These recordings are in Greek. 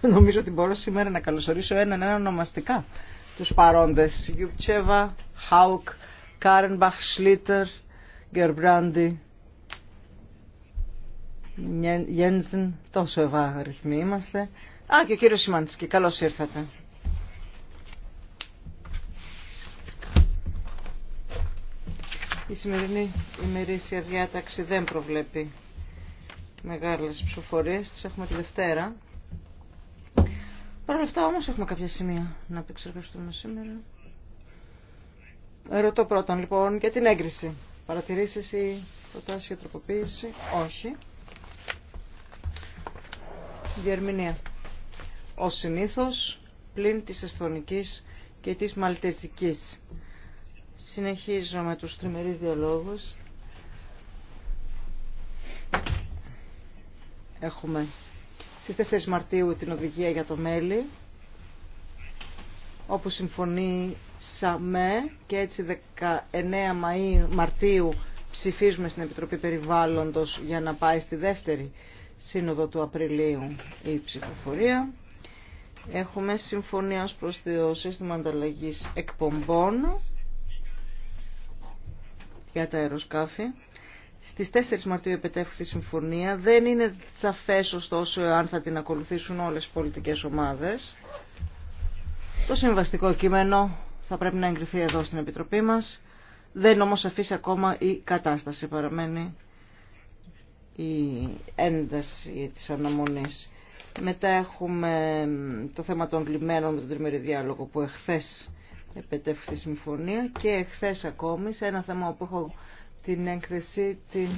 Νομίζω ότι μπορώ σήμερα να καλωσορίσω έναν έναν ονομαστικά τους παρόντες. Γιουπτσέβα, Χάουκ, Κάρενμπαχ, Σλίτερ, Γκερμπράντι, Γένζεν, τόσο ευάγριθμοι είμαστε. Α, και ο κύριος Σιμαντσκι, καλώς ήρθατε. Η σημερινή ημερήσια διάταξη δεν προβλέπει μεγάλες ψηφοφορίε τις έχουμε τη Δευτέρα. Παρ' όλα αυτά όμως έχουμε κάποια σημεία να επεξεργαστούμε σήμερα. Ρωτώ πρώτον λοιπόν για την έγκριση. Παρατηρήσεις ή προτάσεις για τροποποίηση. Όχι. Διερμηνία. Ο συνήθως πλην της εσθονικής και της μαλτεζικής. Συνεχίζω με τους τριμερείς διαλόγους. Έχουμε στις 4 Μαρτίου την οδηγία για το μέλι, όπου συμφωνήσαμε και έτσι 19 Μαΐου, Μαρτίου ψηφίζουμε στην Επιτροπή Περιβάλλοντος για να πάει στη δεύτερη σύνοδο του Απριλίου η ψηφοφορία. Έχουμε συμφωνία ως προς το σύστημα ανταλλαγής εκπομπών για τα αεροσκάφη. Στις 4 Μαρτίου επετεύχθη η συμφωνία. Δεν είναι σαφές ωστόσο αν θα την ακολουθήσουν όλες οι πολιτικές ομάδες. Το συμβαστικό κείμενο θα πρέπει να εγκριθεί εδώ στην Επιτροπή μας. Δεν όμως αφήσει ακόμα η κατάσταση. Παραμένει η ένταση της αναμονής. Μετά έχουμε το θέμα των λιμένων τον τριμερή διάλογο που εχθές επετεύχθη συμφωνία και εχθές ακόμη σε ένα θέμα που έχω την έκθεση την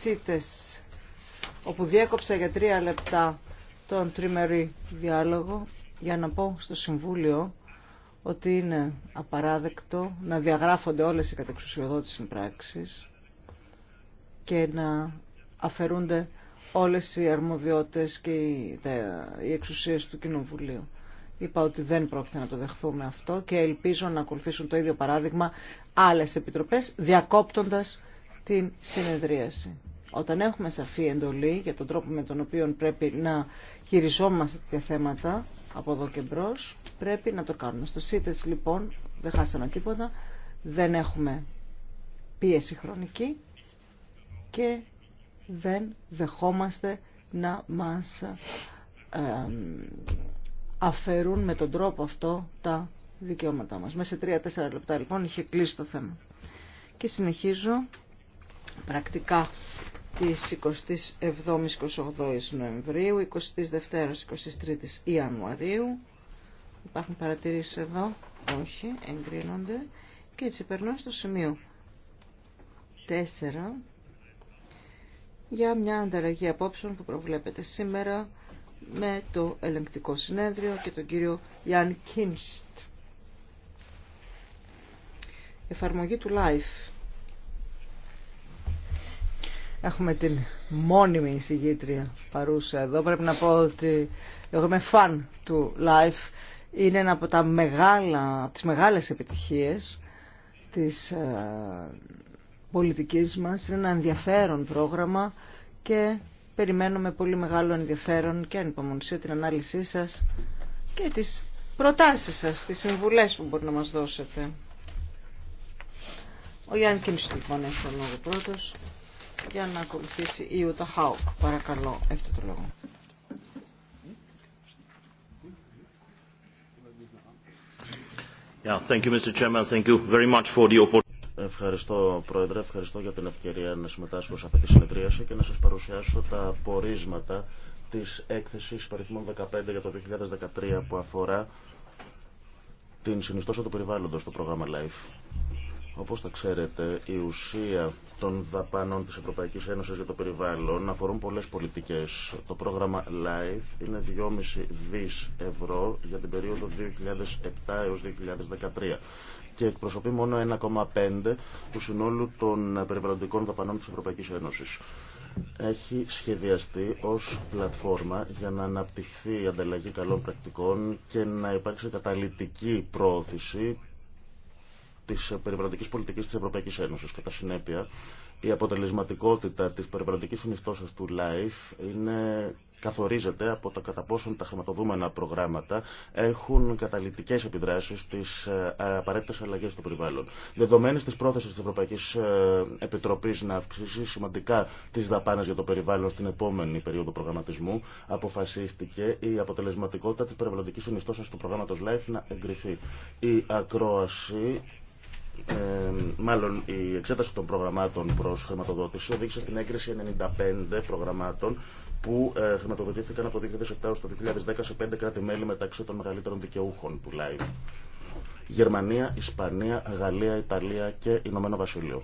ΣΥΤΕΣ όπου διέκοψα για τρία λεπτά τον τριμερή διάλογο για να πω στο Συμβούλιο ότι είναι απαράδεκτο να διαγράφονται όλες οι κατεξουσιοδότης συμπράξεις και να αφαιρούνται όλες οι αρμοδιότητες και οι εξουσίες του Κοινοβουλίου. Είπα ότι δεν πρόκειται να το δεχθούμε αυτό και ελπίζω να ακολουθήσουν το ίδιο παράδειγμα άλλες επιτροπές διακόπτοντας την συνεδρίαση. Όταν έχουμε σαφή εντολή για τον τρόπο με τον οποίο πρέπει να χειριζόμαστε τα θέματα από εδώ και μπρο, πρέπει να το κάνουμε. Στο ΣΥΤΕΣ λοιπόν δεν χάσαμε τίποτα, δεν έχουμε πίεση χρονική και δεν δεχόμαστε να μας ε, αφαιρούν με τον τρόπο αυτό τα δικαιώματά μας. Μέσα σε τρία-τέσσερα λεπτά λοιπόν είχε κλείσει το θέμα. Και συνεχίζω πρακτικά της 27 28 η 22ης-23ης Ιανουαρίου. 23 παρατηρήσεις εδώ, όχι, εγκρίνονται. Και έτσι περνώ στο σημείο 4 για μια ανταλλαγή απόψεων που προβλέπεται σήμερα με το ελεγκτικό συνέδριο και τον κύριο Ιαν Κίνστ. Εφαρμογή του LIFE. Έχουμε την μόνιμη εισηγήτρια παρούσα εδώ. Πρέπει να πω ότι εγώ είμαι φαν του LIFE. Είναι ένα από τα μεγάλα, τις μεγάλες επιτυχίες της ε, πολιτικής μας. Είναι ένα ενδιαφέρον πρόγραμμα και περιμένουμε με πολύ μεγάλο ενδιαφέρον και ανυπομονησία την ανάλυση σας και τις προτάσεις σας, τις συμβουλές που μπορεί να μας δώσετε. Ο Γιάννη Κίνης λοιπόν έχει τον λόγο πρώτος για να ακολουθήσει η Ιούτα Χάουκ. Παρακαλώ, έχετε το λόγο. Yeah, thank you, Mr. Chairman. Thank you very much for the Ευχαριστώ Πρόεδρε, ευχαριστώ για την ευκαιρία να συμμετάσχω σε αυτή τη συνεδρίαση και να σας παρουσιάσω τα πορίσματα της έκθεσης περιθμών 15 για το 2013 που αφορά την συνιστόσα του περιβάλλοντος στο πρόγραμμα LIFE. Όπως θα ξέρετε, η ουσία των δαπάνων της Ευρωπαϊκής Ένωσης για το περιβάλλον αφορούν πολλές πολιτικές. Το πρόγραμμα LIFE είναι 2,5 δις ευρώ για την περίοδο 2007 έως 2013 και εκπροσωπεί μόνο 1,5 του συνόλου των περιβαλλοντικών δαπανών της Ευρωπαϊκής Ένωσης. Έχει σχεδιαστεί ως πλατφόρμα για να αναπτυχθεί η ανταλλαγή καλών πρακτικών και να υπάρξει καταλητική προώθηση της περιβαλλοντικής πολιτικής της Ευρωπαϊκής Ένωσης. Κατά συνέπεια, η αποτελεσματικότητα της περιβαλλοντικής συνιστόσα του LIFE είναι καθορίζεται από το κατά πόσον τα χρηματοδούμενα προγράμματα έχουν καταλητικέ επιδράσει στι ε, απαραίτητε αλλαγέ του περιβάλλον. Δεδομένε τη πρόθεση τη Ευρωπαϊκή ε, Επιτροπή να αυξήσει σημαντικά τι δαπάνε για το περιβάλλον στην επόμενη περίοδο προγραμματισμού, αποφασίστηκε η αποτελεσματικότητα τη περιβαλλοντική συνιστόσα του προγράμματο LIFE να εγκριθεί. Η ακρόαση ε, μάλλον η εξέταση των προγραμμάτων προς χρηματοδότηση οδήγησε στην έγκριση 95 προγραμμάτων που ε, χρηματοδοτήθηκαν από 2007 έως το 2010 σε πέντε κράτη-μέλη μεταξύ των μεγαλύτερων δικαιούχων του Λαιμ Γερμανία, Ισπανία, Γαλλία, Ιταλία και Ηνωμένο Βασίλειο.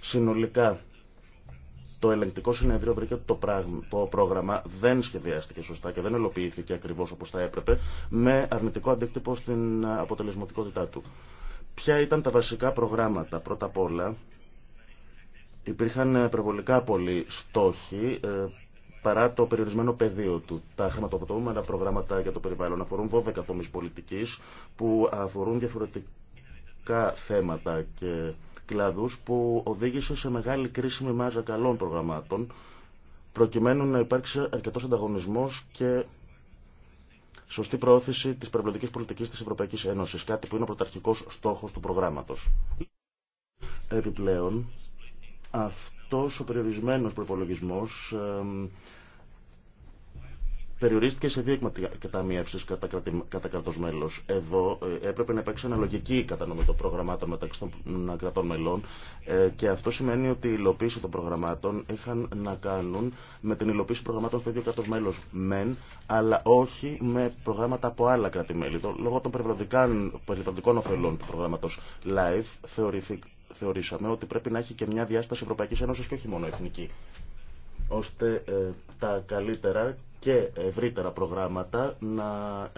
Συνολικά, το ελεγκτικό συνεδρίο βρήκε ότι το, πρόγραμμα δεν σχεδιάστηκε σωστά και δεν ελοποιήθηκε ακριβώ όπω θα έπρεπε, με αρνητικό αντίκτυπο στην αποτελεσματικότητά του. Ποια ήταν τα βασικά προγράμματα, πρώτα απ' όλα, υπήρχαν ε, προβολικά πολλοί στόχοι ε, παρά το περιορισμένο πεδίο του. Τα χρηματοδοτούμενα προγράμματα για το περιβάλλον αφορούν 12 τομεί πολιτική που αφορούν διαφορετικά θέματα και κλάδου, που οδήγησε σε μεγάλη κρίσιμη μάζα καλών προγραμμάτων προκειμένου να υπάρξει αρκετό ανταγωνισμό και σωστή προώθηση τη περιβαλλοντική πολιτική τη Ευρωπαϊκή Ένωση, κάτι που είναι ο πρωταρχικό στόχο του προγράμματο. Επιπλέον, αυτός ο περιορισμένος προπολογισμός περιορίστηκε σε δύο εκμεταμιεύσεις κατά, κατά κρατός μέλος. Εδώ ε, έπρεπε να υπάρξει αναλογική κατανομή των προγραμμάτων μεταξύ των κρατών μελών ε, και αυτό σημαίνει ότι η υλοποίηση των προγραμμάτων είχαν να κάνουν με την υλοποίηση προγραμμάτων στο ίδιο κράτος μέλος μεν, αλλά όχι με προγράμματα από άλλα κράτη-μέλη. Λόγω των περιβαλλοντικών ωφελών του προγράμματος LIFE θεωρηθεί θεωρήσαμε ότι πρέπει να έχει και μια διάσταση Ευρωπαϊκής Ένωσης και όχι μόνο εθνική ώστε ε, τα καλύτερα και ευρύτερα προγράμματα να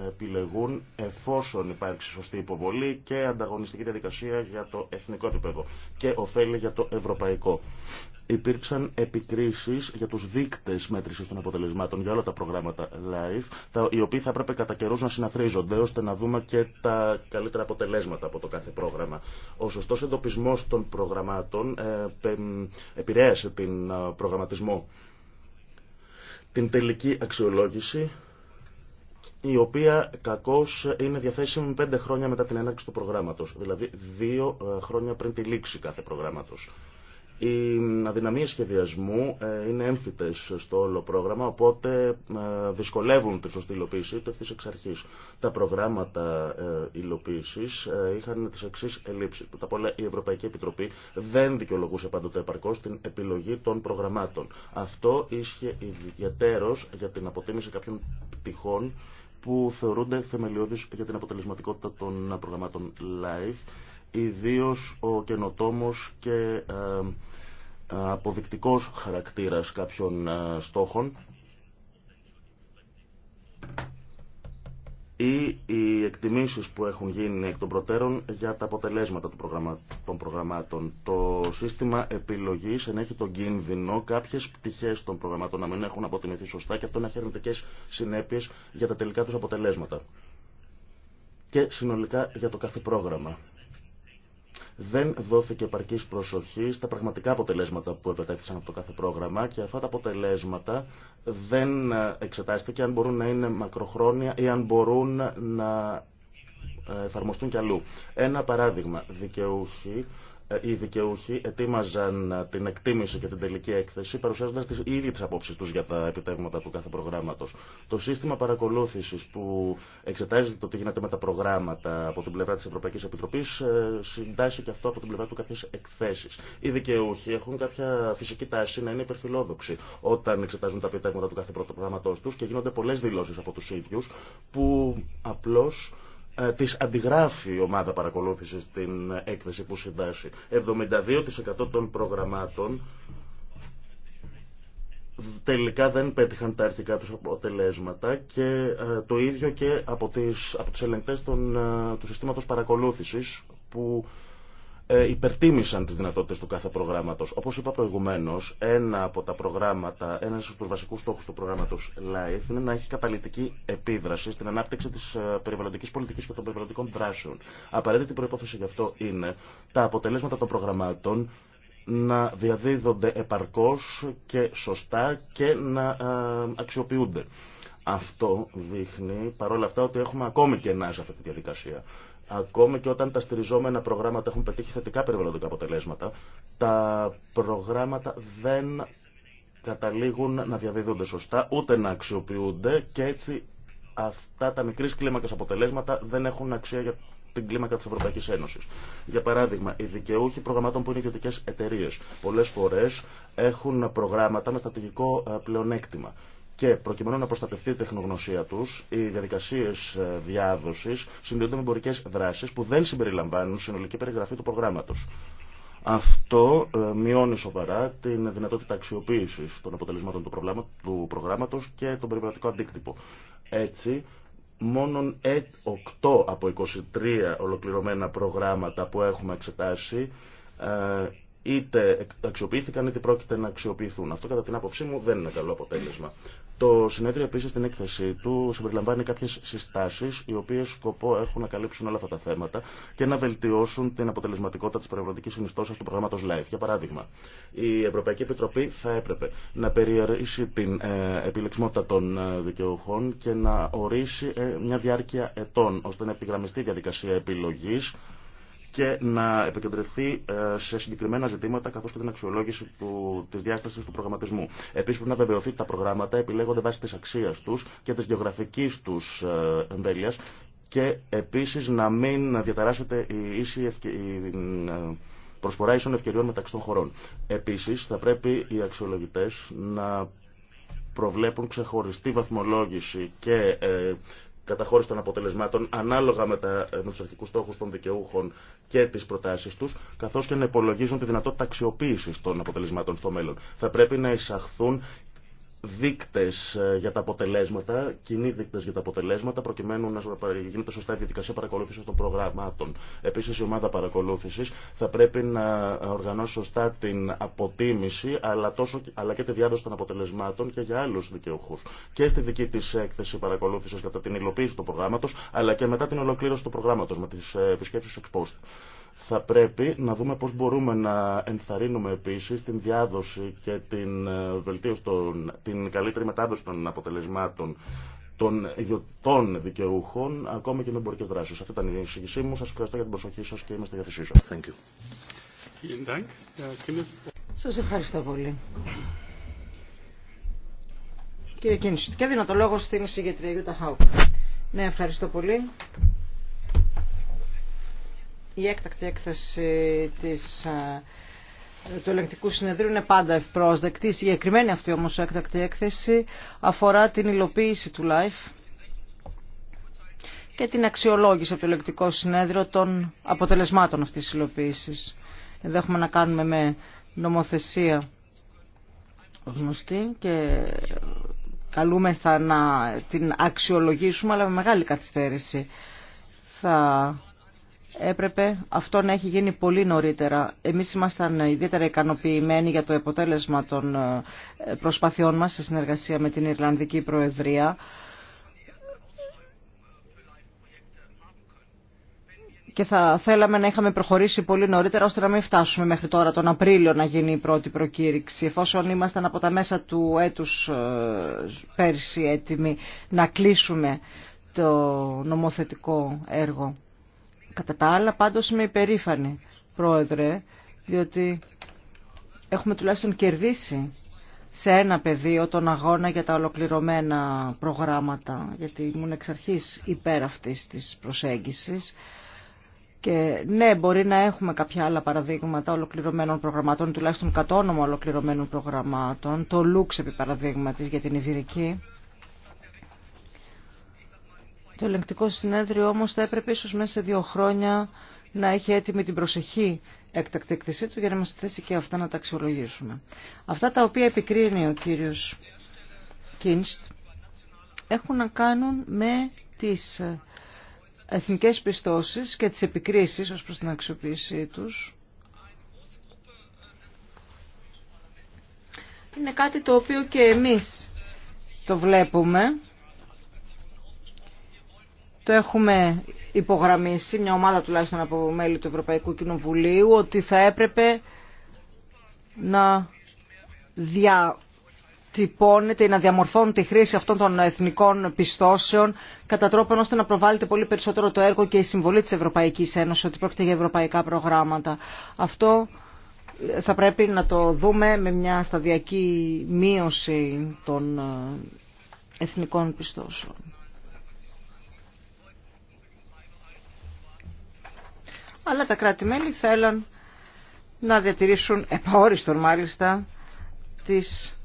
επιλεγούν εφόσον υπάρξει σωστή υποβολή και ανταγωνιστική διαδικασία για το εθνικό επίπεδο και ωφέλη για το ευρωπαϊκό. Υπήρξαν επικρίσεις για τους δείκτες μέτρησης των αποτελεσμάτων για όλα τα προγράμματα live, οι οποίοι θα έπρεπε κατά καιρούς να συναθρίζονται ώστε να δούμε και τα καλύτερα αποτελέσματα από το κάθε πρόγραμμα. Ο σωστός εντοπισμός των προγραμμάτων ε, επηρέασε την ε, προγραμματισμό την τελική αξιολόγηση η οποία κακώς είναι διαθέσιμη πέντε χρόνια μετά την έναρξη του προγράμματος, δηλαδή δύο ε, χρόνια πριν τη λήξη κάθε προγράμματος. Οι αδυναμίες σχεδιασμού ε, είναι έμφυτες στο όλο πρόγραμμα, οπότε ε, δυσκολεύουν τη σωστή υλοποίησή του ευθύς εξ αρχή. Τα προγράμματα ε, υλοποίηση είχαν τι εξή ελλείψει. Πρώτα απ' όλα η Ευρωπαϊκή Επιτροπή δεν δικαιολογούσε πάντοτε επαρκώ την επιλογή των προγραμμάτων. Αυτό ίσχυε ιδιαίτερος για την αποτίμηση κάποιων πτυχών που θεωρούνται θεμελιώδεις για την αποτελεσματικότητα των προγραμμάτων live ιδίως ο καινοτόμος και αποδεικτικός χαρακτήρας κάποιων ε, στόχων ή οι εκτιμήσεις που έχουν γίνει εκ των προτέρων για τα αποτελέσματα των προγραμμάτων. Το σύστημα επιλογής ενέχει τον κίνδυνο κάποιες πτυχές των προγραμμάτων να μην έχουν αποτιμηθεί σωστά και αυτό να έχει αρνητικέ συνέπειες για τα τελικά τους αποτελέσματα και συνολικά για το κάθε πρόγραμμα δεν δόθηκε επαρκή προσοχή στα πραγματικά αποτελέσματα που επετέχθησαν από το κάθε πρόγραμμα και αυτά τα αποτελέσματα δεν εξετάστηκαν αν μπορούν να είναι μακροχρόνια ή αν μπορούν να ε, εφαρμοστούν κι αλλού. Ένα παράδειγμα, δικαιούχοι ε, οι δικαιούχοι ετοίμαζαν ε, την εκτίμηση και την τελική έκθεση παρουσιάζοντας τις ίδιες τις απόψεις τους για τα επιτεύγματα του κάθε προγράμματος. Το σύστημα παρακολούθησης που εξετάζει το τι γίνεται με τα προγράμματα από την πλευρά της Ευρωπαϊκής Επιτροπής ε, συντάσσει και αυτό από την πλευρά του κάποιες εκθέσεις. Οι δικαιούχοι έχουν κάποια φυσική τάση να είναι υπερφιλόδοξοι όταν εξετάζουν τα επιτεύγματα του κάθε προγράμματός τους και γίνονται πολλές δηλώσεις από τους ίδιου, που απλώς ε, Της αντιγράφει η ομάδα παρακολούθησης την έκθεση που συντάσσει. 72% των προγραμμάτων τελικά δεν πέτυχαν τα αρχικά τους αποτελέσματα και ε, το ίδιο και από, τις, από τους ελεγκτές ε, του συστήματος παρακολούθησης που ε, υπερτίμησαν τις δυνατότητες του κάθε προγράμματος. Όπως είπα προηγουμένως, ένα από τα προγράμματα, ένα από τους βασικούς στόχους του προγράμματος LIFE είναι να έχει καταλητική επίδραση στην ανάπτυξη της ε, περιβαλλοντικής πολιτικής και των περιβαλλοντικών δράσεων. Απαραίτητη προϋπόθεση γι' αυτό είναι τα αποτελέσματα των προγραμμάτων να διαδίδονται επαρκώς και σωστά και να ε, αξιοποιούνται. Αυτό δείχνει παρόλα αυτά ότι έχουμε ακόμη κενά σε αυτή τη διαδικασία. Ακόμη και όταν τα στηριζόμενα προγράμματα έχουν πετύχει θετικά περιβαλλοντικά αποτελέσματα, τα προγράμματα δεν καταλήγουν να διαδίδονται σωστά, ούτε να αξιοποιούνται και έτσι αυτά τα μικρής κλίμακας αποτελέσματα δεν έχουν αξία για την κλίμακα της Ευρωπαϊκής Ένωσης. Για παράδειγμα, οι δικαιούχοι προγραμμάτων που είναι ιδιωτικέ εταιρείε πολλέ φορέ έχουν προγράμματα με στατηγικό ε, πλεονέκτημα. Και προκειμένου να προστατευτεί η τεχνογνωσία του, οι διαδικασίε ε, διάδοση συνδέονται με εμπορικέ δράσει που δεν συμπεριλαμβάνουν συνολική περιγραφή του προγράμματο. Αυτό ε, μειώνει σοβαρά την δυνατότητα αξιοποίηση των αποτελεσμάτων του προγράμματο και τον περιβαλλοντικό αντίκτυπο. Έτσι, μόνο 8 από 23 ολοκληρωμένα προγράμματα που έχουμε εξετάσει ε, είτε αξιοποιήθηκαν είτε πρόκειται να αξιοποιηθούν. Αυτό κατά την άποψή μου δεν είναι καλό αποτέλεσμα. Το συνέδριο επίση στην έκθεσή του συμπεριλαμβάνει κάποιε συστάσει, οι οποίε σκοπό έχουν να καλύψουν όλα αυτά τα θέματα και να βελτιώσουν την αποτελεσματικότητα τη περιβαλλοντική συνιστόσα του προγράμματος LIFE. Για παράδειγμα, η Ευρωπαϊκή Επιτροπή θα έπρεπε να περιορίσει την ε, επιλεξιμότητα των ε, δικαιωχών και να ορίσει ε, μια διάρκεια ετών, ώστε να επιγραμμιστεί η διαδικασία επιλογή και να επικεντρωθεί ε, σε συγκεκριμένα ζητήματα καθώς και την αξιολόγηση τη της διάστασης του προγραμματισμού. Επίσης πρέπει να βεβαιωθεί ότι τα προγράμματα επιλέγονται βάσει της αξίας τους και της γεωγραφικής τους ε, εμβέλειας και επίσης να μην διαταράσσεται η ίση η ε, προσφορά ίσων ευκαιριών μεταξύ των χωρών. Επίσης θα πρέπει οι αξιολογητές να προβλέπουν ξεχωριστή βαθμολόγηση και καταχώρηση των αποτελεσμάτων ανάλογα με, τα, ε, με τους αρχικούς στόχους των δικαιούχων και τις προτάσεις τους, καθώς και να υπολογίζουν τη δυνατότητα αξιοποίησης των αποτελεσμάτων στο μέλλον. Θα πρέπει να εισαχθούν δείκτες ε, για τα αποτελέσματα, κοινοί δείκτες για τα αποτελέσματα, προκειμένου να γίνεται σωστά η διαδικασία παρακολούθησης των προγραμμάτων. Επίσης η ομάδα παρακολούθησης θα πρέπει να οργανώσει σωστά την αποτίμηση, αλλά, τόσο, αλλά και τη διάδοση των αποτελεσμάτων και για άλλους δικαιούχους. Και στη δική της έκθεση παρακολούθησης κατά την υλοποίηση του προγράμματος, αλλά και μετά την ολοκλήρωση του προγράμματος με τις ε, επισκέψεις εκπόστη. Θα πρέπει να δούμε πώς μπορούμε να ενθαρρύνουμε επίσης την διάδοση και την, ε, βελτίωση των, την καλύτερη μετάδοση των αποτελεσμάτων των ιδιωτών δικαιούχων, ακόμη και με εμπορικέ δράσει. Αυτή ήταν η εισηγησή μου. Σα ευχαριστώ για την προσοχή σα και είμαι για διάθεσή σα. Σα ευχαριστώ πολύ. Κύριε Κίνηση, και δίνω το λόγο στην εισηγητρία Γιούτα Χάουκ. Ναι, ευχαριστώ πολύ. Η έκτακτη έκθεση της, ε, του ελεγκτικού συνεδρίου είναι πάντα ευπρόσδεκτη. Η συγκεκριμένη αυτή όμως έκτακτη έκθεση αφορά την υλοποίηση του LIFE και την αξιολόγηση από το ελεγκτικό συνέδριο των αποτελεσμάτων αυτής της υλοποίησης. Εδώ έχουμε να κάνουμε με νομοθεσία γνωστή και καλούμεθα να την αξιολογήσουμε αλλά με μεγάλη καθυστέρηση. Θα έπρεπε αυτό να έχει γίνει πολύ νωρίτερα. Εμείς ήμασταν ιδιαίτερα ικανοποιημένοι για το αποτέλεσμα των ε, προσπαθειών μας σε συνεργασία με την Ιρλανδική Προεδρία. Και θα θέλαμε να είχαμε προχωρήσει πολύ νωρίτερα ώστε να μην φτάσουμε μέχρι τώρα τον Απρίλιο να γίνει η πρώτη προκήρυξη. Εφόσον ήμασταν από τα μέσα του έτους ε, πέρσι έτοιμοι να κλείσουμε το νομοθετικό έργο. Κατά τα άλλα πάντως είμαι υπερήφανη, πρόεδρε, διότι έχουμε τουλάχιστον κερδίσει σε ένα πεδίο τον αγώνα για τα ολοκληρωμένα προγράμματα, γιατί ήμουν εξ αρχής υπέρ αυτής της προσέγγισης. Και ναι, μπορεί να έχουμε κάποια άλλα παραδείγματα ολοκληρωμένων προγραμμάτων, τουλάχιστον όνομα ολοκληρωμένων προγραμμάτων, το Λούξ επί παραδείγματι για την Ιβυρική, το ελεγκτικό συνέδριο όμως θα έπρεπε ίσως μέσα σε δύο χρόνια να έχει έτοιμη την προσεχή έκτακτη του για να μας θέσει και αυτά να τα αξιολογήσουμε. Αυτά τα οποία επικρίνει ο κύριος Κίνστ έχουν να κάνουν με τις εθνικές πιστώσεις και τις επικρίσεις ως προς την αξιοποίησή τους. Είναι κάτι το οποίο και εμείς το βλέπουμε το έχουμε υπογραμμίσει, μια ομάδα τουλάχιστον από μέλη του Ευρωπαϊκού Κοινοβουλίου, ότι θα έπρεπε να διατυπώνεται ή να διαμορφώνεται η χρήση αυτών των εθνικών πιστώσεων κατά τρόπον ώστε να προβάλλεται πολύ περισσότερο το έργο και η συμβολή της Ευρωπαϊκής Ένωσης ότι πρόκειται για ευρωπαϊκά προγράμματα. Αυτό θα πρέπει να το δούμε με μια σταδιακή μείωση των εθνικών πιστώσεων. αλλά τα κράτη-μέλη θέλαν να διατηρήσουν επαόριστον μάλιστα τις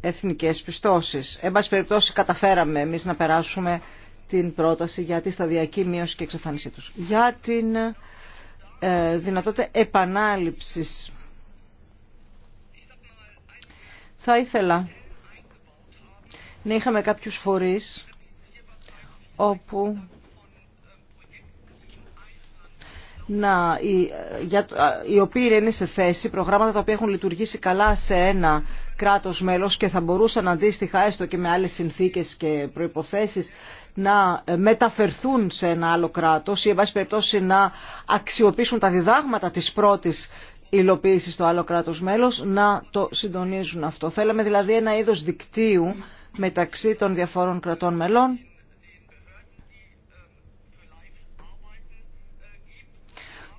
εθνικές πιστώσεις. Εν πάση περιπτώσει καταφέραμε εμείς να περάσουμε την πρόταση για τη σταδιακή μείωση και εξαφάνισή τους. Για την ε, δυνατότητα επανάληψης θα ήθελα να είχαμε κάποιους φορείς όπου να, οι, για, οποίοι είναι σε θέση, προγράμματα τα οποία έχουν λειτουργήσει καλά σε ένα κράτος μέλος και θα μπορούσαν αντίστοιχα έστω και με άλλες συνθήκες και προϋποθέσεις να ε, μεταφερθούν σε ένα άλλο κράτος ή εν πάση περιπτώσει να αξιοποιήσουν τα διδάγματα της πρώτης υλοποίησης στο άλλο κράτος μέλος, να το συντονίζουν αυτό. Θέλαμε δηλαδή ένα είδος δικτύου μεταξύ των διαφόρων κρατών μελών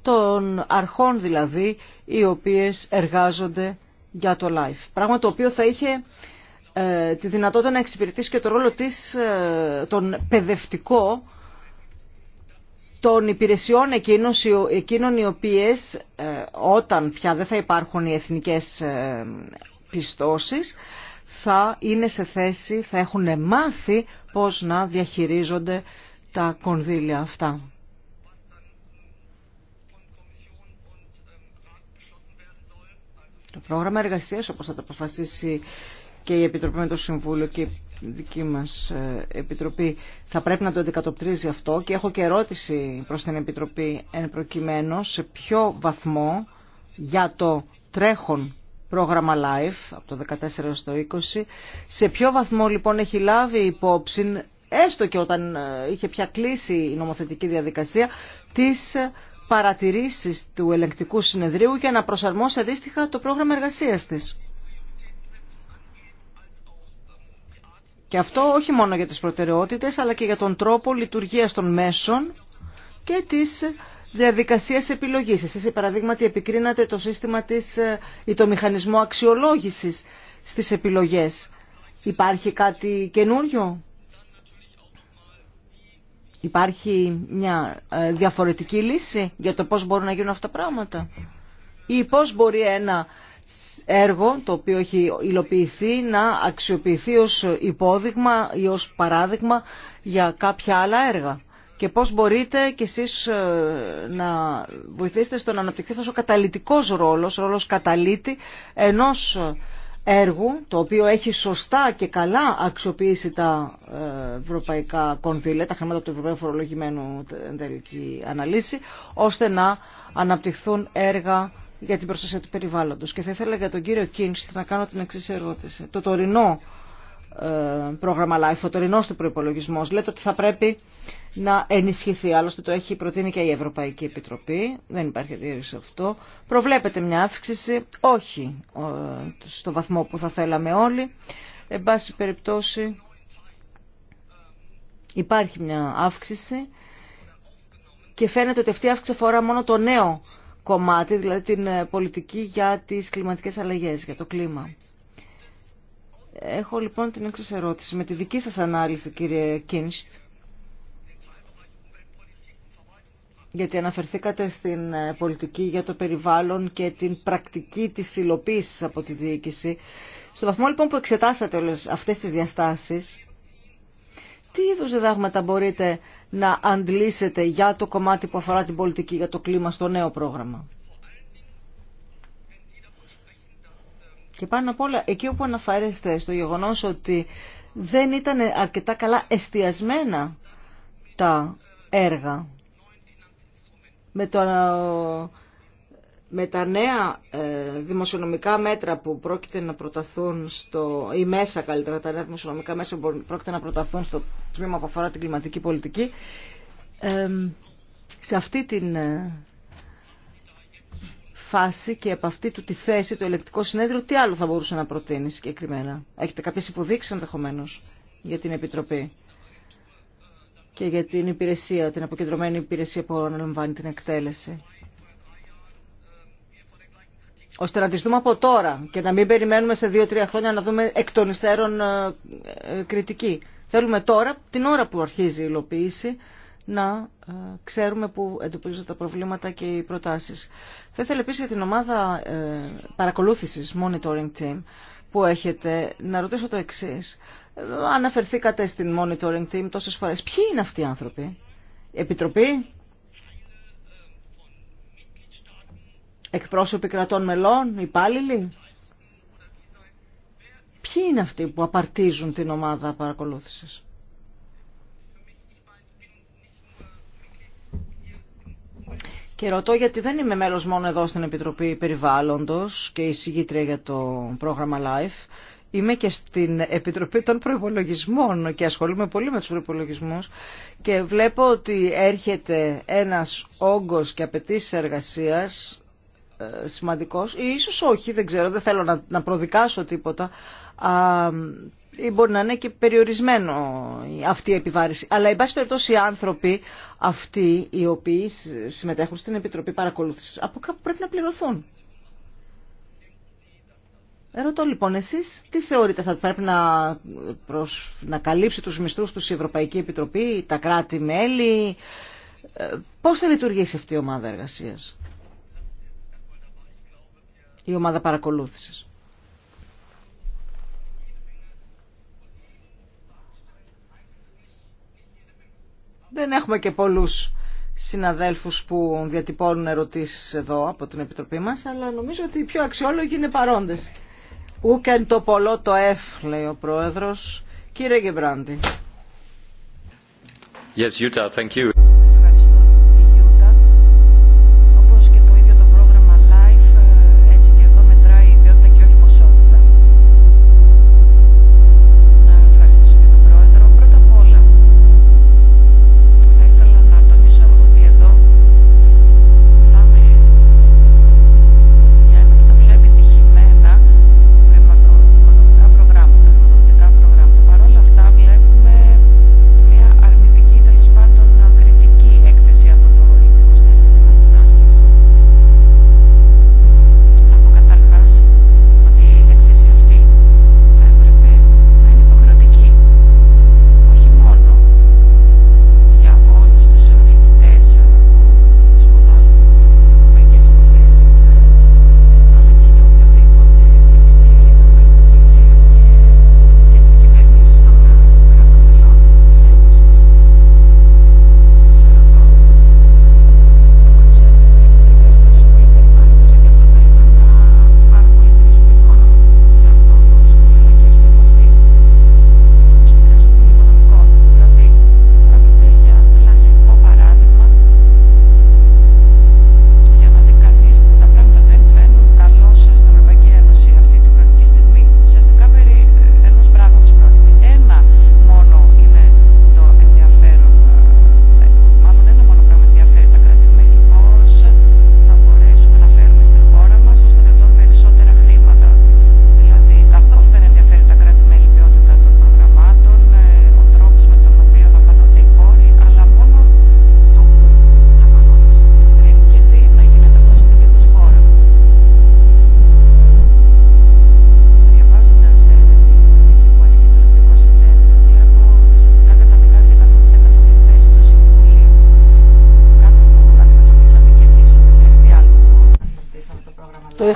των αρχών δηλαδή οι οποίες εργάζονται για το LIFE. Πράγμα το οποίο θα είχε ε, τη δυνατότητα να εξυπηρετήσει και το ρόλο της, ε, τον παιδευτικό των υπηρεσιών εκείνων οι οποίες ε, όταν πια δεν θα υπάρχουν οι εθνικές ε, πιστώσεις θα είναι σε θέση, θα έχουν μάθει πώς να διαχειρίζονται τα κονδύλια αυτά. Το πρόγραμμα εργασίας, όπως θα το αποφασίσει και η Επιτροπή με το Συμβούλιο και η δική μας ε, Επιτροπή, θα πρέπει να το αντικατοπτρίζει αυτό. Και έχω και ερώτηση προς την Επιτροπή εν προκειμένου σε ποιο βαθμό για το τρέχον πρόγραμμα live από το 14 έως το 20. Σε ποιο βαθμό λοιπόν έχει λάβει υπόψη, έστω και όταν ε, είχε πια κλείσει η νομοθετική διαδικασία, ε, παρατηρήσεις του ελεγκτικού συνεδρίου για να προσαρμόσει αντίστοιχα το πρόγραμμα εργασίας της. Και αυτό όχι μόνο για τις προτεραιότητες, αλλά και για τον τρόπο λειτουργίας των μέσων και τις διαδικασίες επιλογής. Εσείς, παραδείγματι, επικρίνατε το σύστημα της, ε, ή το μηχανισμό αξιολόγησης στις επιλογές. Υπάρχει κάτι καινούριο Υπάρχει μια ε, διαφορετική λύση για το πώς μπορούν να γίνουν αυτά τα πράγματα ή πώς μπορεί ένα έργο το οποίο έχει υλοποιηθεί να αξιοποιηθεί ως υπόδειγμα ή ως παράδειγμα για κάποια άλλα έργα. Και πώς μπορείτε κι εσείς ε, να βοηθήσετε στο να αναπτυχθεί ο καταλυτικός ρόλος, ρόλος καταλήτη ενός έργου, το οποίο έχει σωστά και καλά αξιοποιήσει τα ε, ευρωπαϊκά κονδύλια, τα χρήματα του Ευρωπαϊκού Φορολογημένου τελική αναλύση, ώστε να αναπτυχθούν έργα για την προστασία του περιβάλλοντος. Και θα ήθελα για τον κύριο Κίνς να κάνω την εξή ερώτηση. Το τωρινό ε, πρόγραμμα LIFE, ο τωρινό του προπολογισμό, λέτε ότι θα πρέπει να ενισχυθεί. Άλλωστε το έχει προτείνει και η Ευρωπαϊκή Επιτροπή. Δεν υπάρχει αντίρρηση σε αυτό. Προβλέπετε μια αύξηση, όχι στο βαθμό που θα θέλαμε όλοι. Εν πάση περιπτώσει υπάρχει μια αύξηση και φαίνεται ότι αυτή η αύξηση αφορά μόνο το νέο κομμάτι, δηλαδή την ε, πολιτική για τις κλιματικές αλλαγές, για το κλίμα. Έχω λοιπόν την έξω ερώτηση. Με τη δική σας ανάλυση κύριε Κίνστ, γιατί αναφερθήκατε στην ε, πολιτική για το περιβάλλον και την πρακτική της υλοποίησης από τη διοίκηση. Στο βαθμό λοιπόν που εξετάσατε όλες αυτές τις διαστάσεις, τι είδους διδάγματα μπορείτε να αντλήσετε για το κομμάτι που αφορά την πολιτική για το κλίμα στο νέο πρόγραμμα. Και πάνω απ' όλα, εκεί όπου αναφέρεστε στο γεγονός ότι δεν ήταν αρκετά καλά εστιασμένα τα έργα με, το, με τα νέα ε, δημοσιονομικά μέτρα που πρόκειται να προταθούν στο, ή μέσα καλύτερα, τα νέα δημοσιονομικά μέσα που πρόκειται να προταθούν στο τμήμα που αφορά την κλιματική πολιτική, ε, σε αυτή την ε, φάση και από αυτή του τη θέση το ελεκτικό συνέδριο τι άλλο θα μπορούσε να προτείνει συγκεκριμένα. Έχετε κάποιε υποδείξει ενδεχομένω για την Επιτροπή και για την υπηρεσία, την αποκεντρωμένη υπηρεσία που αναλαμβάνει την εκτέλεση. Ώστε να τις δούμε από τώρα και να μην περιμένουμε σε δύο-τρία χρόνια να δούμε εκ των υστέρων ε, ε, κριτική. Θέλουμε τώρα, την ώρα που αρχίζει η υλοποίηση, να ε, ξέρουμε πού εντοπίζονται τα προβλήματα και οι προτάσεις. Θα ήθελα επίσης για την ομάδα ε, παρακολούθησης, monitoring team, που έχετε, να ρωτήσω το εξής. Αναφερθήκατε στην monitoring team τόσες φορές. Ποιοι είναι αυτοί οι άνθρωποι? Επιτροπή? Εκπρόσωποι κρατών μελών? Υπάλληλοι? Ποιοι είναι αυτοί που απαρτίζουν την ομάδα παρακολούθησης? Και ρωτώ γιατί δεν είμαι μέλος μόνο εδώ στην Επιτροπή Περιβάλλοντος και εισηγήτρια για το πρόγραμμα LIFE. Είμαι και στην Επιτροπή των Προϋπολογισμών και ασχολούμαι πολύ με τους προϋπολογισμούς και βλέπω ότι έρχεται ένας όγκος και απαιτήσει εργασίας ε, σημαντικός ή ίσως όχι, δεν ξέρω, δεν θέλω να, προδικάσω τίποτα ή μπορεί να είναι και περιορισμένο αυτή η επιβάρηση. Αλλά, εν πάση περιπτώσει, οι άνθρωποι αυτοί οι οποίοι συμμετέχουν στην Επιτροπή Παρακολούθησης από κάπου πρέπει να πληρωθούν. Ερωτώ λοιπόν εσείς, τι θεωρείτε, θα πρέπει να, προσ... να καλύψει τους μισθού τους η Ευρωπαϊκή Επιτροπή, τα κράτη-μέλη, ε, πώ θα λειτουργήσει αυτή η ομάδα εργασία, η ομάδα παρακολούθησης. Δεν έχουμε και πολλούς συναδέλφους που διατυπώνουν ερωτήσεις εδώ από την Επιτροπή μας, αλλά νομίζω ότι οι πιο αξιόλογοι είναι παρόντες. Ούκεν το πολλό το F, λέει ο Πρόεδρος. Κύριε Γεμπράντη. Yes, Utah, thank you.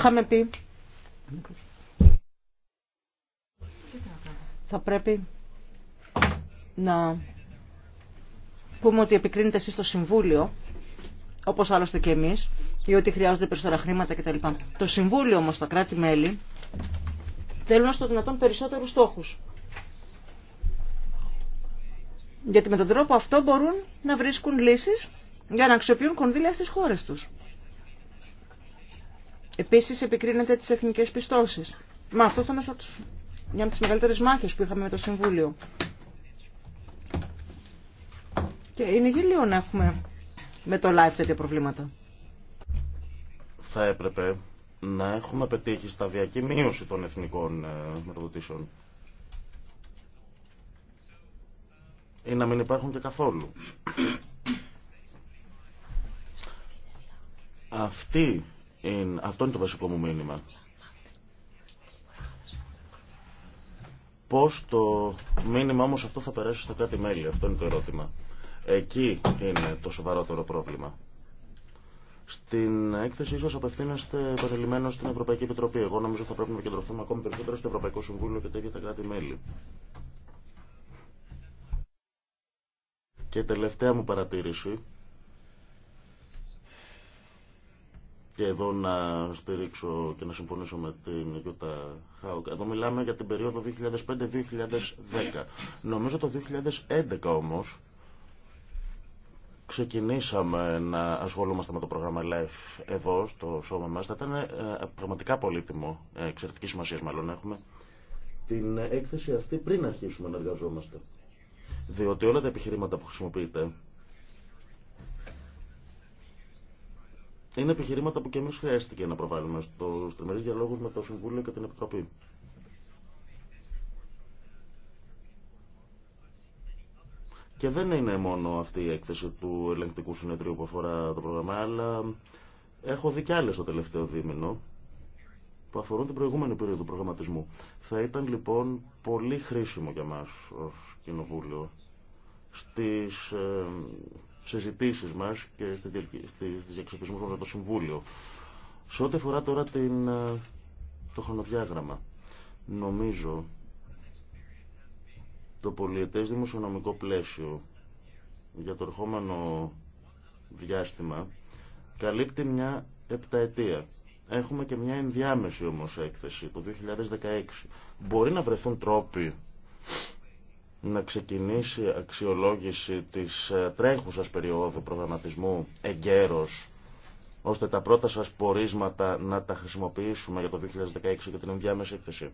είχαμε πει θα πρέπει να πούμε ότι επικρίνεται εσείς το Συμβούλιο, όπως άλλωστε και εμείς, ή ότι χρειάζονται περισσότερα χρήματα κτλ. Το Συμβούλιο όμως, τα κράτη-μέλη, θέλουν στο δυνατόν περισσότερους στόχους. Γιατί με τον τρόπο αυτό μπορούν να βρίσκουν λύσεις για να αξιοποιούν κονδύλια στις χώρες τους. Επίση επικρίνεται τις εθνικές πιστώσει. Μα αυτό ήταν μια από τι μεγαλύτερες μάχες που είχαμε με το Συμβούλιο. Και είναι γελίο να έχουμε με το live τέτοια προβλήματα. Θα έπρεπε να έχουμε πετύχει σταδιακή μείωση των εθνικών ε, μεροδοτήσεων. Ή να μην υπάρχουν και καθόλου. Αυτή αυτό είναι το βασικό μου μήνυμα. Πώς το μήνυμα όμως αυτό θα περάσει στα κάτι μέλη, αυτό είναι το ερώτημα. Εκεί είναι το σοβαρότερο πρόβλημα. Στην έκθεσή σα απευθύνεστε επανελειμμένο στην Ευρωπαϊκή Επιτροπή. Εγώ νομίζω θα πρέπει να κεντρωθούμε ακόμη περισσότερο στο Ευρωπαϊκό Συμβούλιο και τα τα κράτη-μέλη. Και τελευταία μου παρατήρηση και εδώ να στηρίξω και να συμφωνήσω με την Γιώτα Χάουκ. Εδώ μιλάμε για την περίοδο 2005-2010. Νομίζω το 2011 όμως ξεκινήσαμε να ασχολούμαστε με το πρόγραμμα LIFE εδώ στο σώμα μας. Θα ήταν ε, πραγματικά πολύτιμο, ε, εξαιρετική σημασία μάλλον έχουμε, την έκθεση αυτή πριν αρχίσουμε να εργαζόμαστε. Διότι όλα τα επιχειρήματα που χρησιμοποιείται Είναι επιχειρήματα που και εμεί χρειάστηκε να προβάλλουμε στου τριμερεί διαλόγου με το Συμβούλιο και την Επιτροπή. Και δεν είναι μόνο αυτή η έκθεση του ελεγκτικού συνεδρίου που αφορά το πρόγραμμα, αλλά έχω δει κι άλλε το τελευταίο δίμηνο που αφορούν την προηγούμενη περίοδο προγραμματισμού. Θα ήταν λοιπόν πολύ χρήσιμο για μα ω Κοινοβούλιο στις ε, σε ζητήσει μα και στι εξοπλισμούς μα με το Συμβούλιο. Σε ό,τι αφορά τώρα την, ε, το χρονοδιάγραμμα, νομίζω το πολιετές δημοσιονομικό πλαίσιο για το ερχόμενο διάστημα καλύπτει μια επταετία. Έχουμε και μια ενδιάμεση όμως έκθεση το 2016. Μπορεί να βρεθούν τρόποι να ξεκινήσει αξιολόγηση της ε, τρέχουσας περίοδου προγραμματισμού εγκαίρως ώστε τα πρώτα σας πορίσματα να τα χρησιμοποιήσουμε για το 2016 και την ενδιάμεση έκθεση.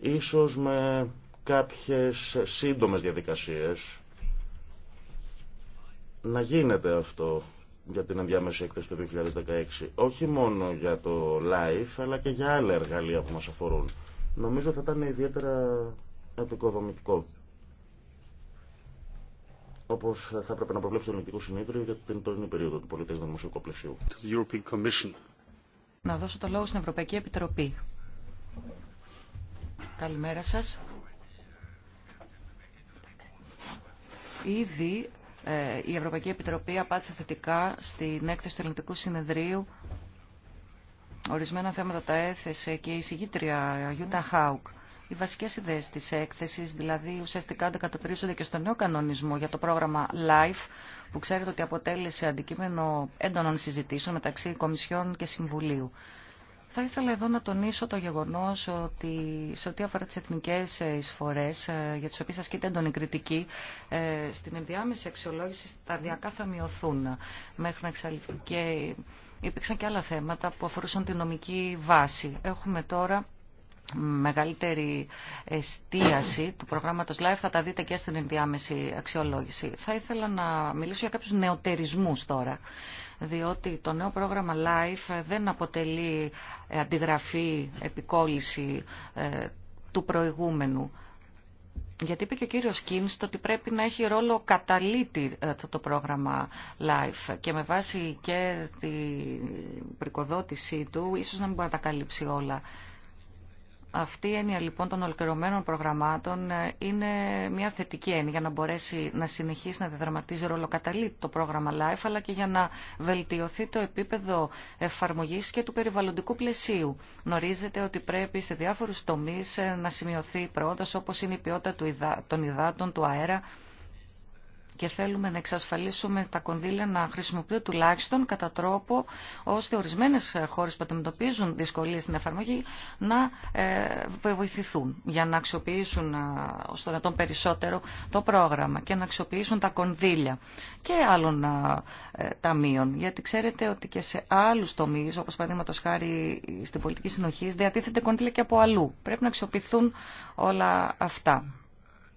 Ίσως με κάποιες σύντομες διαδικασίες να γίνεται αυτό για την ενδιάμεση έκθεση του 2016. Όχι μόνο για το live, αλλά και για άλλα εργαλεία που μας αφορούν. Νομίζω θα ήταν ιδιαίτερα επικοδομητικό. Όπω θα έπρεπε να προβλέψει το Ελληνικό Συνέδριο για την τωρινή περίοδο του πολιτέ δημοσίου πλαισίου. Να δώσω το λόγο στην Ευρωπαϊκή Επιτροπή. Καλημέρα σα. Ήδη ε, η Ευρωπαϊκή Επιτροπή απάντησε θετικά στην έκθεση του Ελληνικού Συνεδρίου. Ορισμένα θέματα τα έθεσε και η συγγήτρια Γιούτα Χάουκ. Οι βασικέ ιδέε τη έκθεση, δηλαδή ουσιαστικά αντικατοπτρίζονται και στο νέο κανονισμό για το πρόγραμμα LIFE, που ξέρετε ότι αποτέλεσε αντικείμενο έντονων συζητήσεων μεταξύ Κομισιών και Συμβουλίου. Θα ήθελα εδώ να τονίσω το γεγονό ότι σε ό,τι αφορά τι εθνικέ εισφορέ, ε, για τι οποίε ασκείται έντονη κριτική, ε, στην ενδιάμεση αξιολόγηση σταδιακά θα μειωθούν μέχρι να εξαλειφθούν. Και υπήρξαν και άλλα θέματα που αφορούσαν τη νομική βάση. Έχουμε τώρα μεγαλύτερη εστίαση του προγράμματος Live θα τα δείτε και στην ενδιάμεση αξιολόγηση. Θα ήθελα να μιλήσω για κάποιους νεοτερισμούς τώρα, διότι το νέο πρόγραμμα LIFE δεν αποτελεί αντιγραφή, επικόλυση ε, του προηγούμενου. Γιατί είπε και ο κύριος Κίνστο ότι πρέπει να έχει ρόλο καταλήτη αυτό ε, το πρόγραμμα LIFE και με βάση και την πρικοδότησή του ίσως να μην μπορεί να τα καλύψει όλα. Αυτή η έννοια λοιπόν των ολοκληρωμένων προγραμμάτων ε, είναι μια θετική έννοια για να μπορέσει να συνεχίσει να διδραματίζει ρόλο καταλήτη το πρόγραμμα LIFE αλλά και για να βελτιωθεί το επίπεδο εφαρμογής και του περιβαλλοντικού πλαισίου. Γνωρίζετε ότι πρέπει σε διάφορους τομείς ε, να σημειωθεί πρόοδος όπως είναι η ποιότητα των υδάτων, του αέρα, και θέλουμε να εξασφαλίσουμε τα κονδύλια να χρησιμοποιούν τουλάχιστον κατά τρόπο ώστε ορισμένε χώρε που αντιμετωπίζουν δυσκολίε στην εφαρμογή να ε, βοηθηθούν για να αξιοποιήσουν ω ε, το δυνατόν περισσότερο το πρόγραμμα και να αξιοποιήσουν τα κονδύλια και άλλων ε, ταμείων. Γιατί ξέρετε ότι και σε άλλου τομεί, όπω παραδείγματο χάρη στην πολιτική συνοχή, διατίθεται κονδύλια και από αλλού. Πρέπει να αξιοποιηθούν όλα αυτά.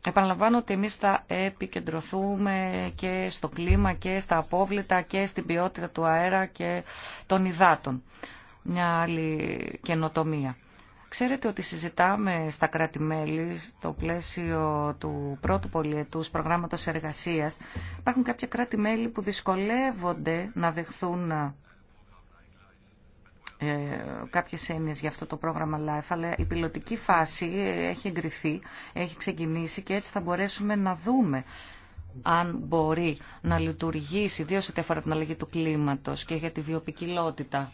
Επαναλαμβάνω ότι εμείς θα επικεντρωθούμε και στο κλίμα και στα απόβλητα και στην ποιότητα του αέρα και των υδάτων. Μια άλλη καινοτομία. Ξέρετε ότι συζητάμε στα κράτη-μέλη, στο πλαίσιο του πρώτου πολιετούς προγράμματος εργασίας, υπάρχουν κάποια κράτη-μέλη που δυσκολεύονται να δεχθούν ε, κάποιες έννοιες για αυτό το πρόγραμμα LIFE, αλλά η πιλωτική φάση έχει εγκριθεί, έχει ξεκινήσει και έτσι θα μπορέσουμε να δούμε αν μπορεί να λειτουργήσει, ιδίω ό,τι αφορά την αλλαγή του κλίματος και για τη βιοπικιλότητα.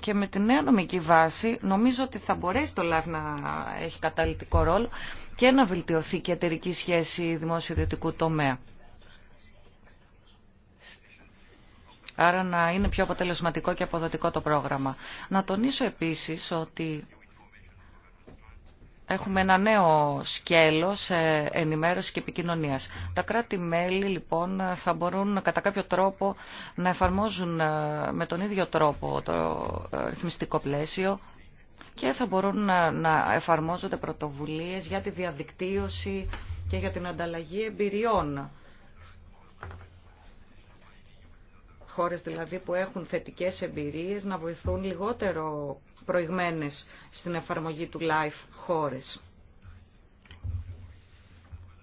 Και με τη νέα νομική βάση νομίζω ότι θα μπορέσει το ΛΑΒ να έχει καταλητικό ρόλο και να βελτιωθεί και η εταιρική σχέση δημόσιο-ιδιωτικού τομέα. Άρα να είναι πιο αποτελεσματικό και αποδοτικό το πρόγραμμα. Να τονίσω επίσης ότι έχουμε ένα νέο σκέλος ε, ενημέρωσης και επικοινωνίας. Τα κράτη-μέλη λοιπόν θα μπορούν κατά κάποιο τρόπο να εφαρμόζουν ε, με τον ίδιο τρόπο το ε, ρυθμιστικό πλαίσιο και θα μπορούν να εφαρμόζονται πρωτοβουλίες για τη διαδικτύωση και για την ανταλλαγή εμπειριών χώρες δηλαδή που έχουν θετικές εμπειρίες να βοηθούν λιγότερο προηγμένες στην εφαρμογή του LIFE χώρες.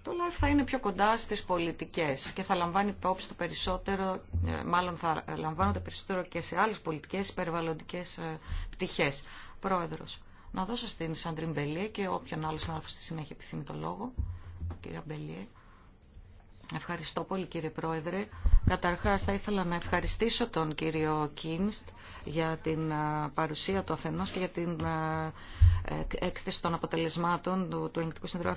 Το LIFE θα είναι πιο κοντά στις πολιτικές και θα λαμβάνει υπόψη το περισσότερο, ε, μάλλον θα λαμβάνονται περισσότερο και σε άλλες πολιτικές περιβαλλοντικές ε, πτυχές. Πρόεδρος, να δώσω στην Σαντρίν Μπελίε και όποιον άλλο συνάδελφο στη συνέχεια επιθυμεί το λόγο. Κυρία Μπελίε. Ευχαριστώ πολύ κύριε Πρόεδρε. Καταρχάς θα ήθελα να ευχαριστήσω τον κύριο Κίνστ για την παρουσία του αφενός και για την έκθεση των αποτελεσμάτων του, του Ενεκτικού Συνδρού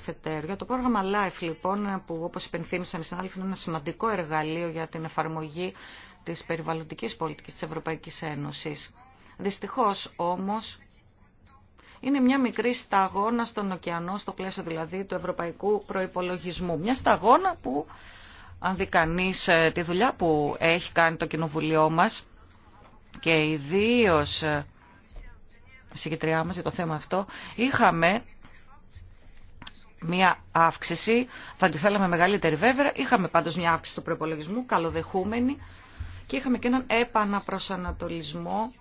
το πρόγραμμα LIFE λοιπόν που όπως υπενθύμισαν οι συνάδελφοι είναι ένα σημαντικό εργαλείο για την εφαρμογή της περιβαλλοντικής πολιτικής της Ευρωπαϊκής Ένωσης. Δυστυχώς όμως είναι μια μικρή σταγόνα στον ωκεανό, στο πλαίσιο δηλαδή του ευρωπαϊκού προϋπολογισμού. Μια σταγόνα που, αν δει κανεί ε, τη δουλειά που έχει κάνει το κοινοβουλίο μας και ιδίω ε, συγκεκριά μας για το θέμα αυτό, είχαμε μια αύξηση, θα τη θέλαμε μεγαλύτερη βέβαια, είχαμε πάντως μια αύξηση του προϋπολογισμού, καλοδεχούμενη, και είχαμε και έναν επαναπροσανατολισμό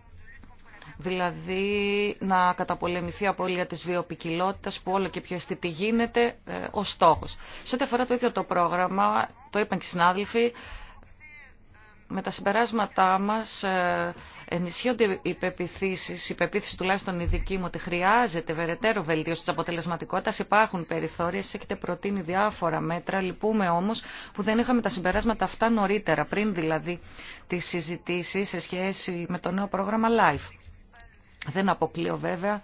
δηλαδή να καταπολεμηθεί η απώλεια της βιοπικιλότητας που όλο και πιο αισθητή γίνεται ε, ο στόχος. Σε ό,τι αφορά το ίδιο το πρόγραμμα, το είπαν και οι συνάδελφοι, με τα συμπεράσματά μας ε, ενισχύονται οι πεπιθήσεις, η πεποίθηση τουλάχιστον η δική μου ότι χρειάζεται βερετέρω βελτίωση της αποτελεσματικότητας, υπάρχουν περιθώρια, έχετε προτείνει διάφορα μέτρα, λυπούμε όμως που δεν είχαμε τα συμπεράσματα αυτά νωρίτερα, πριν δηλαδή τις συζητήσεις σε σχέση με το νέο πρόγραμμα LIFE. Δεν αποκλείω βέβαια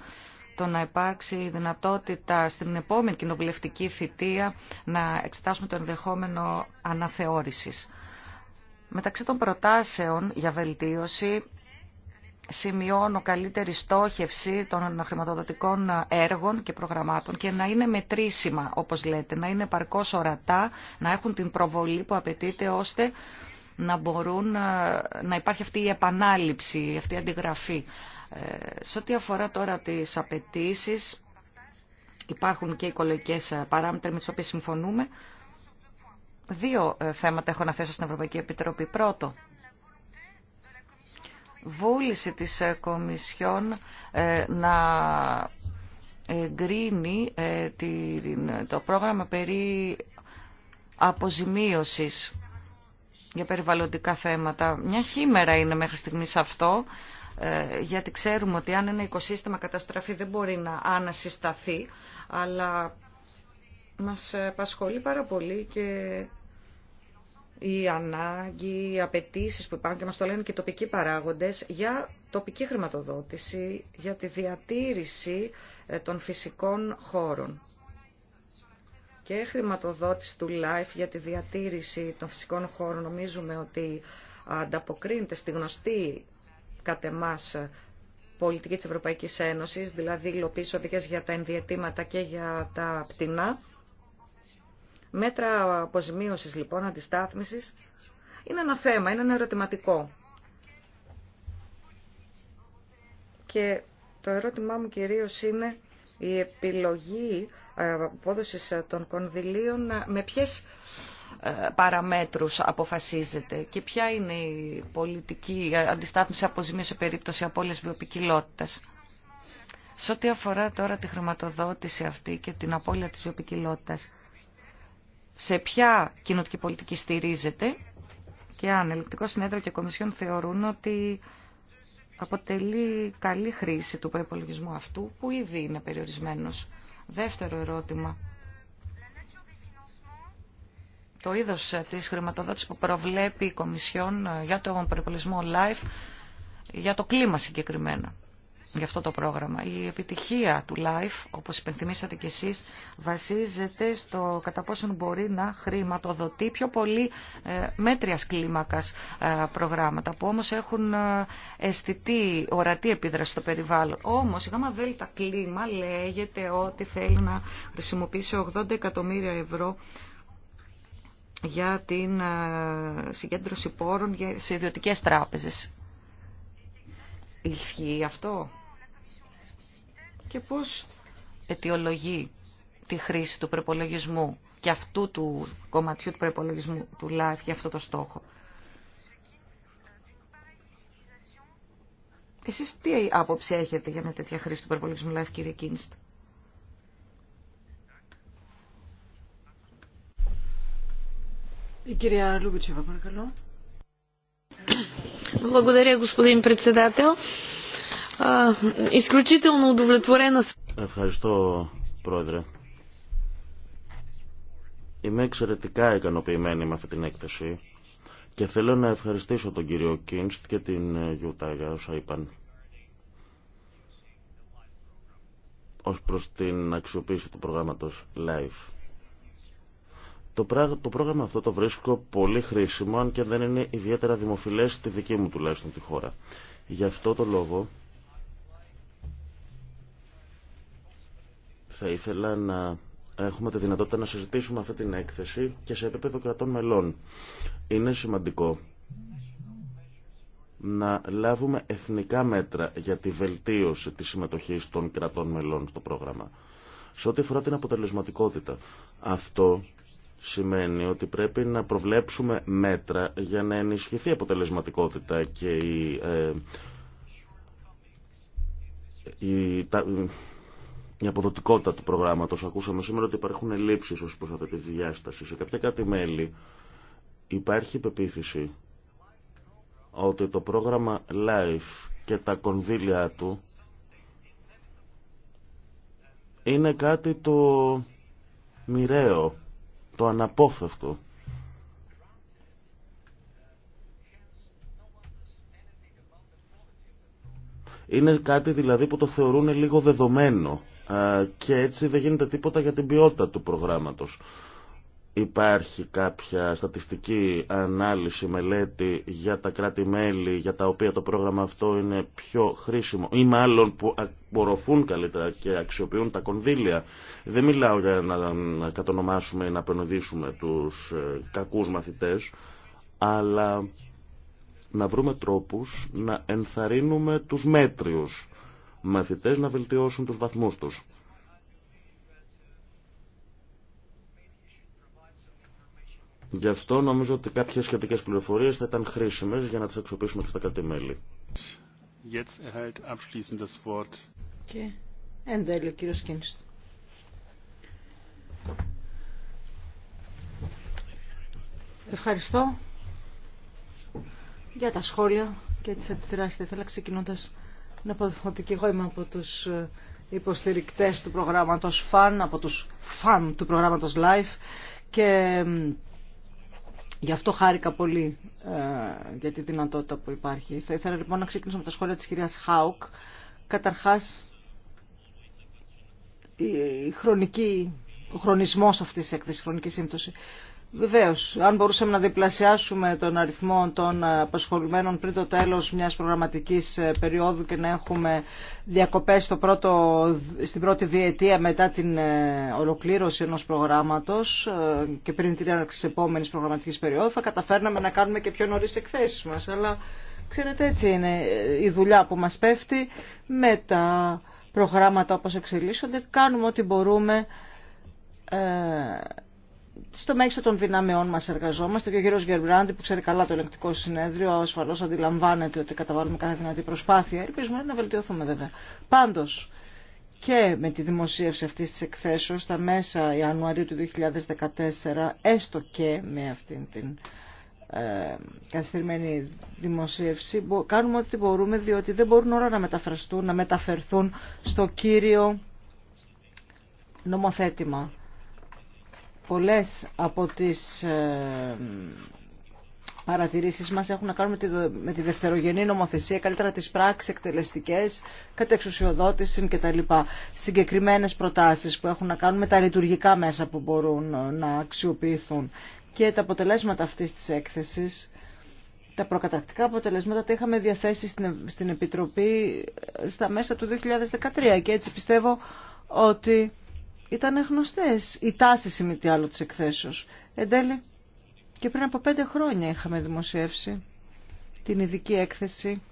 το να υπάρξει δυνατότητα στην επόμενη κοινοβουλευτική θητεία να εξετάσουμε το ενδεχόμενο αναθεώρησης. Μεταξύ των προτάσεων για βελτίωση σημειώνω καλύτερη στόχευση των χρηματοδοτικών έργων και προγραμμάτων και να είναι μετρήσιμα, όπως λέτε, να είναι παρκώς ορατά, να έχουν την προβολή που απαιτείται ώστε να μπορούν να υπάρχει αυτή η επανάληψη, αυτή η αντιγραφή. Ε, σε ό,τι αφορά τώρα τις απαιτήσει, υπάρχουν και οικολογικές ε, παράμετροι με τις οποίες συμφωνούμε. Δύο ε, θέματα έχω να θέσω στην Ευρωπαϊκή Επιτροπή. Πρώτο, βούληση της Κομισιόν να εγκρίνει το πρόγραμμα περί αποζημίωσης για περιβαλλοντικά θέματα. Μια χήμερα είναι μέχρι στιγμής αυτό. Ε, γιατί ξέρουμε ότι αν ένα οικοσύστημα καταστραφεί δεν μπορεί να ανασυσταθεί, αλλά μας απασχολεί πάρα πολύ και η ανάγκη, οι απαιτήσει που υπάρχουν και μας το λένε και οι τοπικοί παράγοντες για τοπική χρηματοδότηση, για τη διατήρηση ε, των φυσικών χώρων και χρηματοδότηση του LIFE για τη διατήρηση των φυσικών χώρων. Νομίζουμε ότι ανταποκρίνεται στη γνωστή κατ' εμά ε, πολιτική της Ευρωπαϊκής Ένωσης, δηλαδή υλοποίηση οδηγίας για τα ενδιατήματα και για τα πτηνά. Μέτρα αποζημίωσης λοιπόν, αντιστάθμισης, είναι ένα θέμα, είναι ένα ερωτηματικό. Και το ερώτημά μου κυρίως είναι η επιλογή ε, απόδοσης των κονδυλίων με ποιες ε, παραμέτρους αποφασίζεται και ποια είναι η πολιτική αντιστάθμιση αποζημίωση σε περίπτωση απώλειας βιοπικιλότητας. Σε ό,τι αφορά τώρα τη χρηματοδότηση αυτή και την απώλεια της βιοπικιλότητας, σε ποια κοινωτική πολιτική στηρίζεται και αν ελεκτικό συνέδριο και κομισιόν θεωρούν ότι αποτελεί καλή χρήση του προπολογισμού αυτού που ήδη είναι περιορισμένος. Δεύτερο ερώτημα το είδος ε, της χρηματοδότησης που προβλέπει η Κομισιόν ε, για τον περιπολισμό LIFE, για το κλίμα συγκεκριμένα, για αυτό το πρόγραμμα. Η επιτυχία του LIFE, όπως υπενθυμίσατε κι εσείς, βασίζεται στο κατά πόσον μπορεί να χρηματοδοτεί πιο πολύ ε, μέτριας κλίμακας προγράμματα, που όμως έχουν αισθητή, ορατή επίδραση στο περιβάλλον. Όμως η γάμα δέλτα κλίμα λέγεται ότι θέλει να χρησιμοποιήσει 80 εκατομμύρια ευρώ για την ε, συγκέντρωση πόρων σε ιδιωτικέ τράπεζες. Ισχύει αυτό και πώς αιτιολογεί τη χρήση του προπολογισμού και αυτού του κομματιού του προπολογισμού του ΛΑΕΦ για αυτό το στόχο. Εσείς τι άποψη έχετε για μια τέτοια χρήση του προπολογισμού ΛΑΕΦ, κύριε Κίνστ. Η κυρία Λούμπιτσεβα, παρακαλώ. Ευχαριστώ, Πρόεδρε. Είμαι εξαιρετικά ικανοποιημένη με αυτή την έκθεση και θέλω να ευχαριστήσω τον κύριο Κίνστ και την ε, Γιούτα για όσα είπαν. Ως προς την αξιοποίηση του προγράμματος LIFE. Το, το πρόγραμμα αυτό το βρίσκω πολύ χρήσιμο, αν και δεν είναι ιδιαίτερα δημοφιλές στη δική μου τουλάχιστον τη χώρα. Γι' αυτό το λόγο θα ήθελα να έχουμε τη δυνατότητα να συζητήσουμε αυτή την έκθεση και σε επίπεδο κρατών μελών. Είναι σημαντικό να λάβουμε εθνικά μέτρα για τη βελτίωση της συμμετοχής των κρατών μελών στο πρόγραμμα. Σε ό,τι αφορά την αποτελεσματικότητα, αυτό σημαίνει ότι πρέπει να προβλέψουμε μέτρα για να ενισχυθεί η αποτελεσματικότητα και η, ε, η, τα, η αποδοτικότητα του προγράμματος. Ακούσαμε σήμερα ότι υπάρχουν ελλείψεις ως προς αυτή τη διάσταση. Σε κάποια κάτι μέλη υπάρχει πεποίθηση ότι το πρόγραμμα LIFE και τα κονδύλια του είναι κάτι το μοιραίο το αναπόφευκτο. Είναι κάτι δηλαδή που το θεωρούν λίγο δεδομένο ε, και έτσι δεν γίνεται τίποτα για την ποιότητα του προγράμματος. Υπάρχει κάποια στατιστική ανάλυση, μελέτη για τα κράτη-μέλη για τα οποία το πρόγραμμα αυτό είναι πιο χρήσιμο ή μάλλον που απορροφούν καλύτερα και αξιοποιούν τα κονδύλια. Δεν μιλάω για να κατονομάσουμε ή να απενοδίσουμε τους ε, κακούς μαθητές, αλλά να βρούμε τρόπους να ενθαρρύνουμε τους μέτριους μαθητές να βελτιώσουν τους βαθμούς τους. Γι' αυτό νομίζω ότι κάποιες σχετικές πληροφορίες θα ήταν χρήσιμες για να τις αξιοποιήσουμε και στα κρατημέλη. Και εν τέλει Ευχαριστώ για τα σχόλια και τις αντιδράσεις. Θα ήθελα ξεκινώντας να πω ότι και εγώ είμαι από τους ε, υποστηρικτές του προγράμματος FAN, από τους FAN του προγράμματος LIFE και Γι' αυτό χάρηκα πολύ ε, για τη δυνατότητα που υπάρχει. Θα ήθελα λοιπόν να ξεκινήσω με τα σχόλια της κυρίας Χάουκ. Καταρχάς, η, χρονική, ο χρονισμός αυτής της έκθεσης, η χρονική σύμπτωση. Βεβαίω, αν μπορούσαμε να διπλασιάσουμε τον αριθμό των απασχολημένων πριν το τέλος μιας προγραμματικής ε, περίοδου και να έχουμε διακοπές στην πρώτη διετία μετά την ε, ολοκλήρωση ενός προγράμματος ε, και πριν την έναρξη τη επόμενη προγραμματικής περίοδου, θα καταφέρναμε να κάνουμε και πιο νωρί εκθέσεις μα. Αλλά ξέρετε έτσι είναι η δουλειά που μα πέφτει με τα προγράμματα όπω εξελίσσονται. Κάνουμε ό,τι μπορούμε στο μέγιστο των δυνάμεών μα εργαζόμαστε και ο κύριο Γερμπράντη που ξέρει καλά το ελεκτικό συνέδριο ασφαλώς αντιλαμβάνεται ότι καταβάλουμε κάθε δυνατή προσπάθεια. Ελπίζουμε να βελτιωθούμε βέβαια. Πάντω. και με τη δημοσίευση αυτής της εκθέσεως στα μέσα Ιανουαρίου του 2014 έστω και με αυτή την ε, καθυστερημένη δημοσίευση κάνουμε ό,τι μπορούμε διότι δεν μπορούν όλα να μεταφραστούν, να μεταφερθούν στο κύριο νομοθέτημα πολλές από τις ε, παρατηρήσεις μας έχουν να κάνουν με τη δευτερογενή νομοθεσία, καλύτερα τις πράξεις εκτελεστικές, κατεξουσιοδότηση λοιπά. Συγκεκριμένες προτάσεις που έχουν να κάνουν με τα λειτουργικά μέσα που μπορούν ε, να αξιοποιηθούν. Και τα αποτελέσματα αυτής της έκθεσης, τα προκαταρκτικά αποτελέσματα τα είχαμε διαθέσει στην Επιτροπή ε, στα μέσα του 2013 και έτσι πιστεύω ότι ήταν γνωστές οι τάσεις ή τι άλλο της εκθέσεως. Εν τέλει, και πριν από πέντε χρόνια είχαμε δημοσιεύσει την ειδική έκθεση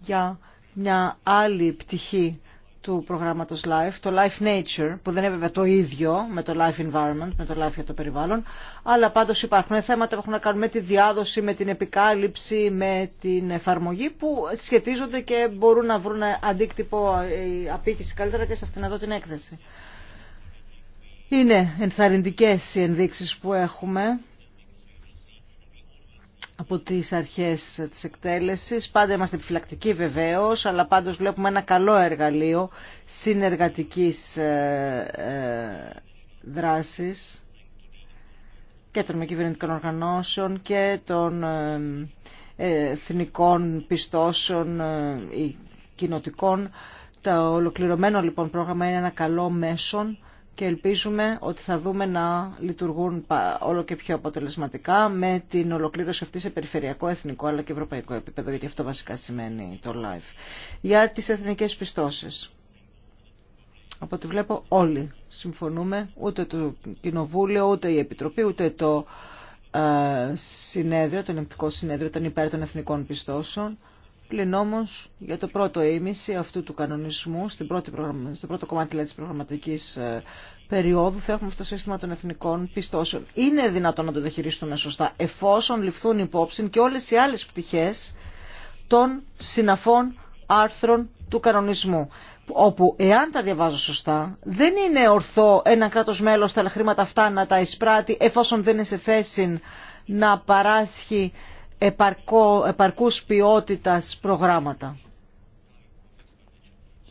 για μια άλλη πτυχή του προγράμματος Life, το Life Nature, που δεν είναι βέβαια το ίδιο με το Life Environment, με το Life για το περιβάλλον, αλλά πάντως υπάρχουν θέματα που έχουν να κάνουν με τη διάδοση, με την επικάλυψη, με την εφαρμογή, που σχετίζονται και μπορούν να βρουν αντίκτυπο, ε, απίκηση καλύτερα και σε αυτήν εδώ την έκθεση. Είναι ενθαρρυντικές οι ενδείξεις που έχουμε από τις αρχές της εκτέλεσης. Πάντα είμαστε επιφυλακτικοί βεβαίως, αλλά πάντως βλέπουμε ένα καλό εργαλείο συνεργατικής ε, ε, δράσης και των μη κυβερνητικών οργανώσεων και των ε, εθνικών πιστώσεων ή κοινοτικών. Το ολοκληρωμένο λοιπόν πρόγραμμα είναι ένα καλό μέσον και ελπίζουμε ότι θα δούμε να λειτουργούν όλο και πιο αποτελεσματικά με την ολοκλήρωση αυτή σε περιφερειακό, εθνικό αλλά και ευρωπαϊκό επίπεδο, γιατί αυτό βασικά σημαίνει το live. Για τις εθνικές πιστώσεις. Από ό,τι βλέπω όλοι συμφωνούμε, ούτε το Κοινοβούλιο, ούτε η Επιτροπή, ούτε το ε, συνέδριο, το ελεγκτικό συνέδριο ήταν υπέρ των εθνικών πιστώσεων. Πλην όμω για το πρώτο ήμιση αυτού του κανονισμού, στην πρώτη προγραμμα... στο πρώτο κομμάτι δηλαδή, τη προγραμματική ε, περίοδου, θα έχουμε αυτό το σύστημα των εθνικών πιστώσεων. Είναι δυνατόν να το διαχειριστούμε σωστά, εφόσον ληφθούν υπόψη και όλε οι άλλε πτυχέ των συναφών άρθρων του κανονισμού. Όπου, εάν τα διαβάζω σωστά, δεν είναι ορθό ένα κράτο μέλο τα χρήματα αυτά να τα εισπράττει, εφόσον δεν είναι σε θέση να παράσχει επαρκό, επαρκούς ποιότητας προγράμματα.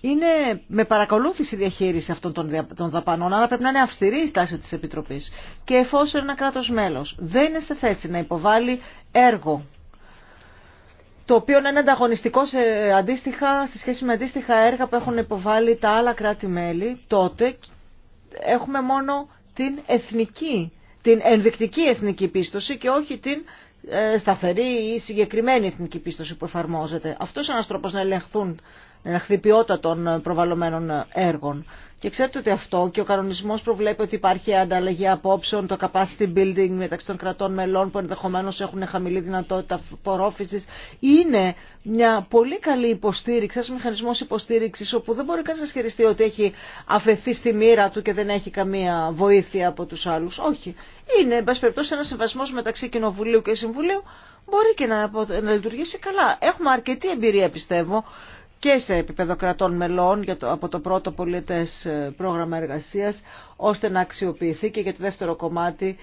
Είναι με παρακολούθηση διαχείριση αυτών των δαπανών, αλλά πρέπει να είναι αυστηρή η στάση της Επιτροπής. Και εφόσον ένα κράτος μέλος δεν είναι σε θέση να υποβάλει έργο, το οποίο να είναι ανταγωνιστικό σε αντίστοιχα, στη σχέση με αντίστοιχα έργα που έχουν υποβάλει τα άλλα κράτη-μέλη, τότε έχουμε μόνο την εθνική, την ενδεικτική εθνική πίστοση και όχι την ε, σταθερή ή συγκεκριμένη εθνική πίστοση που εφαρμόζεται. Αυτό είναι ένα τρόπο να ελεγχθούν να είναι των προβαλλωμένων έργων. Και ξέρετε ότι αυτό και ο κανονισμό προβλέπει ότι υπάρχει ανταλλαγή απόψεων, το capacity building μεταξύ των κρατών μελών που ενδεχομένω έχουν χαμηλή δυνατότητα απορρόφηση. Είναι μια πολύ καλή υποστήριξη, ένα μηχανισμό υποστήριξη όπου δεν μπορεί κανεί να ισχυριστεί ότι έχει αφαιθεί στη μοίρα του και δεν έχει καμία βοήθεια από του άλλου. Όχι. Είναι, εν πάση περιπτώσει, ένα συμβασμό μεταξύ Κοινοβουλίου και Συμβουλίου μπορεί και να, να λειτουργήσει καλά. Έχουμε αρκετή εμπειρία, πιστεύω, και σε επίπεδο κρατών μελών για το, από το πρώτο πολίτες ε, πρόγραμμα εργασίας ώστε να αξιοποιηθεί και για το δεύτερο κομμάτι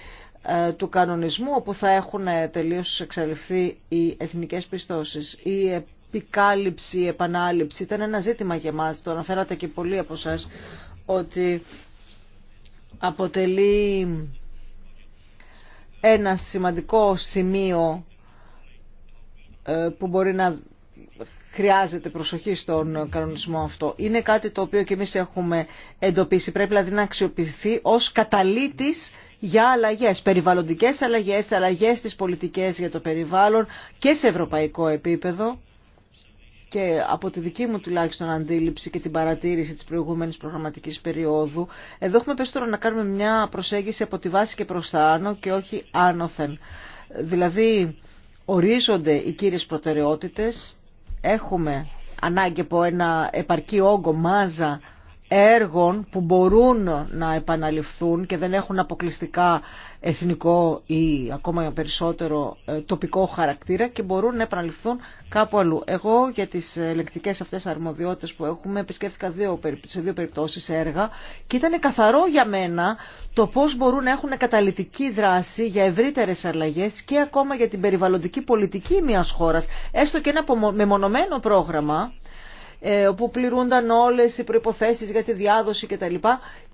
ε, του κανονισμού όπου θα έχουν ε, τελείως εξαλειφθεί οι εθνικές πιστώσεις. Η επικάλυψη, η επανάληψη ήταν ένα ζήτημα για μας, το αναφέρατε και πολλοί από εσά ότι αποτελεί ένα σημαντικό σημείο που μπορεί να χρειάζεται προσοχή στον κανονισμό αυτό. Είναι κάτι το οποίο και εμείς έχουμε εντοπίσει. Πρέπει δηλαδή να αξιοποιηθεί ως καταλήτης για αλλαγές, περιβαλλοντικές αλλαγές, αλλαγές στις πολιτικές για το περιβάλλον και σε ευρωπαϊκό επίπεδο και από τη δική μου τουλάχιστον αντίληψη και την παρατήρηση της προηγούμενης προγραμματικής περίοδου, εδώ έχουμε περισσότερο να κάνουμε μια προσέγγιση από τη βάση και προς τα άνω και όχι άνωθεν. Δηλαδή ορίζονται οι κύριε προτεραιότητε έχουμε ανάγκη από ένα επαρκή όγκο, μάζα έργων που μπορούν να επαναληφθούν και δεν έχουν αποκλειστικά εθνικό ή ακόμα περισσότερο ε, τοπικό χαρακτήρα και μπορούν να επαναληφθούν κάπου αλλού. Εγώ για τις ελεκτικές αυτές αρμοδιότητες που έχουμε επισκέφθηκα δύο, σε δύο περιπτώσεις έργα και ήταν καθαρό για μένα το πώς μπορούν να έχουν καταλητική δράση για ευρύτερες αλλαγές και ακόμα για την περιβαλλοντική πολιτική μιας χώρας. Έστω και ένα μεμονωμένο πρόγραμμα ε, όπου πληρούνταν όλες οι προϋποθέσεις για τη διάδοση κτλ.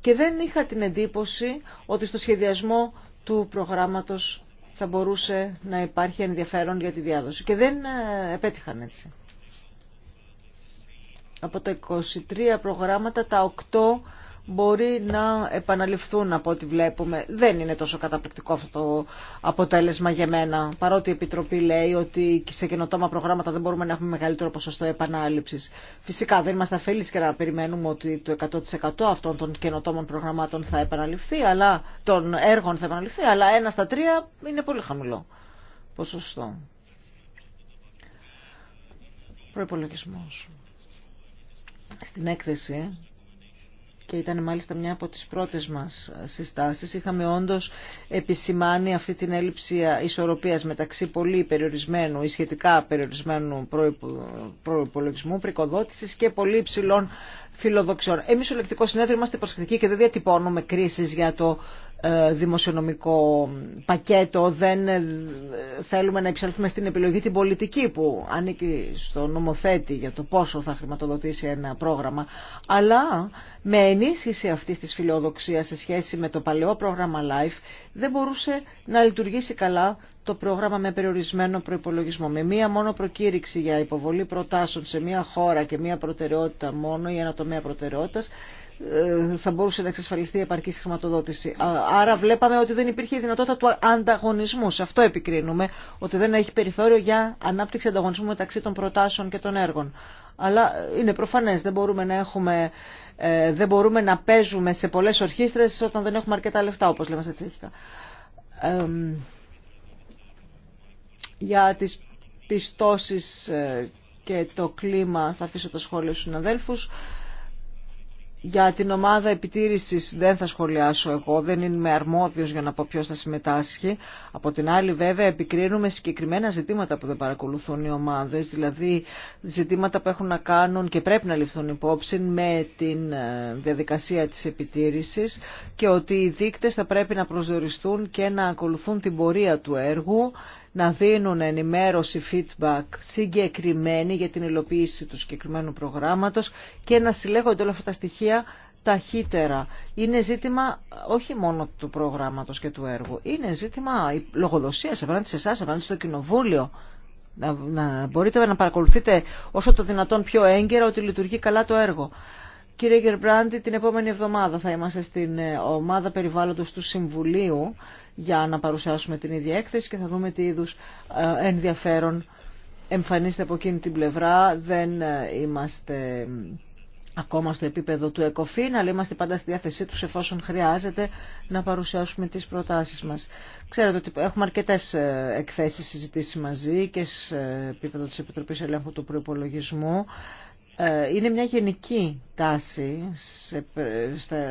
Και δεν είχα την εντύπωση ότι στο σχεδιασμό του προγράμματος θα μπορούσε να υπάρχει ενδιαφέρον για τη διάδοση. Και δεν ε, επέτυχαν έτσι. Από τα 23 προγράμματα, τα 8 μπορεί να επαναληφθούν από ό,τι βλέπουμε. Δεν είναι τόσο καταπληκτικό αυτό το αποτέλεσμα για μένα, παρότι η Επιτροπή λέει ότι σε καινοτόμα προγράμματα δεν μπορούμε να έχουμε μεγαλύτερο ποσοστό επανάληψή. Φυσικά δεν είμαστε αφελεί και να περιμένουμε ότι το 100% αυτών των καινοτόμων προγραμμάτων θα επαναληφθεί, αλλά των έργων θα επαναληφθεί, αλλά ένα στα τρία είναι πολύ χαμηλό ποσοστό. Προπολογισμό. Στην έκθεση και ήταν μάλιστα μια από τις πρώτες μας συστάσεις. Είχαμε όντως επισημάνει αυτή την έλλειψη ισορροπίας μεταξύ πολύ περιορισμένου ή σχετικά περιορισμένου προϋπολογισμού, πρικοδότησης και πολύ υψηλών φιλοδοξιών. Εμείς ο λεκτικό συνέδριο είμαστε προσεκτικοί και δεν διατυπώνουμε κρίσεις για το ε, δημοσιονομικό πακέτο, δεν ε, θέλουμε να υψέλθουμε στην επιλογή την πολιτική που ανήκει στο νομοθέτη για το πόσο θα χρηματοδοτήσει ένα πρόγραμμα, αλλά με ενίσχυση αυτής της φιλοδοξίας σε σχέση με το παλαιό πρόγραμμα LIFE δεν μπορούσε να λειτουργήσει καλά το πρόγραμμα με περιορισμένο προϋπολογισμό Με μία μόνο προκήρυξη για υποβολή προτάσεων σε μία χώρα και μία προτεραιότητα μόνο ή ένα τομέα προτεραιότητας ε, θα μπορούσε να εξασφαλιστεί επαρκή χρηματοδότηση. Άρα βλέπαμε ότι δεν υπήρχε η δυνατότητα του ανταγωνισμού. Σε αυτό επικρίνουμε, ότι δεν έχει περιθώριο για ανάπτυξη ανταγωνισμού μεταξύ των προτάσεων και των έργων. Αλλά είναι προφανές, δεν μπορούμε να έχουμε... Ε, δεν μπορούμε να παίζουμε σε πολλές ορχήστρες όταν δεν έχουμε αρκετά λεφτά, όπως λέμε στα τσέχικα. για τις πιστώσεις ε, και το κλίμα θα αφήσω τα σχόλια στους συναδέλφους. Για την ομάδα επιτήρησης δεν θα σχολιάσω εγώ, δεν είμαι αρμόδιος για να πω ποιος θα συμμετάσχει. Από την άλλη βέβαια επικρίνουμε συγκεκριμένα ζητήματα που δεν παρακολουθούν οι ομάδες, δηλαδή ζητήματα που έχουν να κάνουν και πρέπει να ληφθούν υπόψη με την ε, διαδικασία της επιτήρησης και ότι οι δείκτες θα πρέπει να προσδιοριστούν και να ακολουθούν την πορεία του έργου να δίνουν ενημέρωση, feedback συγκεκριμένη για την υλοποίηση του συγκεκριμένου προγράμματος και να συλλέγονται όλα αυτά τα στοιχεία ταχύτερα. Είναι ζήτημα όχι μόνο του προγράμματος και του έργου, είναι ζήτημα λογοδοσίας απέναντι σε εσάς, απέναντι στο κοινοβούλιο. Να, να μπορείτε να παρακολουθείτε όσο το δυνατόν πιο έγκαιρα ότι λειτουργεί καλά το έργο. Κύριε Γερμπράντη, την επόμενη εβδομάδα θα είμαστε στην ε, ομάδα περιβάλλοντος του Συμβουλίου για να παρουσιάσουμε την ίδια έκθεση και θα δούμε τι είδους ε, ενδιαφέρον εμφανίζεται από εκείνη την πλευρά. Δεν ε, είμαστε ακόμα στο επίπεδο του ΕΚΟΦΗΝ, αλλά είμαστε πάντα στη διάθεσή τους εφόσον χρειάζεται να παρουσιάσουμε τις προτάσεις μας. Ξέρετε ότι έχουμε αρκετές ε, εκθέσεις συζητήσει μαζί και σε επίπεδο της Επιτροπής Ελέγχου του Προϋπολογισμού. Ε, είναι μια γενική τάση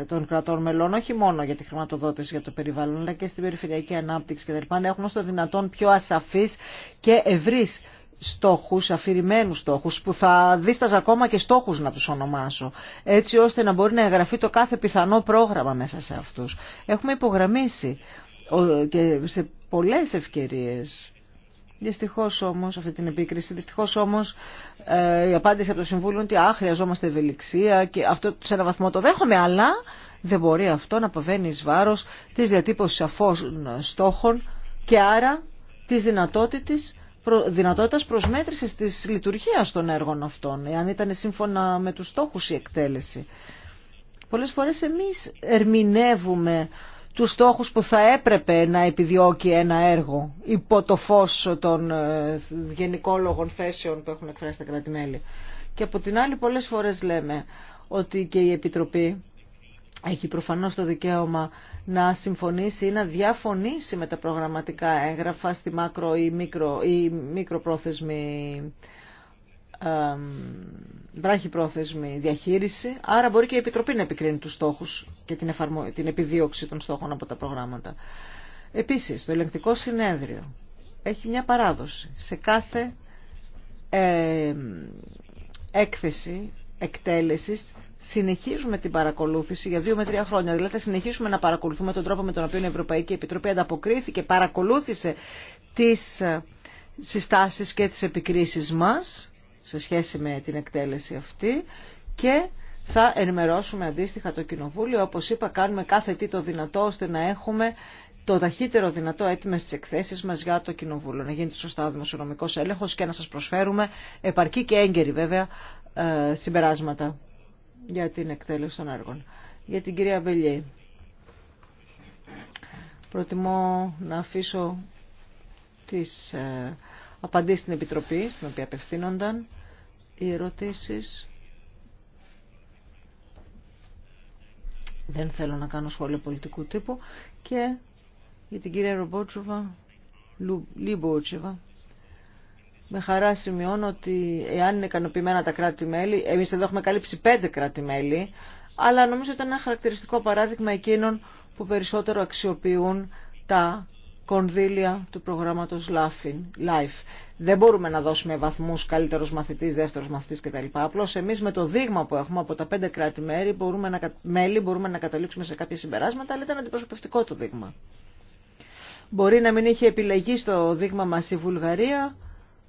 των κρατών μελών, όχι μόνο για τη χρηματοδότηση για το περιβάλλον, αλλά και στην περιφερειακή ανάπτυξη κτλ. Να έχουν στο δυνατόν πιο ασαφείς και ευρύς στόχους, αφηρημένους στόχους, που θα δίσταζα ακόμα και στόχους να τους ονομάσω, έτσι ώστε να μπορεί να εγγραφεί το κάθε πιθανό πρόγραμμα μέσα σε αυτούς. Έχουμε υπογραμμίσει και σε πολλές ευκαιρίες Δυστυχώ όμω, αυτή την επίκριση, δυστυχώ όμω ε, η απάντηση από το Συμβούλιο είναι ότι α, χρειαζόμαστε ευελιξία και αυτό σε ένα βαθμό το δέχομαι, αλλά δεν μπορεί αυτό να παβαίνει ει βάρο τη διατύπωση σαφών στόχων και άρα τη δυνατότητα δυνατότητας προσμέτρησης της λειτουργίας των έργων αυτών, εάν ήταν σύμφωνα με του στόχου η εκτέλεση. Πολλέ φορέ εμεί ερμηνεύουμε τους στόχους που θα έπρεπε να επιδιώκει ένα έργο υπό το φως των ε, γενικόλογων θέσεων που έχουν εκφράσει τα κρατη Και από την άλλη πολλές φορές λέμε ότι και η Επιτροπή έχει προφανώς το δικαίωμα να συμφωνήσει ή να διαφωνήσει με τα προγραμματικά έγγραφα στη μακρο ή, μικρο, ή μικροπρόθεσμη βράχη πρόθεσμη διαχείριση, άρα μπορεί και η Επιτροπή να επικρίνει τους στόχους και την, την επιδίωξη των στόχων από τα προγράμματα. Επίσης, το ελεγκτικό συνέδριο έχει μια παράδοση. Σε κάθε έκθεση εκτέλεσης συνεχίζουμε την παρακολούθηση για δύο με τρία χρόνια. Δηλαδή θα συνεχίσουμε να παρακολουθούμε τον τρόπο με τον οποίο η Ευρωπαϊκή Επιτροπή ανταποκρίθηκε, παρακολούθησε τις ε, συστάσεις και τις επικρίσεις μας σε σχέση με την εκτέλεση αυτή και θα ενημερώσουμε αντίστοιχα το Κοινοβούλιο. Όπως είπα, κάνουμε κάθε τι το δυνατό ώστε να έχουμε το ταχύτερο δυνατό έτοιμε στι εκθέσει μα για το Κοινοβούλιο. Να γίνεται σωστά ο δημοσιονομικό έλεγχο και να σα προσφέρουμε επαρκή και έγκαιρη βέβαια ε, συμπεράσματα για την εκτέλεση των έργων. Για την κυρία Βελιέ. Προτιμώ να αφήσω τις ε, απαντήσει στην Επιτροπή, στην οποία απευθύνονταν οι ερωτήσεις. Δεν θέλω να κάνω σχόλιο πολιτικού τύπου. Και για την κυρία Ρομπότσοβα, Λιμπότσοβα, με χαρά σημειώνω ότι εάν είναι ικανοποιημένα τα κράτη-μέλη, εμείς εδώ έχουμε καλύψει πέντε κράτη-μέλη, αλλά νομίζω ότι ήταν ένα χαρακτηριστικό παράδειγμα εκείνων που περισσότερο αξιοποιούν τα κονδύλια του προγράμματος LIFE. Δεν μπορούμε να δώσουμε βαθμούς καλύτερος μαθητής, δεύτερος μαθητής κτλ. Απλώς εμείς με το δείγμα που έχουμε από τα πέντε κράτη-μέλη μπορούμε, να... μπορούμε να καταλήξουμε σε κάποια συμπεράσματα, αλλά ήταν αντιπροσωπευτικό το δείγμα. Μπορεί να μην είχε επιλεγεί στο δείγμα μας η Βουλγαρία,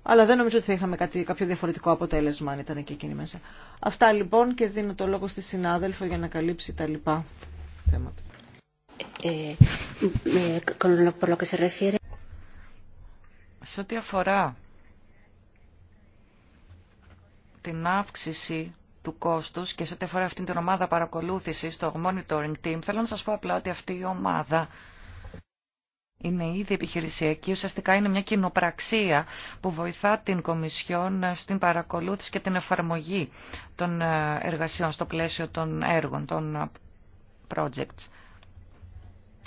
αλλά δεν νομίζω ότι θα είχαμε κάτι, κάποιο διαφορετικό αποτέλεσμα αν ήταν και εκείνη μέσα. Αυτά λοιπόν και δίνω το λόγο στη συνάδελφο για να καλύψει τα λοιπά θέματα. Σε ό,τι αφορά την αύξηση του κόστους και σε ό,τι αφορά αυτήν την ομάδα παρακολούθησης, το monitoring team, θέλω να σας πω απλά ότι αυτή η ομάδα είναι ήδη επιχειρησιακή, ουσιαστικά είναι μια κοινοπραξία που βοηθά την Κομισιόν στην παρακολούθηση και την εφαρμογή των εργασιών στο πλαίσιο των έργων, των projects.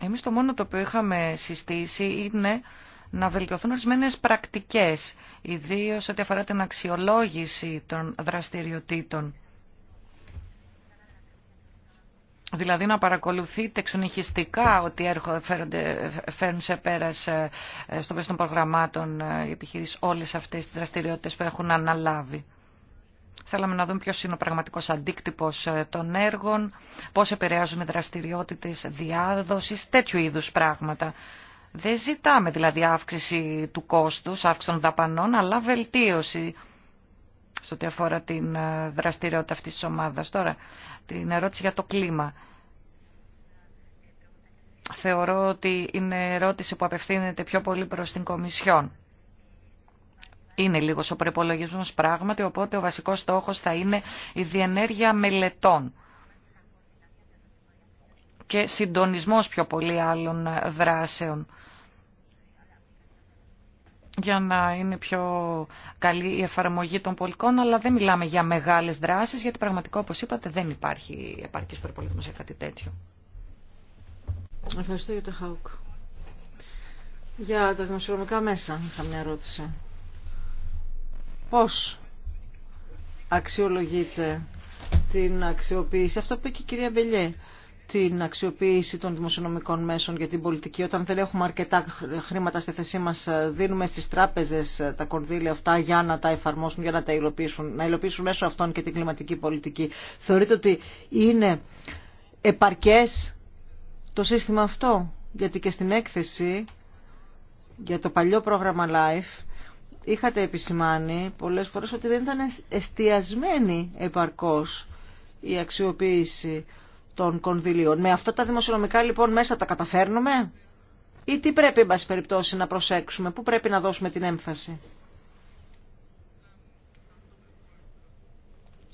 Εμείς το μόνο το οποίο είχαμε συστήσει είναι να βελτιωθούν ορισμένε πρακτικές, ιδίως ό,τι αφορά την αξιολόγηση των δραστηριοτήτων. Δηλαδή να παρακολουθείτε εξονυχιστικά ότι φέρνουν σε πέρας ε, στο πλαίσιο των προγραμμάτων ε, οι επιχειρήσεις όλες αυτές τις δραστηριότητες που έχουν αναλάβει. Θέλαμε να δούμε ποιος είναι ο πραγματικός αντίκτυπος ε, των έργων, πώς επηρεάζουν οι δραστηριότητες διάδοσης, τέτοιου είδους πράγματα. Δεν ζητάμε δηλαδή αύξηση του κόστους, αύξηση των δαπανών, αλλά βελτίωση σε ό,τι αφορά την ε, δραστηριότητα αυτής της ομάδας. Τώρα, την ερώτηση για το κλίμα. Θεωρώ ότι είναι ερώτηση που απευθύνεται πιο πολύ προς την Κομισιόν είναι λίγο ο προπολογισμό πράγματι, οπότε ο βασικό στόχο θα είναι η διενέργεια μελετών και συντονισμός πιο πολύ άλλων δράσεων για να είναι πιο καλή η εφαρμογή των πολικών, αλλά δεν μιλάμε για μεγάλες δράσεις, γιατί πραγματικά, όπως είπατε, δεν υπάρχει επαρκής προπολογισμός για κάτι τέτοιο. Ευχαριστώ για Χαουκ. Για τα δημοσιονομικά μέσα, είχα μια ερώτηση. Πώς αξιολογείται την αξιοποίηση, αυτό που είπε και η κυρία Μπελιέ, την αξιοποίηση των δημοσιονομικών μέσων για την πολιτική. Όταν δεν έχουμε αρκετά χρήματα στη θέση μας, δίνουμε στις τράπεζες τα κονδύλια αυτά για να τα εφαρμόσουν, για να τα υλοποιήσουν, να υλοποιήσουν μέσω αυτών και την κλιματική πολιτική. Θεωρείτε ότι είναι επαρκές το σύστημα αυτό, γιατί και στην έκθεση για το παλιό πρόγραμμα LIFE είχατε επισημάνει πολλές φορές ότι δεν ήταν εστιασμένη επαρκώς η αξιοποίηση των κονδυλίων. Με αυτά τα δημοσιονομικά λοιπόν μέσα τα καταφέρνουμε ή τι πρέπει εν πάση περιπτώσει να προσέξουμε, πού πρέπει να δώσουμε την έμφαση.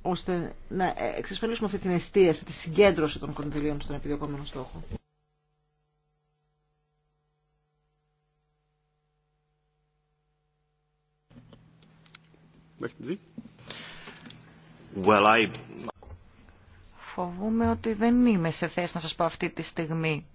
ώστε να ε, εξασφαλίσουμε αυτή την εστίαση, τη συγκέντρωση των κονδυλίων στον επιδιωκόμενο στόχο. Sie? Well, I... Φοβούμαι ότι δεν είμαι σε θέση να σας πω αυτή τη στιγμή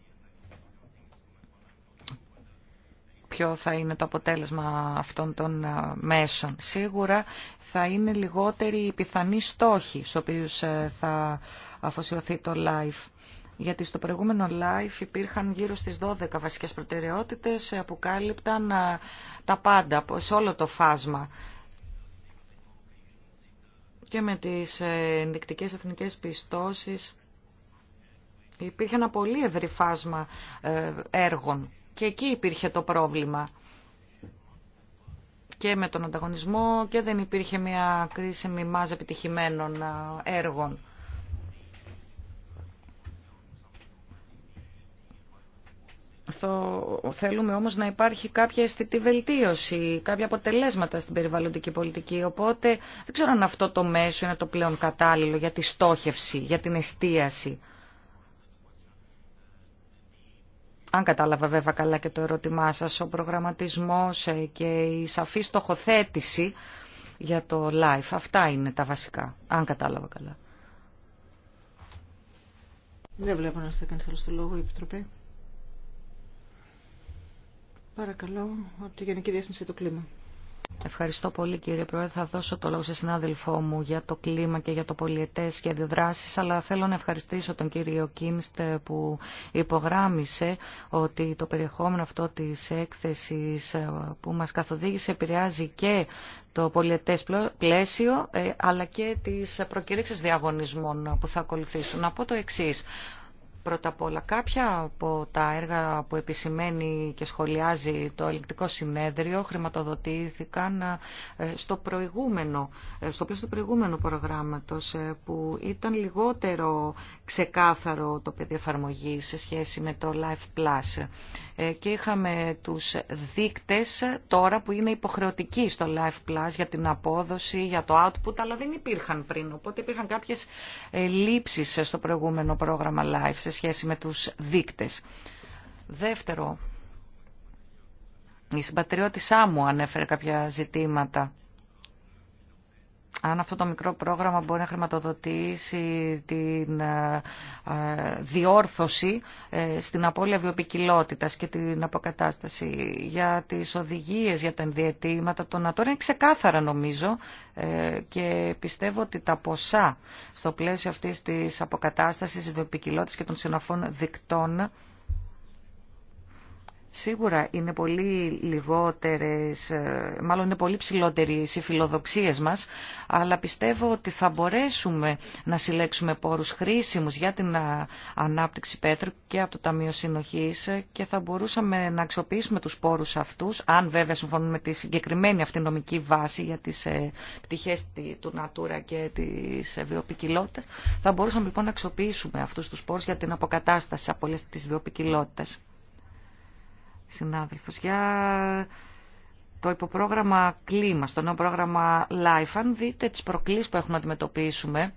ποιο θα είναι το αποτέλεσμα αυτών των ε, μέσων. Σίγουρα θα είναι λιγότεροι οι πιθανοί στόχοι στους οποίους ε, θα αφοσιωθεί το live. Γιατί στο προηγούμενο live υπήρχαν γύρω στις 12 βασικές προτεραιότητες ε, που κάλυπταν τα πάντα, σε όλο το φάσμα και με τις ε, ενδεικτικές εθνικές πιστώσεις υπήρχε ένα πολύ ευρύ φάσμα ε, έργων και εκεί υπήρχε το πρόβλημα και με τον ανταγωνισμό και δεν υπήρχε μια κρίσιμη μάζα επιτυχημένων ε, έργων. Θέλουμε όμως να υπάρχει κάποια αισθητή βελτίωση, κάποια αποτελέσματα στην περιβαλλοντική πολιτική. Οπότε δεν ξέρω αν αυτό το μέσο είναι το πλέον κατάλληλο για τη στόχευση, για την εστίαση. Αν κατάλαβα βέβαια καλά και το ερώτημά σας, ο προγραμματισμός ε, και η σαφή στοχοθέτηση για το life, Αυτά είναι τα βασικά, αν κατάλαβα καλά. Δεν βλέπω να είστε κανείς άλλο στο λόγο, η Επιτροπή. Παρακαλώ, από τη Γενική Διεύθυνση για το Κλίμα. Ευχαριστώ πολύ κύριε Πρόεδρε. Θα δώσω το λόγο σε συνάδελφό μου για το κλίμα και για το πολιετέ και δράσης, αλλά θέλω να ευχαριστήσω τον κύριο Κίνστ που υπογράμμισε ότι το περιεχόμενο αυτό τη έκθεση ε, που μας καθοδήγησε επηρεάζει και το πολιετέ πλαίσιο, ε, αλλά και τι προκήρυξει διαγωνισμών που θα ακολουθήσουν. Να πω το εξή. Πρώτα απ' όλα, κάποια από τα έργα που επισημαίνει και σχολιάζει το Ελληνικό συνέδριο χρηματοδοτήθηκαν ε, στο προηγούμενο, ε, στο πλαίσιο του προηγούμενου προγράμματος ε, που ήταν λιγότερο ξεκάθαρο το πεδίο εφαρμογή σε σχέση με το Life Plus. Και είχαμε τους δείκτες τώρα που είναι υποχρεωτικοί στο Life Plus για την απόδοση, για το output, αλλά δεν υπήρχαν πριν. Οπότε υπήρχαν κάποιες λήψεις στο προηγούμενο πρόγραμμα Life σχέση με τους δίκτες. Δεύτερο, η συμπατριώτησά μου ανέφερε κάποια ζητήματα αν αυτό το μικρό πρόγραμμα μπορεί να χρηματοδοτήσει την ε, ε, διόρθωση ε, στην απώλεια βιοπικιλότητας και την αποκατάσταση για τις οδηγίες, για τα ενδιαιτήματα των ατόρων είναι ξεκάθαρα νομίζω και πιστεύω ότι τα ποσά στο πλαίσιο αυτής της αποκατάστασης βιοπικιλότητας και των συναφών δικτών Σίγουρα είναι πολύ λιγότερες, ε, μάλλον είναι πολύ ψηλότερες οι φιλοδοξίες μας, αλλά πιστεύω ότι θα μπορέσουμε να συλλέξουμε πόρους χρήσιμους για την ανάπτυξη πέτρου και από το Ταμείο Συνοχής και θα μπορούσαμε να αξιοποιήσουμε τους πόρους αυτούς, αν βέβαια συμφωνούμε με τη συγκεκριμένη αυτή νομική βάση για τις ε, πτυχές του Νατούρα και της ε, βιοπικιλότητας, θα μπορούσαμε λοιπόν να αξιοποιήσουμε αυτούς τους πόρους για την αποκατάσταση από όλες τις βιοπικιλότητες συνάδελφος. Για το υποπρόγραμμα κλίμα, στο νέο πρόγραμμα LIFE, αν δείτε τις προκλήσεις που έχουμε να αντιμετωπίσουμε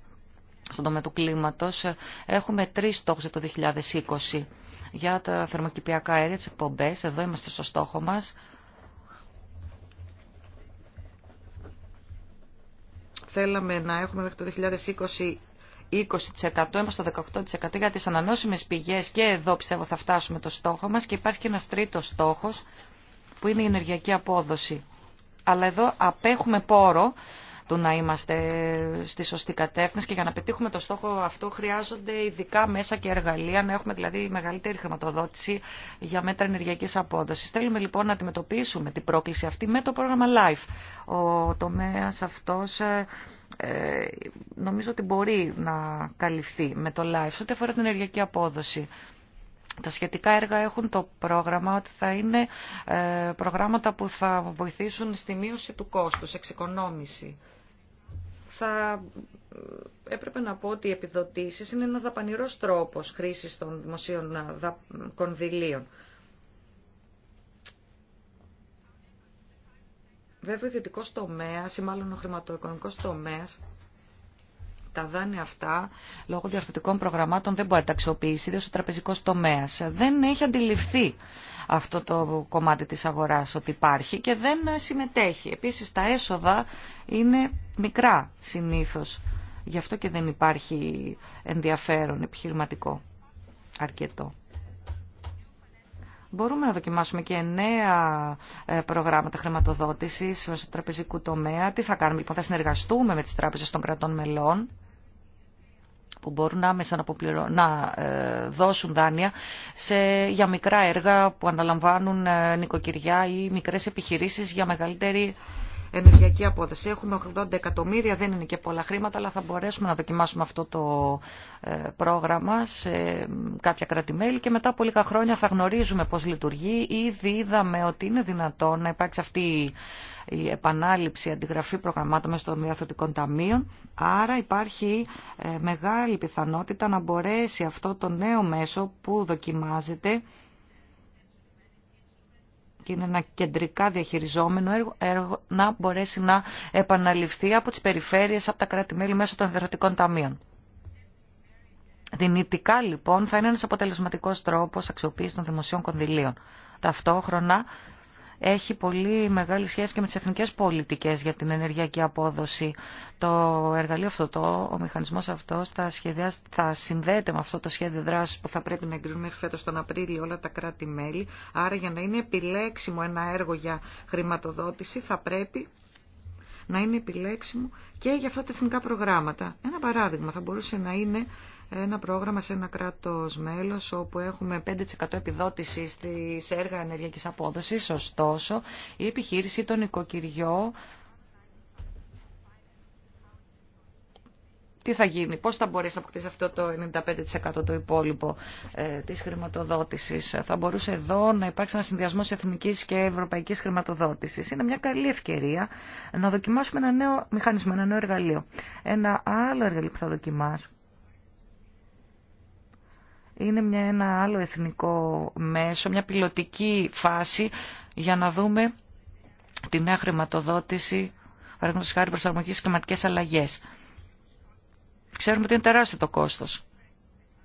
στον τομέα του κλίματος, έχουμε τρεις στόχους για το 2020. Για τα θερμοκηπιακά αέρια, τις εκπομπές, εδώ είμαστε στο στόχο μας. Θέλαμε να έχουμε μέχρι το 2020 20% έμπω στο 18% για τις ανανόσιμες πηγές και εδώ πιστεύω θα φτάσουμε το στόχο μας και υπάρχει και ένας τρίτος στόχος που είναι η ενεργειακή απόδοση. Αλλά εδώ απέχουμε πόρο του να είμαστε στη σωστή κατεύθυνση και για να πετύχουμε το στόχο αυτό χρειάζονται ειδικά μέσα και εργαλεία, να έχουμε δηλαδή μεγαλύτερη χρηματοδότηση για μέτρα ενεργειακή απόδοση. Θέλουμε λοιπόν να αντιμετωπίσουμε την πρόκληση αυτή με το πρόγραμμα LIFE. Ο τομέα αυτό ε, ε, νομίζω ότι μπορεί να καλυφθεί με το LIFE, ό,τι αφορά την ενεργειακή απόδοση. Τα σχετικά έργα έχουν το πρόγραμμα ότι θα είναι ε, προγράμματα που θα βοηθήσουν στη μείωση του κόστους, εξοικονόμηση θα έπρεπε να πω ότι οι επιδοτήσεις είναι ένας δαπανηρός τρόπος χρήσης των δημοσίων ε, κονδυλίων. Βέβαια, ο ιδιωτικός τομέα ή μάλλον ο χρηματοοικονομικό τομέα, τα δάνεια αυτά λόγω διαρθρωτικών προγραμμάτων δεν μπορεί να τα αξιοποιήσει, ιδίω ο τραπεζικός τομέα. Δεν έχει αντιληφθεί αυτό το κομμάτι της αγοράς ότι υπάρχει και δεν συμμετέχει. Επίσης τα έσοδα είναι μικρά συνήθως. Γι' αυτό και δεν υπάρχει ενδιαφέρον επιχειρηματικό αρκετό. Μπορούμε να δοκιμάσουμε και νέα ε, προγράμματα χρηματοδότησης στο τραπεζικού τομέα. Τι θα κάνουμε λοιπόν, θα συνεργαστούμε με τις τράπεζες των κρατών μελών που μπορούν άμεσα να, αποπληρω... να ε, δώσουν δάνεια σε... για μικρά έργα που αναλαμβάνουν ε, νοικοκυριά ή μικρές επιχειρήσεις για μεγαλύτερη ενεργειακή απόδοση. Έχουμε 80 εκατομμύρια, δεν είναι και πολλά χρήματα, αλλά θα μπορέσουμε να δοκιμάσουμε αυτό το ε, πρόγραμμα σε κάποια κρατημέλη και μετά από λίγα χρόνια θα γνωρίζουμε πώς λειτουργεί. Ήδη είδαμε ότι είναι δυνατόν να υπάρξει αυτή η επανάληψη, αντιγραφή προγραμμάτων μέσω των διαθετικών ταμείων. Άρα υπάρχει ε, μεγάλη πιθανότητα να μπορέσει αυτό το νέο μέσο που δοκιμάζεται και είναι ένα κεντρικά διαχειριζόμενο έργο, να μπορέσει να επαναληφθεί από τις περιφέρειες, από τα κράτη-μέλη μέσω των διαθετικών ταμείων. Δυνητικά λοιπόν θα είναι ένας αποτελεσματικός τρόπος αξιοποίησης των δημοσίων κονδυλίων. Ταυτόχρονα έχει πολύ μεγάλη σχέση και με τις εθνικές πολιτικές για την ενεργειακή απόδοση. Το εργαλείο αυτό, το, ο μηχανισμός αυτός θα, θα συνδέεται με αυτό το σχέδιο δράσης που θα πρέπει να εγκρίνουν μέχρι φέτος τον Απρίλιο όλα τα κράτη-μέλη. Άρα για να είναι επιλέξιμο ένα έργο για χρηματοδότηση θα πρέπει να είναι επιλέξιμο και για αυτά τα εθνικά προγράμματα. Ένα παράδειγμα θα μπορούσε να είναι ένα πρόγραμμα σε ένα κράτος μέλος όπου έχουμε 5% επιδότηση στις έργα ενεργειακής απόδοσης. Ωστόσο, η επιχείρηση, των νοικοκυριό, τι θα γίνει, πώς θα μπορέσει να αποκτήσει αυτό το 95% το υπόλοιπο ε, της χρηματοδότησης. Θα μπορούσε εδώ να υπάρξει ένα συνδυασμός εθνικής και ευρωπαϊκής χρηματοδότησης. Είναι μια καλή ευκαιρία να δοκιμάσουμε ένα νέο μηχανισμό, ένα νέο εργαλείο. Ένα άλλο εργαλείο που θα δοκιμάσουμε είναι μια, ένα άλλο εθνικό μέσο, μια πιλωτική φάση για να δούμε τη νέα χρηματοδότηση, παραδείγματο χάρη προσαρμογή στι κλιματικέ αλλαγέ. Ξέρουμε ότι είναι τεράστιο το κόστο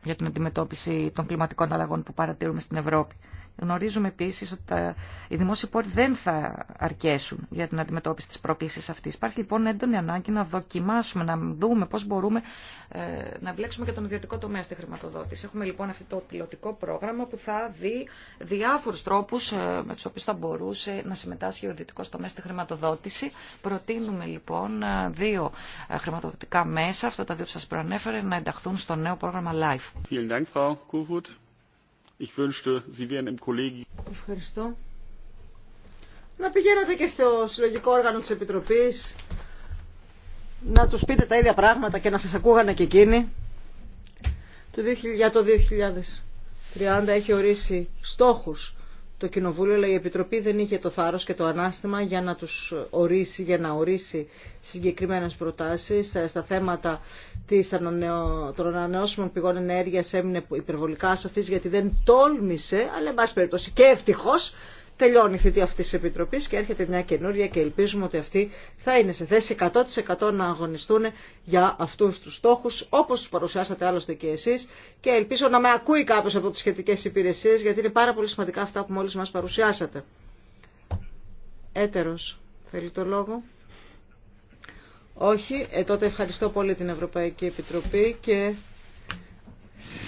για την αντιμετώπιση των κλιματικών αλλαγών που παρατηρούμε στην Ευρώπη. Γνωρίζουμε επίση ότι τα, οι δημόσιοι πόροι δεν θα αρκέσουν για την αντιμετώπιση τη πρόκληση αυτή. Υπάρχει λοιπόν έντονη ανάγκη να δοκιμάσουμε, να δούμε πώ μπορούμε ε, να εμπλέξουμε και τον ιδιωτικό τομέα στη χρηματοδότηση. Έχουμε λοιπόν αυτό το πιλωτικό πρόγραμμα που θα δει διάφορου τρόπου ε, με του οποίου θα μπορούσε να συμμετάσχει ο ιδιωτικό τομέα στη χρηματοδότηση. Προτείνουμε λοιπόν ε, δύο χρηματοδοτικά μέσα, αυτά τα δύο που σα προανέφερε, να ενταχθούν στο νέο πρόγραμμα LIFE. Ευχαριστώ. Να πηγαίνατε και στο συλλογικό όργανο της Επιτροπής, να τους πείτε τα ίδια πράγματα και να σας ακούγανε και εκείνοι. Το 2000, για το 2030 έχει ορίσει στόχους το Κοινοβούλιο, αλλά η Επιτροπή δεν είχε το θάρρος και το ανάστημα για να τους ορίσει, για να ορίσει συγκεκριμένες προτάσεις ε, στα θέματα της των ανανεώσιμων πηγών ενέργειας έμεινε υπερβολικά σαφής γιατί δεν τόλμησε, αλλά εν πάση περιπτώσει και ευτυχώς τελειώνει η θητεία αυτής τη Επιτροπής και έρχεται μια καινούρια και ελπίζουμε ότι αυτοί θα είναι σε θέση 100% να αγωνιστούν για αυτού του στόχου. Όπω του παρουσιάσατε άλλωστε και εσεί και ελπίζω να με ακούει κάποιος από τι σχετικέ υπηρεσίε γιατί είναι πάρα πολύ σημαντικά αυτά που μόλι μα παρουσιάσατε. Έτερο θέλει το λόγο. Όχι, ε, τότε ευχαριστώ πολύ την Ευρωπαϊκή Επιτροπή και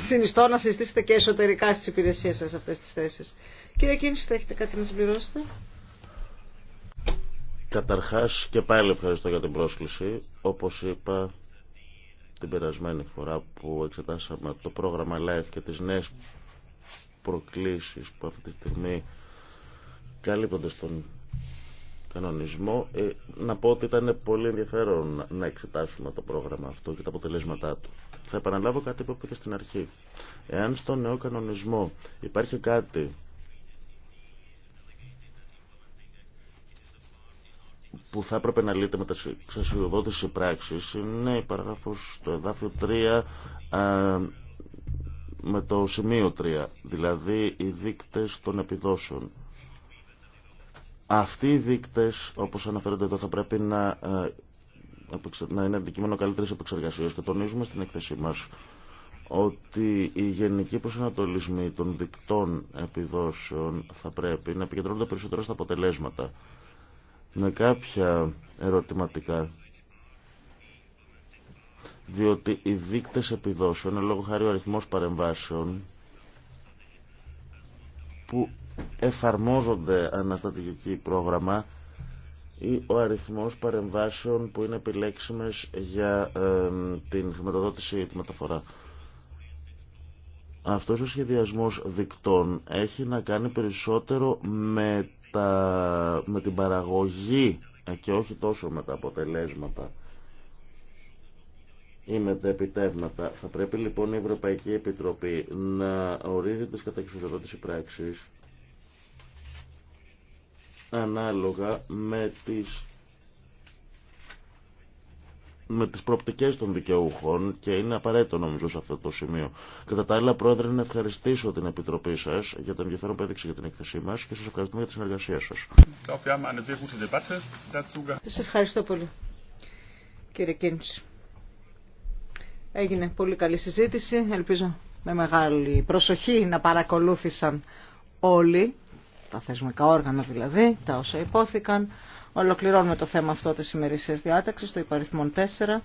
συνιστώ να συζητήσετε και εσωτερικά στις υπηρεσίες σας αυτές τις θέσεις. Κύριε Κίνηση, θα έχετε κάτι να συμπληρώσετε. Καταρχάς και πάλι ευχαριστώ για την πρόσκληση. Όπως είπα την περασμένη φορά που εξετάσαμε το πρόγραμμα LIFE και τις νέες προκλήσεις που αυτή τη στιγμή καλύπτονται στον κανονισμό, ε, να πω ότι ήταν πολύ ενδιαφέρον να εξετάσουμε το πρόγραμμα αυτό και τα αποτελέσματά του. Θα επαναλάβω κάτι που είπα και στην αρχή. Εάν στον νέο κανονισμό υπάρχει κάτι που θα έπρεπε να λύεται με τα εξασιοδότηση πράξης είναι η παράγραφος στο εδάφιο 3 με το σημείο 3, δηλαδή οι δείκτες των επιδόσεων. Αυτοί οι δείκτες, όπως αναφέρονται εδώ, θα πρέπει να, να είναι αντικείμενο καλύτερης επεξεργασίας και τονίζουμε στην εκθεσή μας ότι οι γενικοί προσανατολισμοί των δικτών επιδόσεων θα πρέπει να επικεντρώνονται περισσότερο στα αποτελέσματα με κάποια ερωτηματικά διότι οι δείκτες επιδόσεων, λόγω χάρη ο αριθμός παρεμβάσεων που εφαρμόζονται αναστατηγική πρόγραμμα ή ο αριθμός παρεμβάσεων που είναι επιλέξιμες για την χρηματοδότηση ή τη μεταφορά. Αυτός ο σχεδιασμός δικτών έχει να κάνει περισσότερο με με την παραγωγή ε, και όχι τόσο με τα αποτελέσματα ή με τα επιτεύγματα. Θα πρέπει λοιπόν η Ευρωπαϊκή Επιτροπή να ορίζει τις της πράξεις ανάλογα με τις με τις προοπτικές των δικαιούχων και είναι απαραίτητο νομίζω σε αυτό το σημείο. Κατά τα άλλα, Πρόεδρε, να ευχαριστήσω την Επιτροπή σας για τον ενδιαφέρον που έδειξε για την εκθεσή μας και σας ευχαριστούμε για τη συνεργασία σας. Σας ευχαριστώ πολύ, κύριε Κίντς. Έγινε πολύ καλή συζήτηση, ελπίζω με μεγάλη προσοχή να παρακολούθησαν όλοι, τα θεσμικά όργανα δηλαδή, τα όσα υπόθηκαν. Ολοκληρώνουμε το θέμα αυτό της ημερησίας διάταξης, το υπαριθμόν 4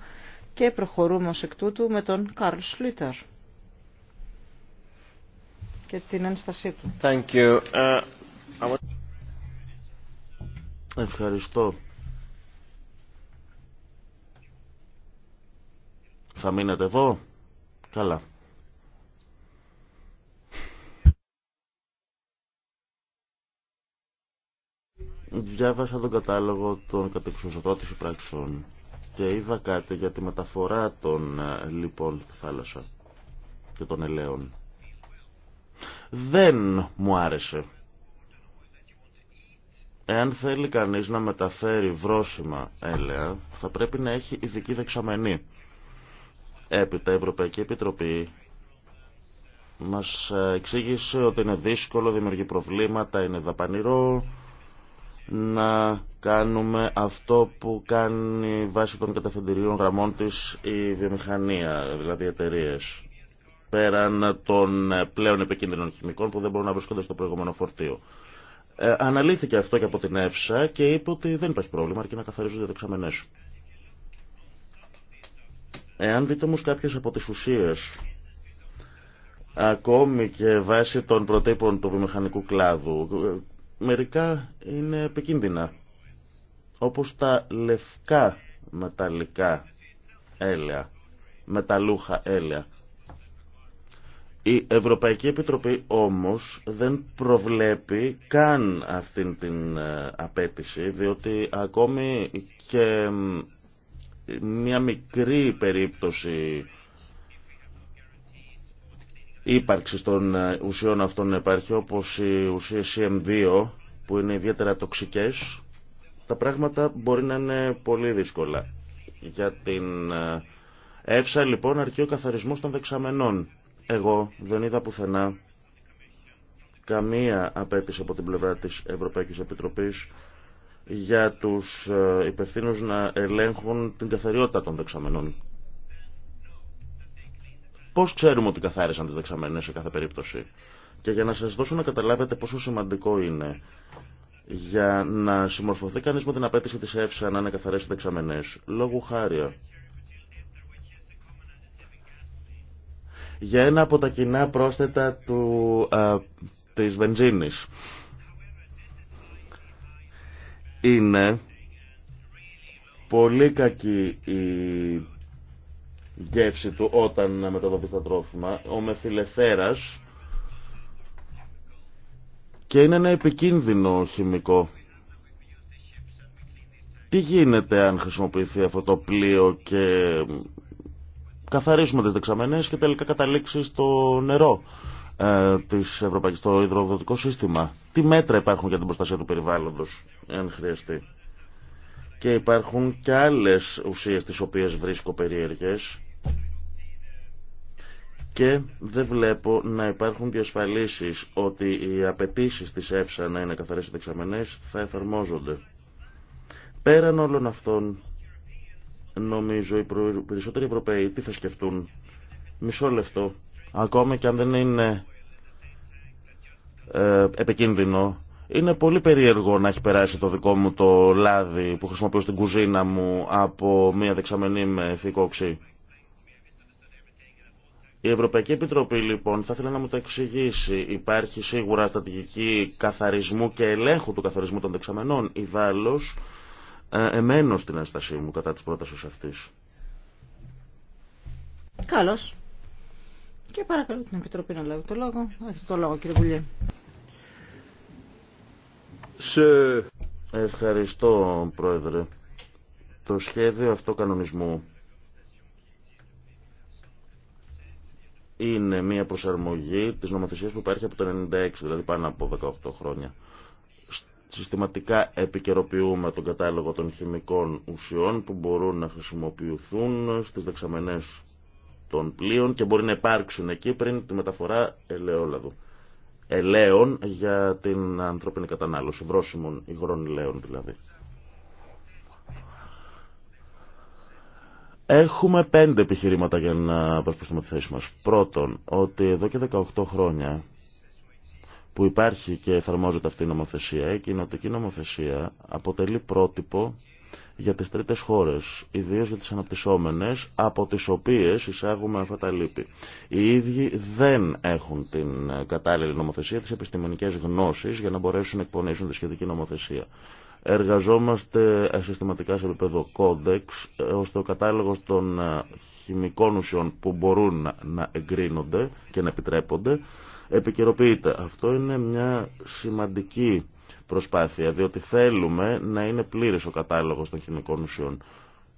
και προχωρούμε ως εκ τούτου με τον Καρλ Σλίτερ και την ένστασή του. Uh, Ευχαριστώ. Θα μείνετε εδώ. Καλά. διάβασα τον κατάλογο των κατεξουσιοδότηση πράξεων και είδα κάτι για τη μεταφορά των ε, λοιπόν στη θάλασσα και των ελαίων. Δεν μου άρεσε. Εάν θέλει κανείς να μεταφέρει βρόσιμα έλαια, θα πρέπει να έχει ειδική δεξαμενή. Έπειτα η Ευρωπαϊκή Επιτροπή μας ε, εξήγησε ότι είναι δύσκολο, δημιουργεί προβλήματα, είναι δαπανηρό, να κάνουμε αυτό που κάνει βάσει των καταφεντηρίων γραμμών της η βιομηχανία, δηλαδή οι εταιρείε πέραν των πλέον επικίνδυνων χημικών που δεν μπορούν να βρίσκονται στο προηγούμενο φορτίο. Ε, αναλύθηκε αυτό και από την ΕΦΣΑ και είπε ότι δεν υπάρχει πρόβλημα αρκεί να καθαρίζονται δεξαμενέ. Εάν δείτε όμω κάποιε από τις ουσίες ακόμη και βάσει των προτύπων του βιομηχανικού κλάδου μερικά είναι επικίνδυνα, όπως τα λευκά μεταλλικά έλαια, μεταλούχα έλαια. Η Ευρωπαϊκή Επιτροπή όμως δεν προβλέπει καν αυτήν την ε, απέτηση, διότι ακόμη και μια μικρή περίπτωση ύπαρξη των ε, ουσιών αυτών υπάρχει, όπως οι ουσίες CM2, που είναι ιδιαίτερα τοξικές, τα πράγματα μπορεί να είναι πολύ δύσκολα. Για την ΕΦΣΑ λοιπόν αρκεί ο καθαρισμός των δεξαμενών. Εγώ δεν είδα πουθενά καμία απέτηση από την πλευρά της Ευρωπαϊκής Επιτροπής για τους ε, υπευθύνους να ελέγχουν την καθαριότητα των δεξαμενών. Πώς ξέρουμε ότι καθάρισαν τις δεξαμενές σε κάθε περίπτωση. Και για να σας δώσω να καταλάβετε πόσο σημαντικό είναι για να συμμορφωθεί κανείς με την απέτηση της ΕΦΣΑ να είναι καθαρές οι δεξαμενές, λόγου χάρια. Για ένα από τα κοινά πρόσθετα του, α, της βενζίνης. Είναι πολύ κακή η γεύση του όταν μεταδοθεί στα τρόφιμα, ο μεθυλεθέρας και είναι ένα επικίνδυνο χημικό. Τι γίνεται αν χρησιμοποιηθεί αυτό το πλοίο και καθαρίσουμε τις δεξαμενές και τελικά καταλήξει στο νερό ε, της Ευρωπαϊκής, στο υδροδοτικό σύστημα. Τι μέτρα υπάρχουν για την προστασία του περιβάλλοντος, αν χρειαστεί. Και υπάρχουν και άλλες ουσίες τις οποίες βρίσκω περίεργες και δεν βλέπω να υπάρχουν διασφαλίσεις ότι οι απαιτήσει της ΕΦΣΑ να είναι καθαρές δεξαμενές θα εφαρμόζονται. Πέραν όλων αυτών, νομίζω οι περισσότεροι Ευρωπαίοι τι θα σκεφτούν. Μισό λεπτό, ακόμα και αν δεν είναι ε, επικίνδυνο, είναι πολύ περίεργο να έχει περάσει το δικό μου το λάδι που χρησιμοποιώ στην κουζίνα μου από μια δεξαμενή με θήκο η Ευρωπαϊκή Επιτροπή λοιπόν θα ήθελα να μου το εξηγήσει. Υπάρχει σίγουρα στρατηγική καθαρισμού και ελέγχου του καθαρισμού των δεξαμενών. Ιδάλλως ε, εμένω στην αστασή μου κατά της πρότασης αυτής. Καλώς. Και παρακαλώ την Επιτροπή να λάβει το λόγο. Αυτό το λόγο κύριε Βουλή. Σε... Ευχαριστώ πρόεδρε. Το σχέδιο αυτό κανονισμού είναι μια προσαρμογή της νομοθεσίας που υπάρχει από το 1996, δηλαδή πάνω από 18 χρόνια. Συστηματικά επικαιροποιούμε τον κατάλογο των χημικών ουσιών που μπορούν να χρησιμοποιηθούν στις δεξαμενές των πλοίων και μπορεί να υπάρξουν εκεί πριν τη μεταφορά ελαιόλαδου. Ελαίων για την ανθρώπινη κατανάλωση, βρόσιμων υγρών ελαίων δηλαδή. Έχουμε πέντε επιχειρήματα για να προσπαθούμε τη θέση μας. Πρώτον, ότι εδώ και 18 χρόνια που υπάρχει και εφαρμόζεται αυτή η νομοθεσία, η κοινοτική νομοθεσία αποτελεί πρότυπο για τις τρίτες χώρες, ιδίως για τις αναπτυσσόμενες, από τις οποίες εισάγουμε αυτά τα λύπη. Οι ίδιοι δεν έχουν την κατάλληλη νομοθεσία, τις επιστημονικές γνώσεις για να μπορέσουν να εκπονήσουν τη σχετική νομοθεσία. Εργαζόμαστε συστηματικά σε επίπεδο κόντεξ, ε, ώστε ο κατάλογος των ε, χημικών ουσιών που μπορούν να εγκρίνονται και να επιτρέπονται επικαιροποιείται. Αυτό είναι μια σημαντική προσπάθεια, διότι θέλουμε να είναι πλήρης ο κατάλογος των χημικών ουσιών.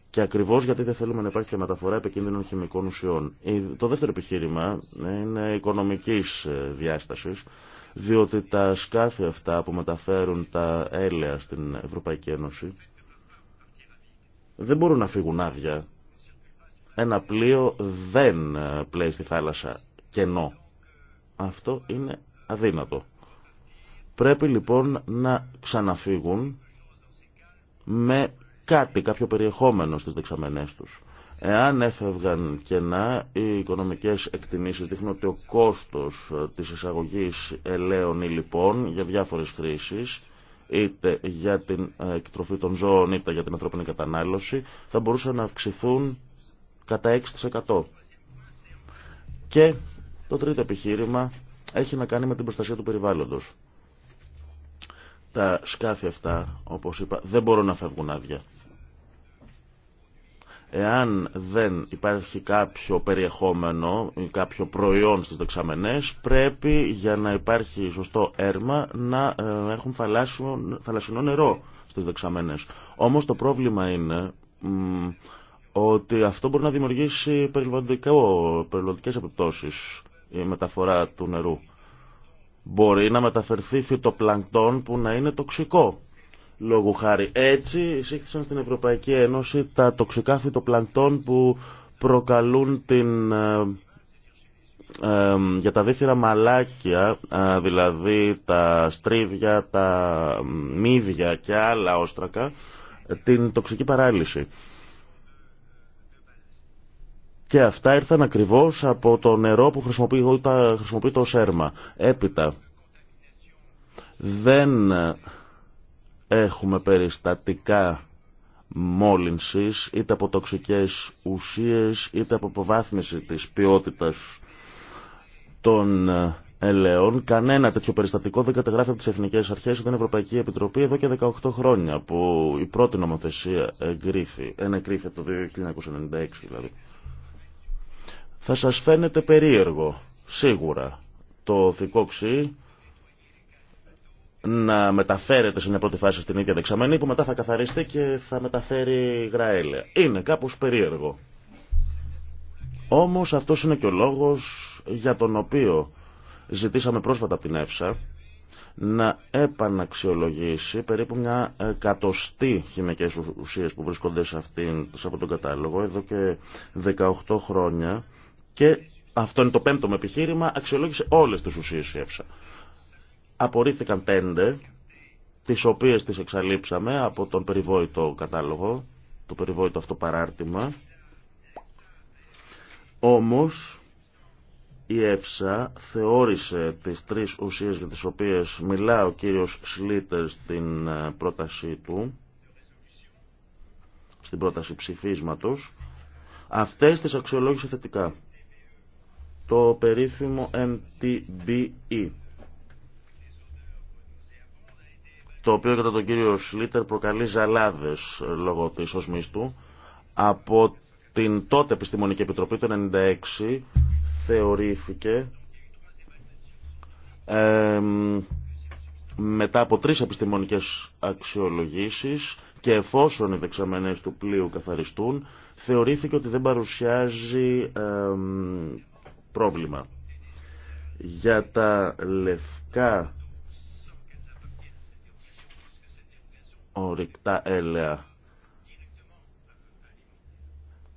Και ακριβώς γιατί δεν θέλουμε να υπάρχει και μεταφορά επικίνδυνων χημικών ουσιών. Το δεύτερο επιχείρημα είναι οικονομικής ε, διάσταση διότι τα σκάφη αυτά που μεταφέρουν τα έλαια στην Ευρωπαϊκή Ένωση δεν μπορούν να φύγουν άδεια. Ένα πλοίο δεν πλέει στη θάλασσα κενό. Αυτό είναι αδύνατο. Πρέπει λοιπόν να ξαναφύγουν με κάτι, κάποιο περιεχόμενο στις δεξαμενές τους. Εάν έφευγαν κενά, οι οικονομικές εκτιμήσεις δείχνουν ότι ο κόστος ε, της εισαγωγής ελαίων ή λοιπόν για διάφορες χρήσεις, είτε για την ε, εκτροφή των ζώων είτε για την ανθρώπινη κατανάλωση, θα μπορούσαν να αυξηθούν κατά 6%. Και το τρίτο επιχείρημα έχει να κάνει με την προστασία του περιβάλλοντος. Τα σκάφη αυτά, όπω είπα, δεν μπορούν να φεύγουν άδεια. Εάν δεν υπάρχει κάποιο περιεχόμενο ή κάποιο προϊόν στις δεξαμενές, πρέπει για να υπάρχει σωστό έρμα να ε, έχουν θαλασσινό νερό στις δεξαμενές. Όμως το πρόβλημα είναι ότι αυτό μπορεί να δημιουργήσει περιβαλλοντικές επιπτώσεις η μεταφορά του νερού. Μπορεί να μεταφερθεί φυτοπλανκτόν που να είναι τοξικό λόγου χάρη. Έτσι εισήχθησαν στην Ευρωπαϊκή Ένωση τα τοξικά φυτοπλανκτών που προκαλούν την, ε, ε, για τα δίθυρα μαλάκια, ε, δηλαδή τα στρίβια, τα μύδια και άλλα όστρακα, την τοξική παράλυση. Και αυτά ήρθαν ακριβώς από το νερό που χρησιμοποιεί το σέρμα. Έπειτα, δεν έχουμε περιστατικά μόλυνσης είτε από τοξικές ουσίες είτε από αποβάθμιση της ποιότητας των ε, ελαιών. Κανένα τέτοιο περιστατικό δεν καταγράφει από τις Εθνικές Αρχές την Ευρωπαϊκή Επιτροπή εδώ και 18 χρόνια που η πρώτη νομοθεσία εγκρίθη, ενεκρίθη από το 1996 δηλαδή. Θα σας φαίνεται περίεργο, σίγουρα, το θικό να μεταφέρεται σε μια πρώτη φάση στην ίδια δεξαμενή που μετά θα καθαριστεί και θα μεταφέρει γραέλαια. Είναι κάπως περίεργο. Όμως αυτός είναι και ο λόγος για τον οποίο ζητήσαμε πρόσφατα από την ΕΦΣΑ να επαναξιολογήσει περίπου μια εκατοστή χημικές ουσίες που βρίσκονται σε, αυτήν, σε αυτόν τον κατάλογο εδώ και 18 χρόνια και αυτό είναι το πέμπτο με επιχείρημα, αξιολόγησε όλες τις ουσίες η ΕΦΣΑ. Απορρίφθηκαν πέντε, τις οποίες τις εξαλείψαμε από τον περιβόητο κατάλογο, το περιβόητο αυτό παράρτημα. Όμως, η ΕΦΣΑ θεώρησε τις τρεις ουσίες για τις οποίες μιλά ο κύριος Σλίτερ στην ε, πρότασή του, στην πρόταση ψηφίσματος, αυτές τις αξιολόγησε θετικά. Το περίφημο MTBE το οποίο κατά τον κύριο Σλίτερ προκαλεί ζαλάδες ε, λόγω της οσμής του από την τότε Επιστημονική Επιτροπή το 1996 θεωρήθηκε ε, μετά από τρεις επιστημονικές αξιολογήσεις και εφόσον οι δεξαμενές του πλοίου καθαριστούν, θεωρήθηκε ότι δεν παρουσιάζει πρόβλημα. Για τα λευκά ορυκτά έλαια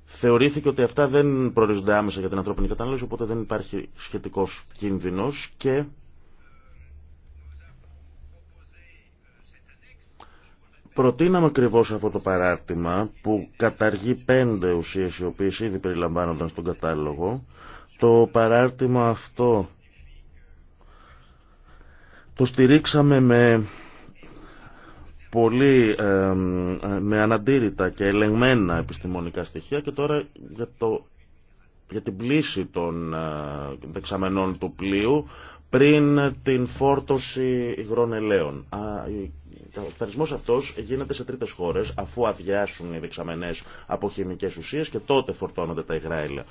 θεωρήθηκε ότι αυτά δεν προορίζονται άμεσα για την ανθρώπινη κατανάλωση, οπότε δεν υπάρχει σχετικός κίνδυνος και προτείναμε ακριβώ αυτό το παράρτημα που καταργεί πέντε ουσίες οι οποίες ήδη περιλαμβάνονταν στον κατάλογο. Το παράρτημα αυτό το στηρίξαμε με πολύ με αναντήρητα και ελεγμένα επιστημονικά στοιχεία και τώρα για, το, για την πλήση των ε, δεξαμενών του πλοίου πριν την φόρτωση υγρών ελαίων. Ο καθαρισμός αυτός γίνεται σε τρίτες χώρες αφού αδειάσουν οι δεξαμενές από χημικές ουσίες και τότε φορτώνονται τα υγρά ελαία.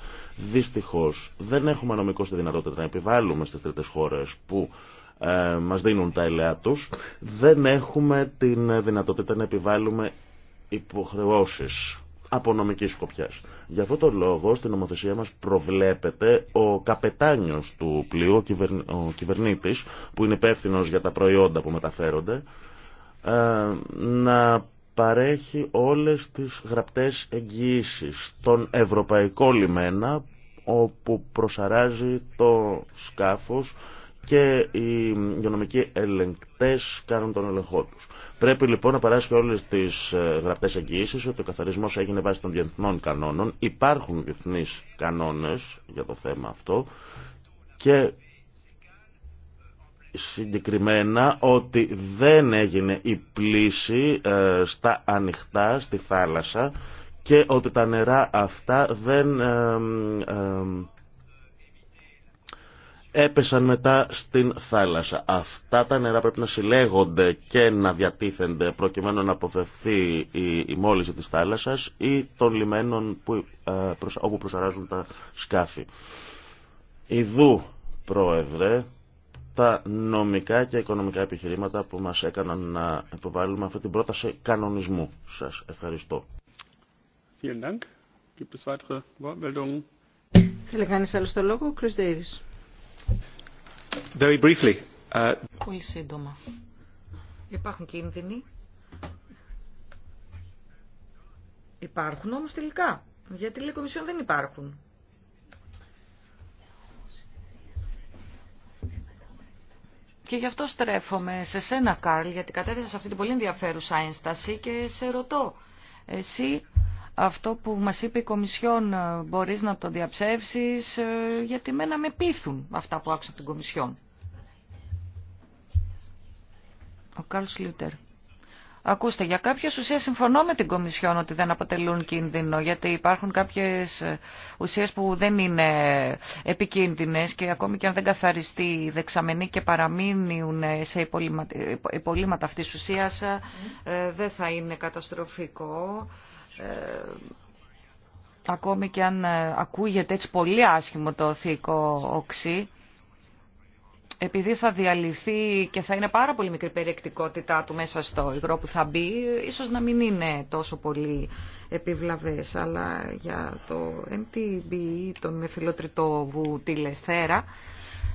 Δυστυχώς δεν έχουμε νομικό τη δυνατότητα να επιβάλλουμε στις τρίτες χώρες που ε, μας δίνουν τα ελαιά τους, δεν έχουμε την δυνατότητα να επιβάλλουμε υποχρεώσεις από νομική σκοπιά. Γι' αυτό το λόγο στην νομοθεσία μας προβλέπεται ο καπετάνιος του πλοίου, ο, κυβερνήτης, που είναι υπεύθυνο για τα προϊόντα που μεταφέρονται, ε, να παρέχει όλες τις γραπτές εγγυήσει στον ευρωπαϊκό λιμένα όπου προσαράζει το σκάφος και οι υγειονομικοί ελεγκτές κάνουν τον ελεγχό του. Πρέπει λοιπόν να παράσχει όλες τις ε, γραπτές εγγυήσει ότι ο καθαρισμός έγινε βάσει των διεθνών κανόνων. Υπάρχουν διεθνεί κανόνες για το θέμα αυτό και συγκεκριμένα ότι δεν έγινε η πλήση ε, στα ανοιχτά, στη θάλασσα και ότι τα νερά αυτά δεν ε, έπεσαν μετά στην θάλασσα. Αυτά τα νερά πρέπει να συλλέγονται και να διατίθενται προκειμένου να αποφευθεί η, η της θάλασσας ή των λιμένων που, ε, όπου προσαράζουν τα σκάφη. Ιδού, Πρόεδρε, τα νομικά και οικονομικά επιχειρήματα που μας έκαναν να υποβάλουμε αυτή την πρόταση κανονισμού. Σας ευχαριστώ. Vielen Dank. Gibt es weitere Θέλει κανείς λόγο. Very briefly. Uh, πολύ σύντομα. Υπάρχουν κίνδυνοι. Υπάρχουν όμως τελικά. Γιατί λέει η Κομισιόν δεν υπάρχουν. Και γι' αυτό στρέφομαι σε σένα, Κάρλ, γιατί κατέθεσα αυτή την πολύ ενδιαφέρουσα ένσταση και σε ρωτώ. Εσύ αυτό που μας είπε η Κομισιόν ε, μπορείς να το διαψεύσεις, ε, γιατί μένα με πείθουν αυτά που άκουσα από την Κομισιόν. Ο Καρλ Λιούτερ. Ακούστε, για κάποιες ουσίες συμφωνώ με την Κομισιόν ότι δεν αποτελούν κίνδυνο, γιατί υπάρχουν κάποιες ε, ουσίες που δεν είναι επικίνδυνες και ακόμη και αν δεν καθαριστεί η δεξαμενή και παραμείνουν σε υπολείμματα, αυτής δεν θα είναι καταστροφικό. Ε, ακόμη και αν ε, ακούγεται έτσι πολύ άσχημο το θήκο οξύ, επειδή θα διαλυθεί και θα είναι πάρα πολύ μικρή περιεκτικότητά του μέσα στο υγρό που θα μπει, ίσως να μην είναι τόσο πολύ επιβλαβές, αλλά για το MTB, τον μεθυλοτριτό βουτιλεσθέρα,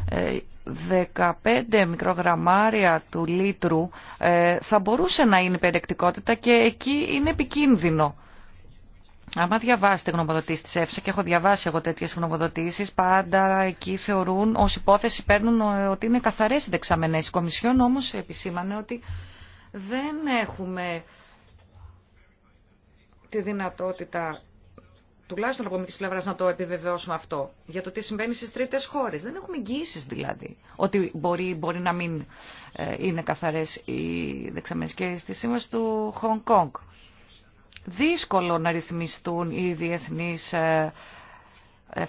ε, 15 μικρογραμμάρια του λίτρου ε, θα μπορούσε να είναι υπερεκτικότητα και εκεί είναι επικίνδυνο. Άμα διαβάσετε γνωμοδοτήσει τη ΕΦΣΑ και έχω διαβάσει εγώ τέτοιε γνωμοδοτήσει, πάντα εκεί θεωρούν ω υπόθεση παίρνουν ε, ότι είναι καθαρέ οι δεξαμενέ. Η Κομισιόν όμω επισήμανε ότι δεν έχουμε τη δυνατότητα τουλάχιστον από μικρή πλευρά να το επιβεβαιώσουμε αυτό, για το τι συμβαίνει στι τρίτε χώρε. Δεν έχουμε εγγυήσει δηλαδή ότι μπορεί, μπορεί να μην ε, είναι καθαρέ οι δεξαμενέ. Και στη σύμβαση του Χονγκ Κονγκ. Δύσκολο να ρυθμιστούν οι διεθνεί ε, ε,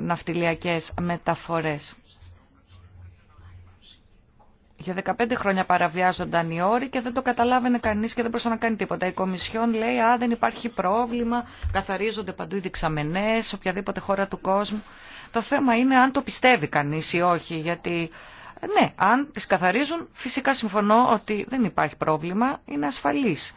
ναυτιλιακές μεταφορές. Για 15 χρόνια παραβιάζονταν οι όροι και δεν το καταλάβαινε κανείς και δεν μπορούσε να κάνει τίποτα. Η Κομισιόν λέει, α, δεν υπάρχει πρόβλημα, καθαρίζονται παντού οι σε οποιαδήποτε χώρα του κόσμου. Το θέμα είναι αν το πιστεύει κανείς ή όχι, γιατί ναι, αν τις καθαρίζουν, φυσικά συμφωνώ ότι δεν υπάρχει πρόβλημα, είναι ασφαλής.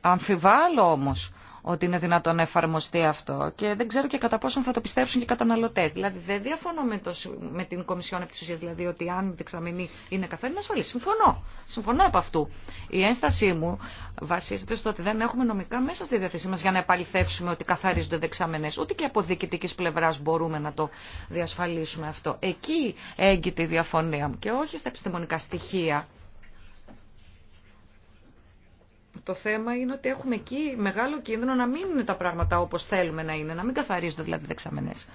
Αμφιβάλλω όμως ότι είναι δυνατόν να εφαρμοστεί αυτό και δεν ξέρω και κατά πόσο θα το πιστέψουν και οι καταναλωτέ. Δηλαδή δεν διαφωνώ με, το, με την Κομισιόν επί δηλαδή ότι αν η δεξαμενή είναι καθαρή, ασφαλή. Συμφωνώ. Συμφωνώ από αυτού. Η ένστασή μου βασίζεται στο ότι δεν έχουμε νομικά μέσα στη διαθέσή μα για να επαληθεύσουμε ότι καθαρίζονται δεξαμενέ. Ούτε και από διοικητική πλευρά μπορούμε να το διασφαλίσουμε αυτό. Εκεί έγκυται η διαφωνία μου και όχι στα επιστημονικά στοιχεία το θέμα είναι ότι έχουμε εκεί μεγάλο κίνδυνο να μην είναι τα πράγματα όπως θέλουμε να είναι, να μην καθαρίζονται δηλαδή δεξαμενές.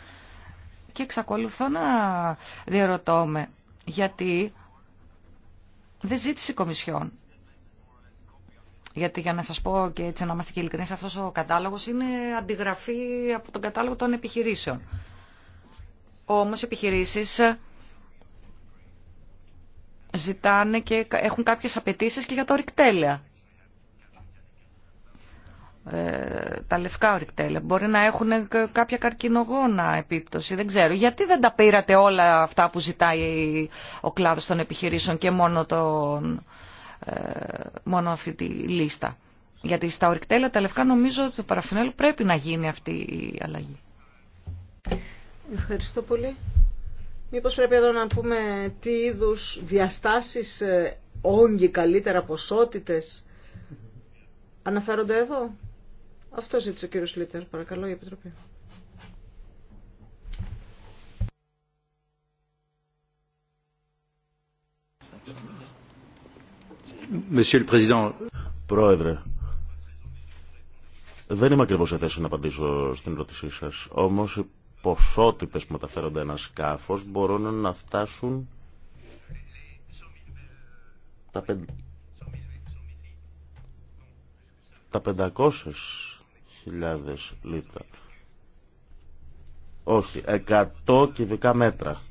Και εξακολουθώ να διαρωτώ με, γιατί δεν ζήτησε η Κομισιόν. Γιατί για να σας πω και έτσι να είμαστε και ειλικρινείς, αυτός ο κατάλογος είναι αντιγραφή από τον κατάλογο των επιχειρήσεων. Όμως επιχειρήσεις ζητάνε και έχουν κάποιες απαιτήσεις και για το ρηκτέλεα. Ε, τα λευκά ορικτέλα. Μπορεί να έχουν κάποια καρκινογόνα επίπτωση, δεν ξέρω. Γιατί δεν τα πήρατε όλα αυτά που ζητάει ο κλάδος των επιχειρήσεων και μόνο, τον, ε, μόνο αυτή τη λίστα. Γιατί στα ορυκτέλα τα λευκά νομίζω ότι το παραφινέλο πρέπει να γίνει αυτή η αλλαγή. Ευχαριστώ πολύ. Μήπως πρέπει εδώ να πούμε τι είδους διαστάσεις, ε, όγκοι, καλύτερα ποσότητες αναφέρονται εδώ. Αυτό ζήτησε ο κύριος Λίτερ. Παρακαλώ η Επιτροπή. Πρόεδρε, δεν είμαι ακριβώ σε θέση να απαντήσω στην ερώτησή σα. Όμω οι ποσότητε που μεταφέρονται ένα σκάφο μπορούν να φτάσουν τα 500 λίτρα. Όχι, 100 κυβικά μέτρα.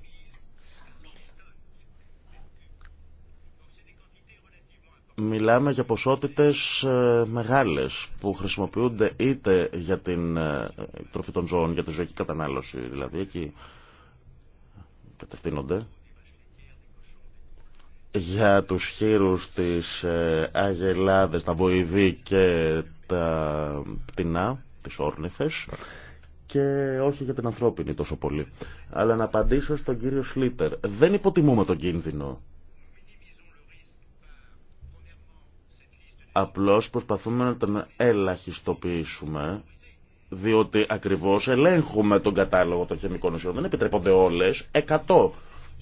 Μιλάμε για ποσότητες ε, μεγάλες που χρησιμοποιούνται είτε για την ε, τροφή των ζώων, για τη ζωική κατανάλωση, δηλαδή εκεί κατευθύνονται, για τους χείρους της ε, Αγελάδες, τα βοηθεί και τα πτηνά, τις όρνηθες και όχι για την ανθρώπινη τόσο πολύ. Αλλά να απαντήσω στον κύριο Σλίτερ. Δεν υποτιμούμε τον κίνδυνο. Απλώς προσπαθούμε να τον ελαχιστοποιήσουμε διότι ακριβώς ελέγχουμε τον κατάλογο των χημικών ουσιών. Δεν επιτρέπονται όλες, 100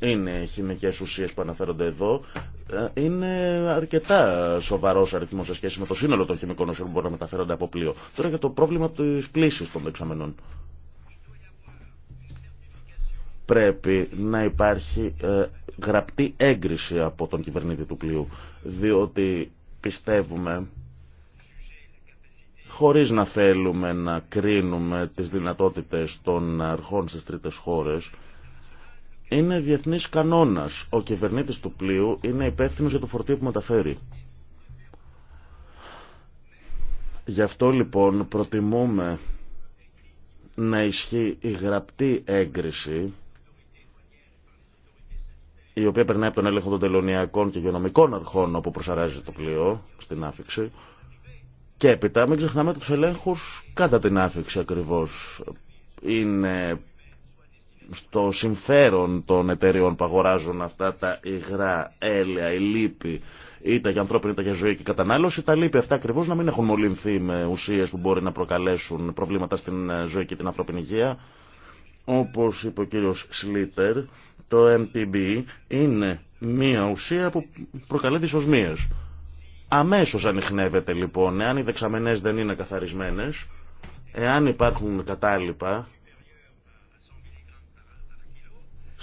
είναι χημικέ ουσίε που αναφέρονται εδώ ε, είναι αρκετά σοβαρό αριθμό σε σχέση με το σύνολο των χημικών ουσιών που μπορούν να μεταφέρονται από πλοίο. Τώρα για το πρόβλημα τη πλήση των δεξαμενών. Πρέπει να υπάρχει ε, γραπτή έγκριση από τον κυβερνήτη του πλοίου, διότι πιστεύουμε χωρίς να θέλουμε να κρίνουμε τις δυνατότητες των αρχών στις τρίτες χώρες, είναι διεθνής κανόνας. Ο κυβερνήτης του πλοίου είναι υπεύθυνος για το φορτίο που μεταφέρει. Γι' αυτό λοιπόν προτιμούμε να ισχύει η γραπτή έγκριση η οποία περνάει από τον έλεγχο των τελωνιακών και υγειονομικών αρχών όπου προσαράζει το πλοίο στην άφηξη και έπειτα μην ξεχνάμε τους ελέγχους κατά την άφηξη ακριβώς είναι στο συμφέρον των εταιρεών που αγοράζουν αυτά τα υγρά, έλαια, η λύπη, είτε για ανθρώπινη είτε για ζωή και κατανάλωση, τα λύπη αυτά ακριβώ να μην έχουν μολυνθεί με ουσίε που μπορεί να προκαλέσουν προβλήματα στην ε, ζωή και την ανθρώπινη υγεία. Όπω είπε ο κύριο Σλίτερ, το MTB είναι μία ουσία που προκαλεί δυσοσμίε. Αμέσω ανοιχνεύεται λοιπόν, εάν οι δεξαμενέ δεν είναι καθαρισμένες, εάν υπάρχουν κατάλοιπα,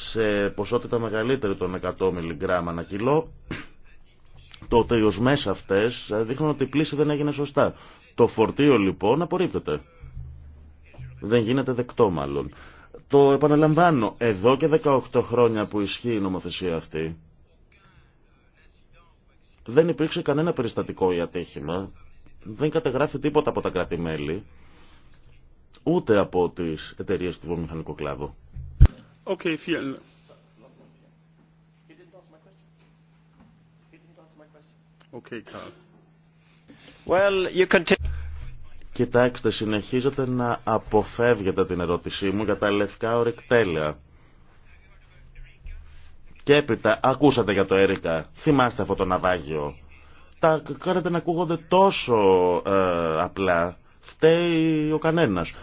σε ποσότητα μεγαλύτερη των 100 mg ανά κιλό, τότε οι οσμές αυτές δείχνουν ότι η πλήση δεν έγινε σωστά. Το φορτίο λοιπόν απορρίπτεται. Δεν γίνεται δεκτό μάλλον. Το επαναλαμβάνω, εδώ και 18 χρόνια που ισχύει η νομοθεσία αυτή, δεν υπήρξε κανένα περιστατικό ή ατύχημα, δεν κατεγράφει τίποτα από τα κράτη-μέλη, ούτε από τις εταιρείες του βιομηχανικού κλάδου. Okay, vielen Okay, Well, you Κοιτάξτε, συνεχίζετε να αποφεύγετε την ερώτησή μου για τα λευκά ορυκτέλεια. Και έπειτα, ακούσατε για το Έρικα, θυμάστε αυτό το ναυάγιο. Τα κάνετε να ακούγονται τόσο ε, απλά, φταίει ο κανένας.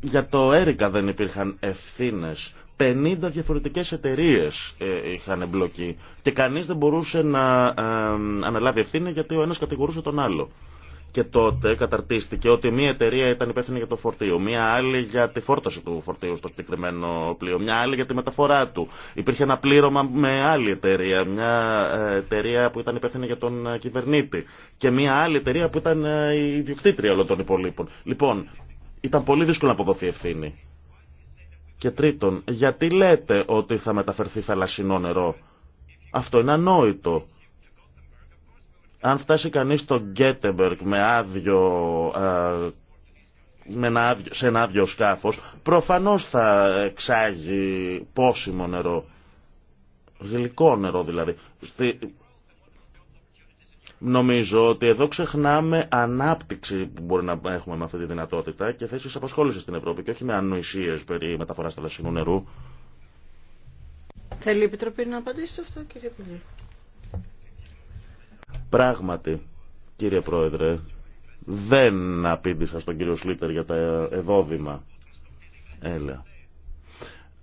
Για το Έρικα δεν υπήρχαν ευθύνες. 50 διαφορετικές εταιρείες ε, είχαν εμπλοκεί και κανείς δεν μπορούσε να ε, αναλάβει ευθύνη γιατί ο ένας κατηγορούσε τον άλλο. Και τότε καταρτίστηκε ότι μία εταιρεία ήταν υπεύθυνη για το φορτίο, μία άλλη για τη φόρτωση του φορτίου στο συγκεκριμένο πλοίο, μία άλλη για τη μεταφορά του. Υπήρχε ένα πλήρωμα με άλλη εταιρεία, μία ε, εταιρεία που ήταν υπεύθυνη για τον κυβερνήτη και μία άλλη εταιρεία που ήταν η διοκτήτρια όλων των υπολείπων. Λοιπόν, ήταν πολύ δύσκολο να αποδοθεί ευθύνη. Και τρίτον, γιατί λέτε ότι θα μεταφερθεί θαλασσινό νερό. Αυτό είναι ανόητο. Αν φτάσει κανείς στο Γκέτεμπεργκ με άδειο, με σε ένα άδειο σκάφος, προφανώς θα εξάγει πόσιμο νερό. Γλυκό νερό δηλαδή. Στη Νομίζω ότι εδώ ξεχνάμε ανάπτυξη που μπορεί να έχουμε με αυτή τη δυνατότητα και θέσει απασχόληση στην Ευρώπη και όχι με ανοησίε περί μεταφορά θαλασσινού νερού. Θέλει η Επιτροπή να απαντήσει σε αυτό, κύριε Πουλή. Πράγματι, κύριε Πρόεδρε, δεν απήντησα στον κύριο Σλίτερ για τα εδόδημα. Έλα.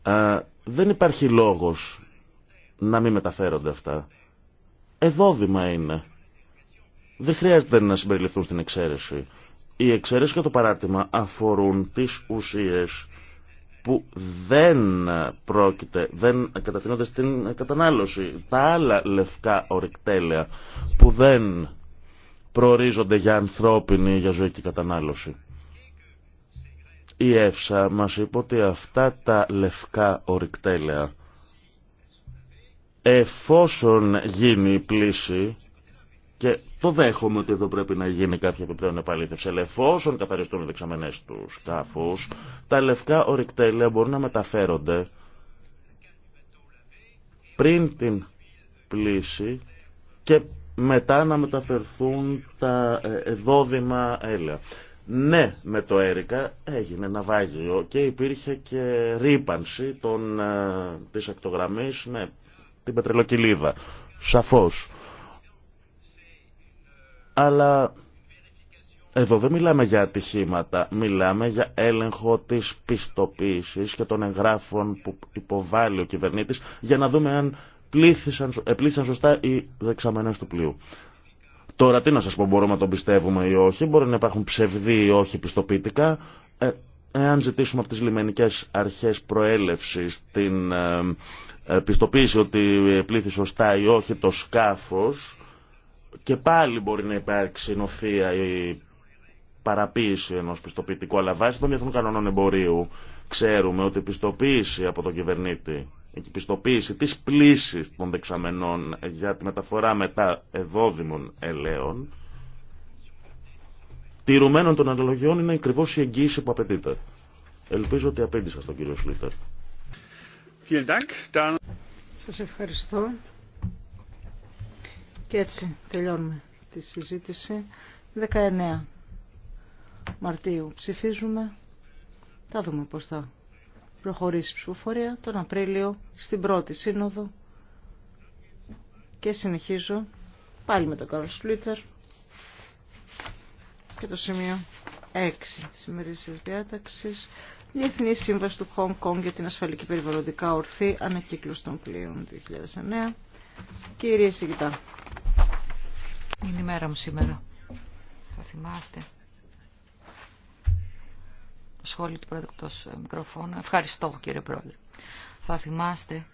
Α, δεν υπάρχει λόγος να μην μεταφέρονται αυτά. Εδόδημα είναι δεν χρειάζεται να συμπεριληφθούν στην εξαίρεση. Η εξαίρεση και το παράτημα αφορούν τις ουσίες που δεν πρόκειται, δεν κατευθυνόνται στην κατανάλωση. Τα άλλα λευκά ορυκτέλεα που δεν προορίζονται για ανθρώπινη, για ζωική κατανάλωση. Η Εύσα μας είπε ότι αυτά τα λευκά ορυκτελεα εφόσον γίνει η πλήση και το δέχομαι ότι εδώ πρέπει να γίνει κάποια επιπλέον επαλήθευση. Αλλά εφόσον καθαριστούν οι δεξαμενέ του σκάφου, τα λευκά ορυκτέλεια μπορούν να μεταφέρονται πριν την πλήση και μετά να μεταφερθούν τα ε, δόδημα έλαια. Ναι, με το έρικα έγινε ναυάγιο και υπήρχε και ρήπανση των, ε, της ακτογραμμής με την πετρελοκυλίδα. Σαφώς. Αλλά εδώ δεν μιλάμε για ατυχήματα, μιλάμε για έλεγχο της πιστοποίησης και των εγγράφων που υποβάλλει ο κυβερνήτης για να δούμε αν πλήθησαν, σωστά οι δεξαμενές του πλοίου. Τώρα τι να σας πω, μπορούμε να τον πιστεύουμε ή όχι, μπορεί να υπάρχουν ψευδοί ή όχι πιστοποιητικά. Ε, εάν ζητήσουμε από τις λιμενικές αρχές προέλευσης την ε, ε, πιστοποίηση ότι πλήθη σωστά ή όχι το σκάφος, και πάλι μπορεί να υπάρξει νοθεία η παραποίηση ενός πιστοποιητικού, αλλά βάσει των διεθνών κανόνων εμπορίου ξέρουμε ότι η πιστοποίηση από τον κυβερνήτη η πιστοποίηση της πλήσης των δεξαμενών για τη μεταφορά μετά εδόδημων ελαίων τηρουμένων των αναλογιών είναι ακριβώ η εγγύηση που απαιτείται. Ελπίζω ότι απέντησα στον κύριο Σλίτερ. Σας ευχαριστώ. Και έτσι τελειώνουμε τη συζήτηση. 19 Μαρτίου ψηφίζουμε. Θα δούμε πώς θα προχωρήσει η ψηφοφορία τον Απρίλιο στην πρώτη σύνοδο. Και συνεχίζω πάλι με τον Καρλ Σπλίτσαρ και το σημείο 6 της ημερήσιας διάταξης Διεθνή Σύμβαση του Χονγκ Κονγκ για την ασφαλική περιβαλλοντικά ορθή ανακύκλωση των πλοίων 2009. Κύριε Σιγητά. Είναι η μέρα μου σήμερα. Θα θυμάστε. Σχόλιο του πρόεδρου μικροφώνα. Ε, μικροφώνου. Ευχαριστώ κύριε Πρόεδρε. Θα θυμάστε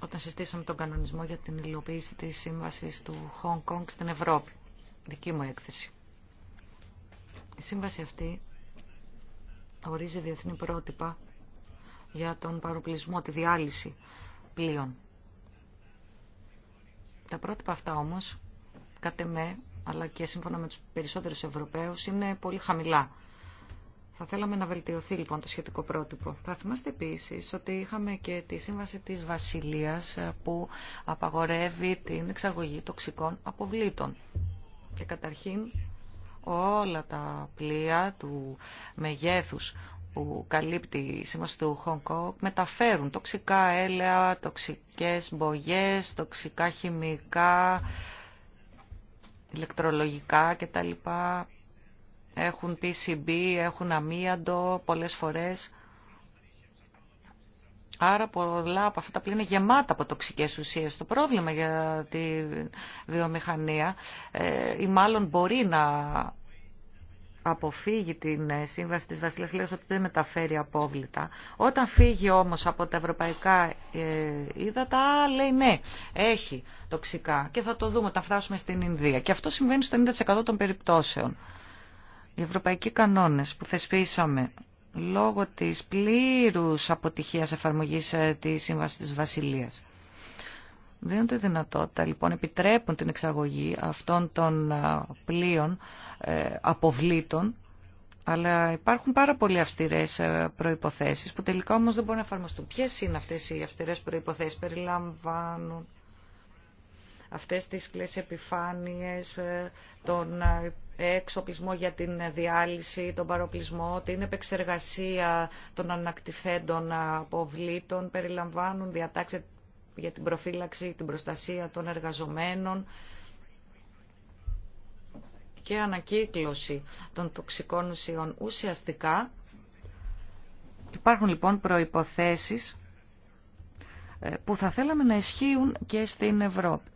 όταν συστήσαμε τον κανονισμό για την υλοποίηση της σύμβασης του Hong Kong στην Ευρώπη. Δική μου έκθεση. Η σύμβαση αυτή ορίζει διεθνή πρότυπα για τον παροπλισμό, τη διάλυση πλοίων. Τα πρότυπα αυτά όμως, κατ' με, αλλά και σύμφωνα με τους περισσότερους Ευρωπαίους, είναι πολύ χαμηλά. Θα θέλαμε να βελτιωθεί λοιπόν το σχετικό πρότυπο. Θα θυμάστε επίση ότι είχαμε και τη σύμβαση της Βασιλείας που απαγορεύει την εξαγωγή τοξικών αποβλήτων. Και καταρχήν όλα τα πλοία του μεγέθους που καλύπτει η σήμανση του Hong Kong μεταφέρουν τοξικά έλαια, τοξικές μπογιές, τοξικά χημικά, ηλεκτρολογικά κτλ. Έχουν PCB, έχουν αμίαντο πολλές φορές. Άρα πολλά από αυτά τα πλοία είναι γεμάτα από τοξικές ουσίες. Το πρόβλημα για τη βιομηχανία ε, ή μάλλον μπορεί να αποφύγει την ε, σύμβαση της Βασιλείας λέει ότι δεν μεταφέρει απόβλητα. Όταν φύγει όμως από τα ευρωπαϊκά ε, ύδατα λέει ναι, έχει τοξικά και θα το δούμε όταν φτάσουμε στην Ινδία. Και αυτό συμβαίνει στο 90% των περιπτώσεων. Οι ευρωπαϊκοί κανόνες που θεσπίσαμε λόγω της πλήρους αποτυχίας εφαρμογής ε, της Σύμβασης της Βασιλείας δίνουν τη δυνατότητα, λοιπόν, επιτρέπουν την εξαγωγή αυτών των πλοίων ε, αποβλήτων, αλλά υπάρχουν πάρα πολύ αυστηρέ ε, προϋποθέσεις που τελικά όμως δεν μπορούν να εφαρμοστούν. Ποιε είναι αυτές οι αυστηρέ προϋποθέσεις, περιλαμβάνουν αυτές τις κλές επιφάνειες, ε, τον εξοπλισμό για την διάλυση, τον παροπλισμό, την επεξεργασία των ανακτηθέντων αποβλήτων, περιλαμβάνουν διατάξεις για την προφύλαξη, την προστασία των εργαζομένων και ανακύκλωση των τοξικών ουσιών. Ουσιαστικά υπάρχουν λοιπόν προϋποθέσεις ε, που θα θέλαμε να ισχύουν και στην Ευρώπη.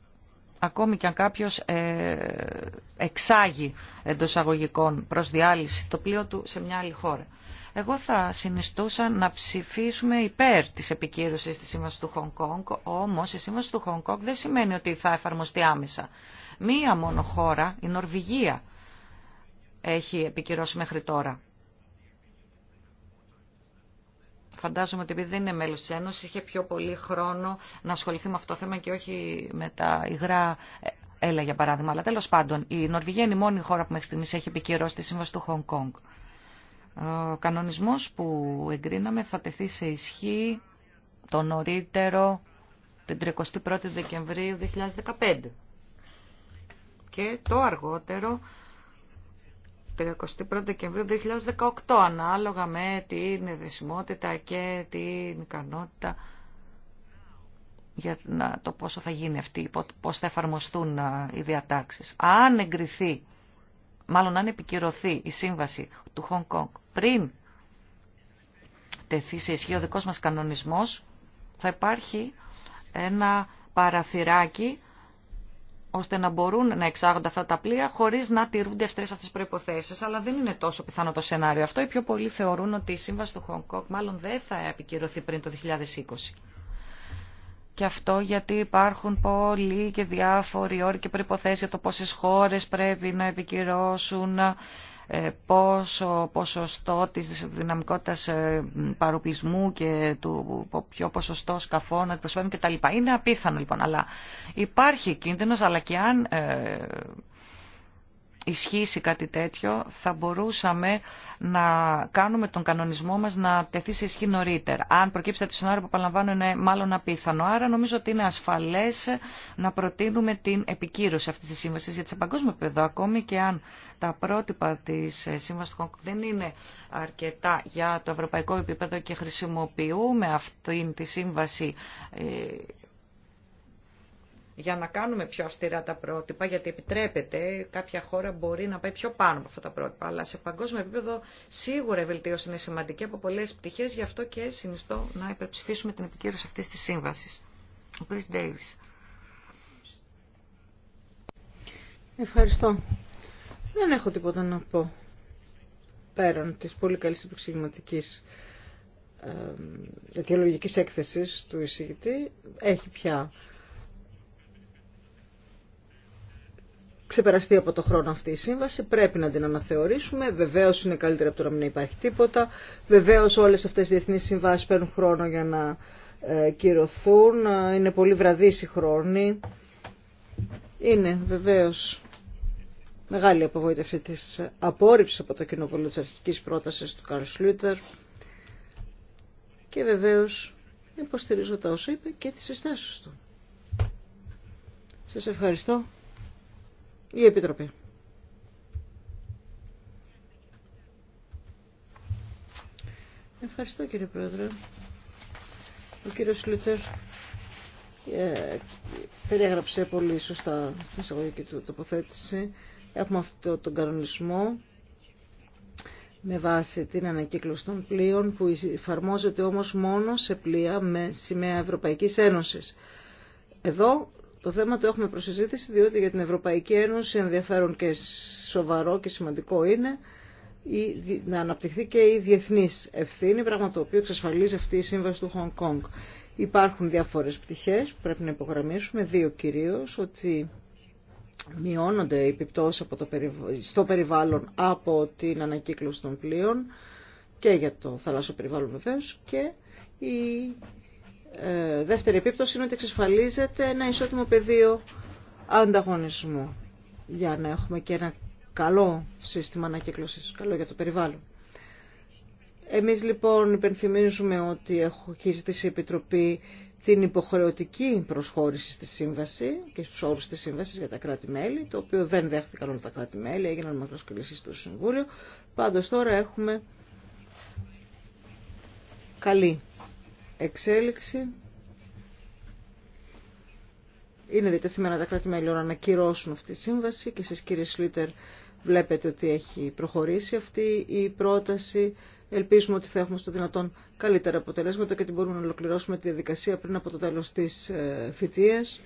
Ακόμη και αν κάποιος ε, εξάγει εντό αγωγικών προς διάλυση το πλοίο του σε μια άλλη χώρα. Εγώ θα συνιστούσα να ψηφίσουμε υπέρ της επικύρωσης της Σύμβασης του Χονγκ Κόνγκ, όμως η Σύμβαση του Χονγκ Κόνγκ δεν σημαίνει ότι θα εφαρμοστεί άμεσα. Μία μόνο χώρα, η Νορβηγία, έχει επικυρώσει μέχρι τώρα. Φαντάζομαι ότι επειδή δεν είναι μέλος της Ένωσης, είχε πιο πολύ χρόνο να ασχοληθεί με αυτό το θέμα και όχι με τα υγρά έλα για παράδειγμα. Αλλά τέλος πάντων, η Νορβηγία είναι η μόνη χώρα που μέχρι στιγμής έχει επικυρώσει τη Σύμβαση του Χονγκ Κόνγκ. Ο κανονισμός που εγκρίναμε θα τεθεί σε ισχύ το νωρίτερο την 31η Δεκεμβρίου 2015 και το αργότερο 31 Δεκεμβρίου 2018 ανάλογα με την δεσιμότητα και την ικανότητα για το πόσο θα γίνει αυτή, πώς θα εφαρμοστούν ε, οι διατάξεις. Αν εγκριθεί, μάλλον αν επικυρωθεί η σύμβαση του Χονγκ Κονγκ πριν τεθεί σε ισχύ ο δικός μας κανονισμός, θα υπάρχει ένα παραθυράκι ώστε να μπορούν να εξάγονται αυτά τα πλοία χωρίς να τηρούνται αυτές αυτέ τι προποθέσει. Αλλά δεν είναι τόσο πιθανό το σενάριο αυτό. Οι πιο πολλοί θεωρούν ότι η σύμβαση του Χονγκ Κόκ μάλλον δεν θα επικυρωθεί πριν το 2020. Και αυτό γιατί υπάρχουν πολλοί και διάφοροι όροι και προϋποθέσεις για το πόσε χώρε πρέπει να επικυρώσουν ε, πόσο ποσοστό της δυναμικότητας ε, παροπλισμού και του ποιο ποσοστό σκαφών αντιπροσωπεύουν κτλ. Είναι απίθανο λοιπόν, αλλά υπάρχει κίνδυνος, αλλά και αν ε, ισχύσει κάτι τέτοιο, θα μπορούσαμε να κάνουμε τον κανονισμό μας να τεθεί σε ισχύ νωρίτερα. Αν προκύψει το σενάριο που επαναλαμβάνω είναι μάλλον απίθανο. Άρα νομίζω ότι είναι ασφαλές να προτείνουμε την επικύρωση αυτής της σύμβασης για σε παγκόσμιο επίπεδο ακόμη και αν τα πρότυπα της ε, σύμβασης του δεν είναι αρκετά για το ευρωπαϊκό επίπεδο και χρησιμοποιούμε αυτή τη σύμβαση ε, για να κάνουμε πιο αυστηρά τα πρότυπα, γιατί επιτρέπεται, κάποια χώρα μπορεί να πάει πιο πάνω από αυτά τα πρότυπα, αλλά σε παγκόσμιο επίπεδο σίγουρα η βελτίωση είναι σημαντική από πολλέ πτυχές, γι' αυτό και συνιστώ να υπερψηφίσουμε την επικύρωση αυτής της σύμβαση. Ο Ευχαριστώ. Δεν έχω τίποτα να πω πέραν της πολύ καλής επεξηγηματικής αιτιολογικής έκθεσης του εισηγητή. Έχει πια ξεπεραστεί από το χρόνο αυτή η σύμβαση, πρέπει να την αναθεωρήσουμε. Βεβαίω είναι καλύτερα από το να μην υπάρχει τίποτα. Βεβαίω όλε αυτέ οι διεθνεί συμβάσει παίρνουν χρόνο για να ε, κυρωθούν. Ε, είναι πολύ βραδύ η χρόνη. Είναι βεβαίω μεγάλη απογοήτευση τη απόρριψη από το κοινοβούλιο τη αρχική πρόταση του Καρλ Σλούτερ. Και βεβαίω υποστηρίζω τα όσα είπε και τι συστάσει του. Σας ευχαριστώ η Επιτροπή. Ευχαριστώ κύριε Πρόεδρε. Ο κύριος Σλίτσερ ε, περιέγραψε πολύ σωστά στην εισαγωγική του τοποθέτηση. Έχουμε αυτό τον κανονισμό με βάση την ανακύκλωση των πλοίων που εφαρμόζεται όμως μόνο σε πλοία με σημαία Ευρωπαϊκής Ένωσης. Εδώ το θέμα το έχουμε προσυζήτηση διότι για την Ευρωπαϊκή Ένωση ενδιαφέρον και σοβαρό και σημαντικό είναι να αναπτυχθεί και η διεθνής ευθύνη, πράγμα το οποίο εξασφαλίζει αυτή η σύμβαση του Χονγκ Κόνγκ. Υπάρχουν διάφορες πτυχές που πρέπει να υπογραμμίσουμε, δύο κυρίως, ότι μειώνονται οι επιπτώσεις στο περιβάλλον από την ανακύκλωση των πλοίων και για το θαλάσσιο περιβάλλον βεβαίω. και η ε, δεύτερη επίπτωση είναι ότι εξασφαλίζεται ένα ισότιμο πεδίο ανταγωνισμού για να έχουμε και ένα καλό σύστημα ανακύκλωσης, καλό για το περιβάλλον. Εμείς λοιπόν υπενθυμίζουμε ότι έχει ζητήσει η Επιτροπή την υποχρεωτική προσχώρηση στη σύμβαση και στους όρους της σύμβασης για τα κράτη-μέλη, το οποίο δεν δέχτηκαν όλα τα κράτη-μέλη, έγιναν μακροσκλήσεις στο Συμβούλιο. Πάντως τώρα έχουμε καλή εξέλιξη. Είναι διτεθειμένα τα κράτη-μέλη να ανακυρώσουν αυτή τη σύμβαση και εσείς κύριε Σλίτερ βλέπετε ότι έχει προχωρήσει αυτή η πρόταση. Ελπίζουμε ότι θα έχουμε στο δυνατόν καλύτερα αποτελέσματα και ότι μπορούμε να ολοκληρώσουμε τη διαδικασία πριν από το τέλος της φοιτείας,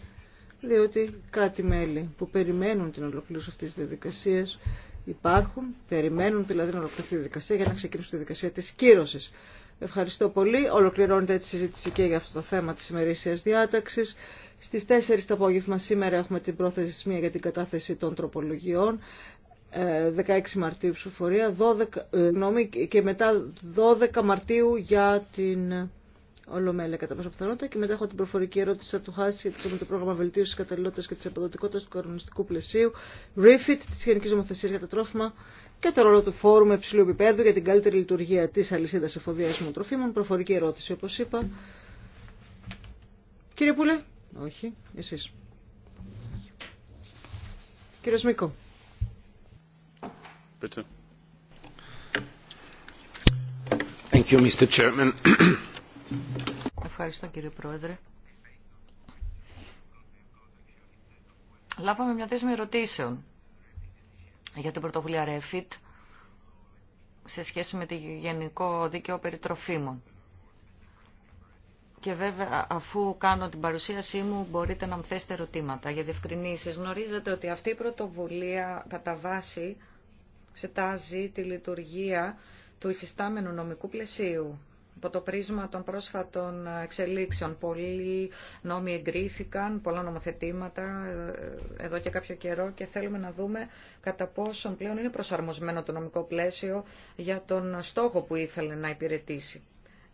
ε, διότι κράτη-μέλη που περιμένουν την ολοκλήρωση αυτής της διαδικασίας υπάρχουν, περιμένουν δηλαδή να ολοκληρωθεί η διαδικασία για να ξεκινήσουν τη διαδικασία της κύρωσης. Ευχαριστώ πολύ. Ολοκληρώνεται τη συζήτηση και για αυτό το θέμα της ημερήσιας διάταξης. Στις 4 το απόγευμα σήμερα έχουμε την πρόθεση σημεία για την κατάθεση των τροπολογιών. 16 ε, Μαρτίου ψηφοφορία, 12, ε, και μετά 12 Μαρτίου για την Ολομέλεια κατά πάσα πιθανότητα και μετά έχω την προφορική ερώτηση από το Χάση για το πρόγραμμα βελτίωση τη καταλληλότητα και τη αποδοτικότητα του κανονιστικού πλαισίου, REFIT τη Γενική Νομοθεσία για τα τρόφιμα και το ρόλο του Φόρουμ Υψηλού Επιπέδου για την καλύτερη λειτουργία τη αλυσίδα εφοδιασμού τροφίμων. Προφορική ερώτηση, όπω είπα. Κύριε Πούλε, όχι, εσεί. Κύριε Σμίκο. Thank you, Mr. Chairman. Ευχαριστώ κύριε Πρόεδρε. Λάβαμε μια θέση με ερωτήσεων για την πρωτοβουλία Refit σε σχέση με το Γενικό Δίκαιο τροφίμων Και βέβαια, αφού κάνω την παρουσίασή μου, μπορείτε να μου θέσετε ερωτήματα για διευκρινήσει. Γνωρίζετε ότι αυτή η πρωτοβουλία κατά βάση εξετάζει τη λειτουργία του υφιστάμενου νομικού πλαισίου από το πρίσμα των πρόσφατων εξελίξεων. Πολλοί νόμοι εγκρίθηκαν, πολλά νομοθετήματα ε, εδώ και κάποιο καιρό και θέλουμε να δούμε κατά πόσον πλέον είναι προσαρμοσμένο το νομικό πλαίσιο για τον στόχο που ήθελε να υπηρετήσει.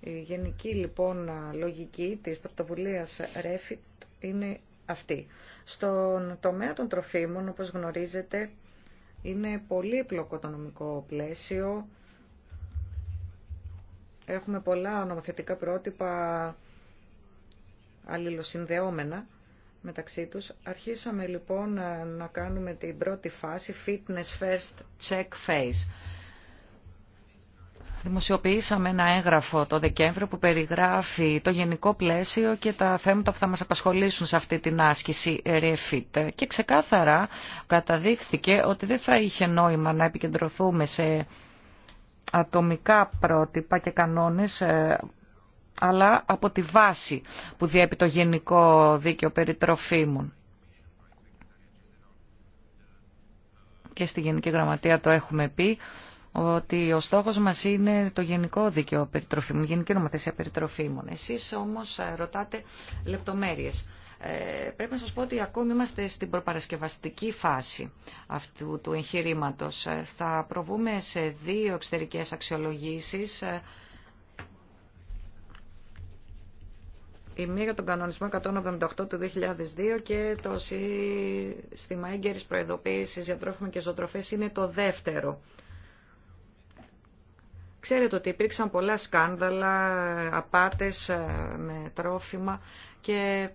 Η γενική λοιπόν λογική της πρωτοβουλίας REFIT είναι αυτή. Στον τομέα των τροφίμων, όπως γνωρίζετε, είναι πολύπλοκο το νομικό πλαίσιο Έχουμε πολλά νομοθετικά πρότυπα αλληλοσυνδεόμενα μεταξύ τους. Αρχίσαμε λοιπόν να κάνουμε την πρώτη φάση, fitness first check phase. Δημοσιοποιήσαμε ένα έγγραφο το Δεκέμβριο που περιγράφει το γενικό πλαίσιο και τα θέματα που θα μας απασχολήσουν σε αυτή την άσκηση REFIT. Και ξεκάθαρα καταδείχθηκε ότι δεν θα είχε νόημα να επικεντρωθούμε σε ατομικά πρότυπα και κανόνες ε, αλλά από τη βάση που διέπει το Γενικό Δίκαιο περί Και στη Γενική Γραμματεία το έχουμε πει ότι ο στόχος μας είναι το γενικό δίκαιο περιτροφίμων, γενική νομοθεσία Περιτροφήμων. Εσείς όμως ε, ρωτάτε λεπτομέρειες. Ε, πρέπει να σας πω ότι ακόμη είμαστε στην προπαρασκευαστική φάση αυτού του εγχειρήματο. Ε, θα προβούμε σε δύο εξωτερικές αξιολογήσεις. Ε, η μία για τον κανονισμό 178 του 2002 και το σύστημα έγκαιρης προειδοποίησης για τρόφιμα και ζωοτροφές είναι το δεύτερο. Ξέρετε ότι υπήρξαν πολλά σκάνδαλα, απάτες με τρόφιμα και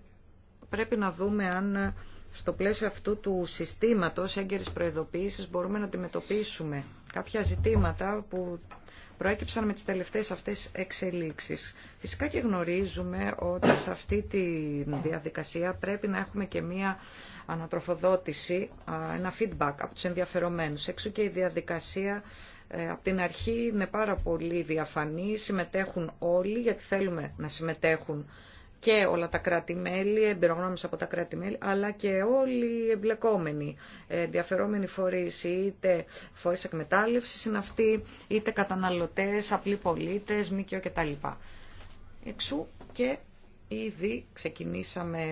πρέπει να δούμε αν ε, στο πλαίσιο αυτού του συστήματος έγκαιρης προειδοποίησης μπορούμε να αντιμετωπίσουμε κάποια ζητήματα που προέκυψαν με τις τελευταίες αυτές εξελίξεις. Φυσικά και γνωρίζουμε ότι σε αυτή τη διαδικασία πρέπει να έχουμε και μία ανατροφοδότηση, ένα feedback από τους ενδιαφερομένους. Έξω και η διαδικασία ε, από την αρχή είναι πάρα πολύ διαφανή, συμμετέχουν όλοι γιατί θέλουμε να συμμετέχουν και όλα τα κράτη-μέλη, εμπειρογνώμης από τα κράτη-μέλη, αλλά και όλοι οι εμπλεκόμενοι, ενδιαφερόμενοι φορείς, είτε φορείς εκμετάλλευσης είναι αυτοί, είτε καταναλωτές, απλοί πολίτες, ΜΚΟ κτλ. Εξού και ήδη ξεκινήσαμε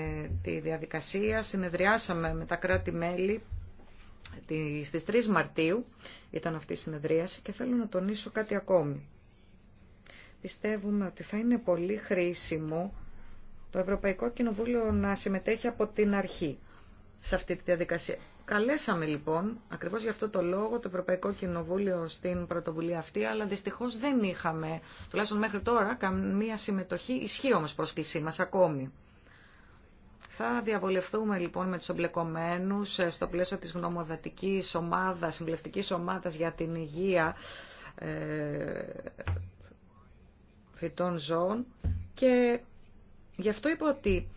τη διαδικασία, συνεδριάσαμε με τα κράτη-μέλη στις 3 Μαρτίου, ήταν αυτή η συνεδρίαση και θέλω να τονίσω κάτι ακόμη. Πιστεύουμε ότι θα είναι πολύ χρήσιμο το Ευρωπαϊκό Κοινοβούλιο να συμμετέχει από την αρχή σε αυτή τη διαδικασία. Καλέσαμε λοιπόν, ακριβώς γι' αυτό το λόγο, το Ευρωπαϊκό Κοινοβούλιο στην πρωτοβουλία αυτή, αλλά δυστυχώς δεν είχαμε, τουλάχιστον μέχρι τώρα, καμία συμμετοχή, ισχύει όμως πρόσκλησή μας ακόμη. Θα διαβολευτούμε λοιπόν με τους εμπλεκομένους ε, στο πλαίσιο της γνωμοδατικής ομάδας, συμπλευτικής ομάδας για την υγεία ε, φυτών ζώων και Γι' αυτό είπα ότι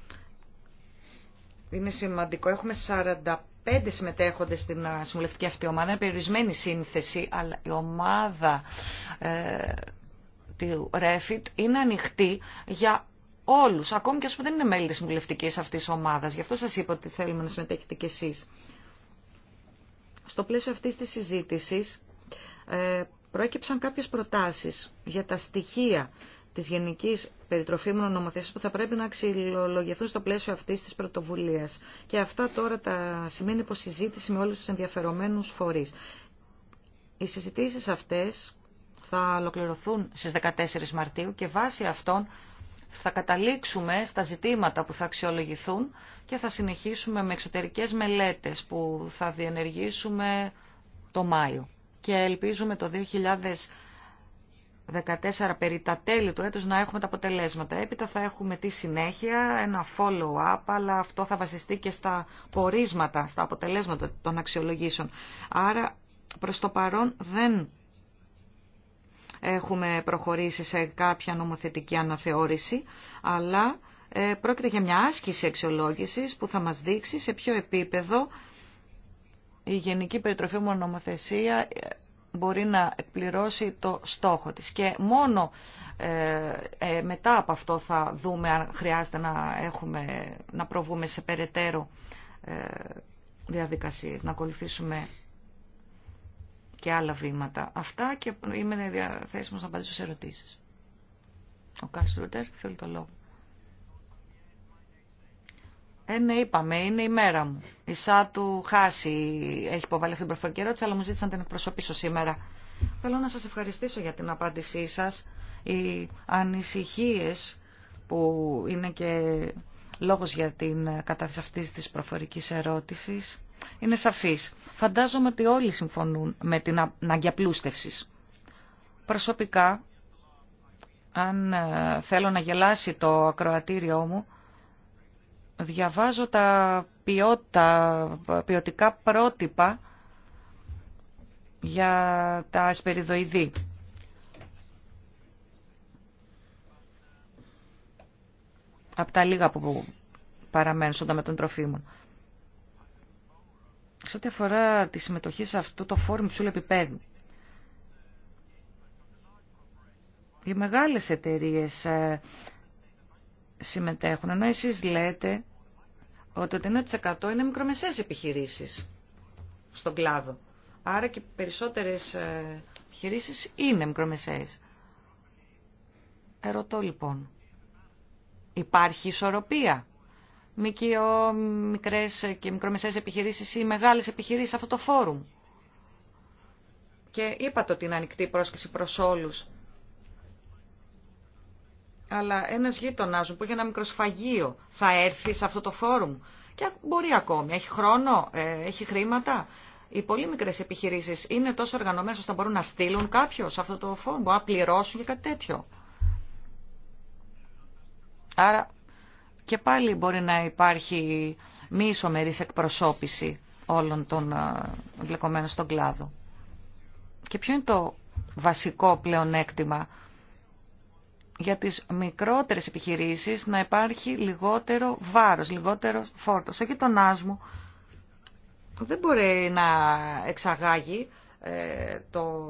είναι σημαντικό. Έχουμε 45 συμμετέχοντε στην ε, συμβουλευτική αυτή ομάδα. Είναι περιορισμένη σύνθεση, αλλά η ομάδα ε, του Refit είναι ανοιχτή για όλου, ακόμη και όσο δεν είναι μέλη τη συμβουλευτική αυτή ομάδα. Γι' αυτό σα είπα ότι θέλουμε να συμμετέχετε κι εσεί. Στο πλαίσιο αυτή τη συζήτηση ε, προέκυψαν κάποιες προτάσεις για τα στοιχεία της γενικής περιτροφήμων νομοθεσίας που θα πρέπει να αξιολογηθούν στο πλαίσιο αυτής της πρωτοβουλίας. Και αυτά τώρα τα σημαίνει συζήτηση με όλους τους ενδιαφερομένους φορείς. Οι συζητήσει αυτές θα ολοκληρωθούν στις 14 Μαρτίου και βάσει αυτών θα καταλήξουμε στα ζητήματα που θα αξιολογηθούν και θα συνεχίσουμε με εξωτερικές μελέτες που θα διενεργήσουμε το Μάιο. Και ελπίζουμε το 14 περί τα τέλη του έτους να έχουμε τα αποτελέσματα. Έπειτα θα έχουμε τη συνέχεια, ένα follow-up, αλλά αυτό θα βασιστεί και στα πορίσματα, στα αποτελέσματα των αξιολογήσεων. Άρα προς το παρόν δεν έχουμε προχωρήσει σε κάποια νομοθετική αναθεώρηση, αλλά ε, πρόκειται για μια άσκηση αξιολόγησης που θα μας δείξει σε ποιο επίπεδο η Γενική Περιτροφή Μονομοθεσία ε, μπορεί να εκπληρώσει το στόχο της. Και μόνο ε, ε, μετά από αυτό θα δούμε αν χρειάζεται να, έχουμε, να προβούμε σε περαιτέρω ε, διαδικασίες, να ακολουθήσουμε και άλλα βήματα. Αυτά και είμαι διαθέσιμος να απαντήσω σε ερωτήσεις. Ο Κάρς Ρούτερ θέλει το λόγο. Ε, ναι, είπαμε, είναι η μέρα μου. Η Σάτου χάσει, έχει υποβάλει αυτή την προφορική ερώτηση, αλλά μου ζήτησαν να την εκπροσωπήσω σήμερα. Θέλω να σας ευχαριστήσω για την απάντησή σας. Οι ανησυχίες που είναι και λόγος για την κατάθεση αυτής της προφορικής ερώτησης είναι σαφής. Φαντάζομαι ότι όλοι συμφωνούν με την ανάγκη Προσωπικά, αν ε, θέλω να γελάσει το ακροατήριό μου, διαβάζω τα ποιότητα, ποιοτικά πρότυπα για τα ασπεριδοειδή. Από τα λίγα που παραμένουν στον με των τροφίμων. Σε ό,τι αφορά τη συμμετοχή σε αυτό το φόρουμ ψηλού επίπεδου, οι μεγάλες εταιρείες ε, συμμετέχουν. Ενώ εσείς λέτε ότι το 9% είναι μικρομεσαίες επιχειρήσεις στον κλάδο. Άρα και περισσότερες ε, επιχειρήσεις είναι μικρομεσαίες. Ερωτώ λοιπόν, υπάρχει ισορροπία ΜΚΟ, μικρές και μικρομεσαίες επιχειρήσεις ή μεγάλες επιχειρήσεις σε αυτό το φόρουμ. Και είπατε ότι είναι ανοιχτή η πρόσκληση προς όλου αλλά ένας γείτονα που έχει ένα μικροσφαγείο θα έρθει σε αυτό το φόρουμ και μπορεί ακόμη, έχει χρόνο, ε, έχει χρήματα. Οι πολύ μικρέ επιχειρήσει είναι τόσο οργανωμένε ώστε να μπορούν να στείλουν κάποιο σε αυτό το φόρουμ, να πληρώσουν και κάτι τέτοιο. Άρα και πάλι μπορεί να υπάρχει μη ισομερή εκπροσώπηση όλων των ε, εμπλεκομένων στον κλάδο. Και ποιο είναι το βασικό πλεονέκτημα για τις μικρότερες επιχειρήσεις να υπάρχει λιγότερο βάρος, λιγότερο φόρτος. Ο τον μου δεν μπορεί να εξαγάγει ε, το,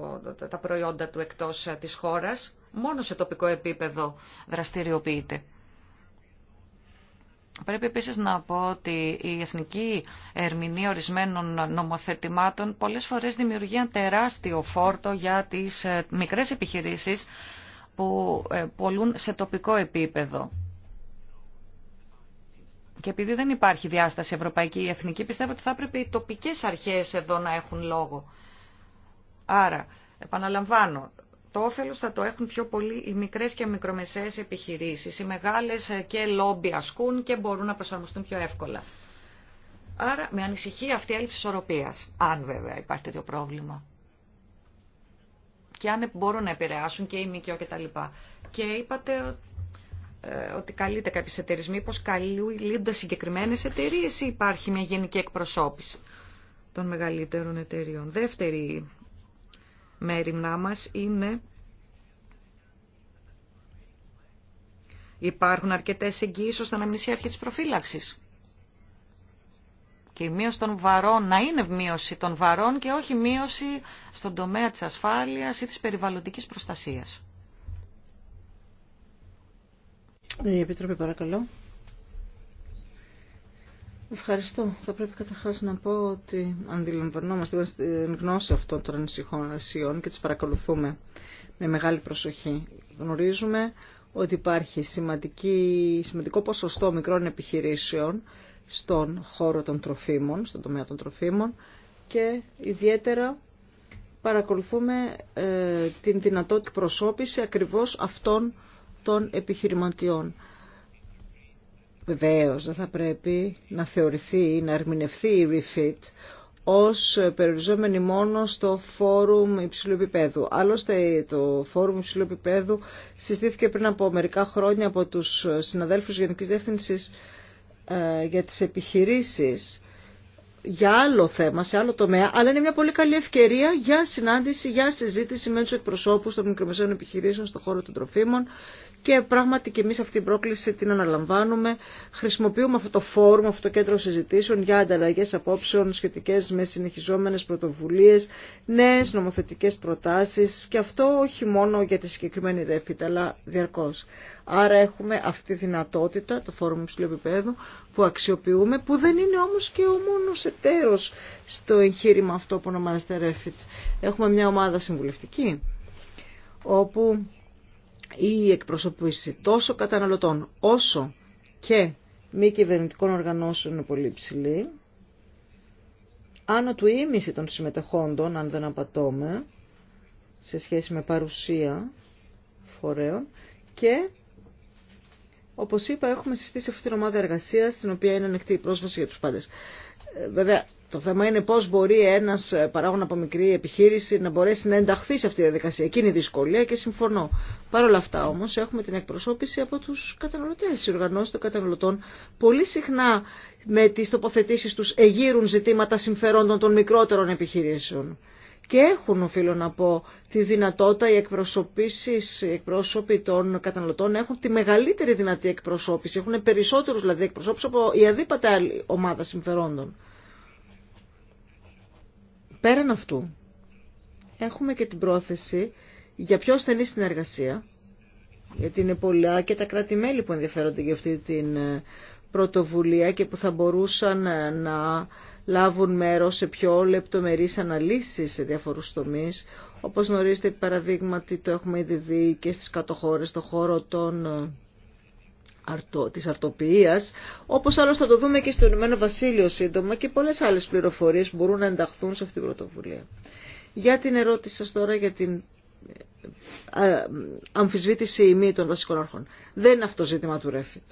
τα προϊόντα του εκτός ε, της χώρας, μόνο σε τοπικό επίπεδο δραστηριοποιείται. Πρέπει επίσης να πω ότι η εθνική ερμηνεία ορισμένων νομοθετημάτων πολλές φορές δημιουργεί ένα τεράστιο φόρτο για τις ε, μικρές επιχειρήσεις που ε, πολλούν σε τοπικό επίπεδο. Και επειδή δεν υπάρχει διάσταση ευρωπαϊκή ή εθνική, πιστεύω ότι θα έπρεπε οι τοπικές αρχές εδώ να έχουν λόγο. Άρα, επαναλαμβάνω, το όφελος θα το έχουν πιο πολύ οι μικρές και μικρομεσαίες επιχειρήσεις. Οι μεγάλες ε, και λόμπι ασκούν και μπορούν να προσαρμοστούν πιο εύκολα. Άρα, με ανησυχεί αυτή η έλλειψη ισορροπίας, αν βέβαια υπάρχει τέτοιο πρόβλημα και αν μπορούν να επηρεάσουν και η ΜΚΟ λοιπά. Και είπατε ε, ότι καλείται κάποιε εταιρισμοί, πως καλούνται συγκεκριμένες εταιρείε ή υπάρχει μια γενική εκπροσώπηση των μεγαλύτερων εταιρείων. Δεύτερη μέρημνά μας είναι υπάρχουν αρκετές εγγύησεις ώστε να μην είσαι αρχή της προφύλαξης. Και η μείωση των βαρών να είναι μείωση των βαρών και όχι μείωση στον τομέα της ασφάλειας ή της περιβαλλοντικής προστασίας. Η Επίτροπη παρακαλώ. Ευχαριστώ. Θα πρέπει καταρχά να πω ότι αντιλαμβανόμαστε την γνώση αυτών των ανησυχών και τις παρακολουθούμε με μεγάλη προσοχή. Γνωρίζουμε ότι υπάρχει σημαντική, σημαντικό ποσοστό μικρών επιχειρήσεων στον χώρο των τροφίμων, στον τομέα των τροφίμων και ιδιαίτερα παρακολουθούμε ε, την δυνατότητα προσώπηση ακριβώς αυτών των επιχειρηματιών. Βεβαίω, δεν θα πρέπει να θεωρηθεί ή να ερμηνευθεί η refit ως περιοριζόμενη μόνο στο φόρουμ υψηλού επίπεδου. Άλλωστε το φόρουμ υψηλού επίπεδου συστήθηκε πριν από μερικά χρόνια από τους συναδέλφους Γενικής Διεύθυνσης ε, για τις επιχειρήσεις για άλλο θέμα, σε άλλο τομέα, αλλά είναι μια πολύ καλή ευκαιρία για συνάντηση, για συζήτηση με τους εκπροσώπους των μικρομεσαίων επιχειρήσεων στον χώρο των τροφίμων και πράγματι και εμείς αυτή την πρόκληση την αναλαμβάνουμε. Χρησιμοποιούμε αυτό το φόρουμ, αυτό το κέντρο συζητήσεων για ανταλλαγές απόψεων σχετικές με συνεχιζόμενες πρωτοβουλίες, νέες νομοθετικές προτάσεις και αυτό όχι μόνο για τη συγκεκριμένη ρέφητα, αλλά διαρκώς. Άρα έχουμε αυτή τη δυνατότητα, το φόρουμ υψηλού επίπεδου, που αξιοποιούμε, που δεν είναι όμως και ο μόνος εταίρος στο εγχείρημα αυτό που ονομάζεται Refit. Έχουμε μια ομάδα συμβουλευτική, όπου η εκπροσωπήση τόσο καταναλωτών όσο και μη κυβερνητικών οργανώσεων είναι πολύ ψηλή. Άνω του ίμιση των συμμετεχόντων, αν δεν απατώμε, σε σχέση με παρουσία φορέων και όπως είπα έχουμε συστήσει αυτή την ομάδα εργασίας στην οποία είναι ανοιχτή η πρόσβαση για τους πάντες. Ε, βέβαια το θέμα είναι πώς μπορεί ένας ε, παράγων από μικρή επιχείρηση να μπορέσει να ενταχθεί σε αυτή τη διαδικασία. Εκείνη η δυσκολία και συμφωνώ. Παρ' όλα αυτά όμως έχουμε την εκπροσώπηση από τους καταναλωτές, οι οργανώσεις των καταναλωτών. Πολύ συχνά με τις τοποθετήσεις τους εγείρουν ζητήματα συμφερόντων των μικρότερων επιχειρήσεων. Και έχουν, οφείλω να πω, τη δυνατότητα οι εκπροσωπήσεις, οι εκπρόσωποι των καταναλωτών έχουν τη μεγαλύτερη δυνατή εκπροσώπηση. Έχουν περισσότερου δηλαδή εκπροσώπους από η άλλη ομάδα συμφερόντων. Πέραν αυτού, έχουμε και την πρόθεση για πιο στενή συνεργασία, γιατί είναι πολλά και τα κράτη-μέλη που ενδιαφέρονται για αυτή την ε, πρωτοβουλία και που θα μπορούσαν ε, να λάβουν μέρος σε πιο λεπτομερείς αναλύσεις σε διαφορούς τομείς. Όπως γνωρίζετε, παραδείγματι, το έχουμε ήδη δει και στις κατοχώρες, στον χώρο των ε, αρτο, της αρτοποιίας, όπως άλλωστε θα το δούμε και στο Ηνωμένο Βασίλειο σύντομα και πολλές άλλες πληροφορίες μπορούν να ενταχθούν σε αυτή την πρωτοβουλία. Για την ερώτηση σας τώρα για την ε, ε, αμφισβήτηση ημί των βασικών αρχών. Δεν είναι αυτό ζήτημα του Ρέφιτ.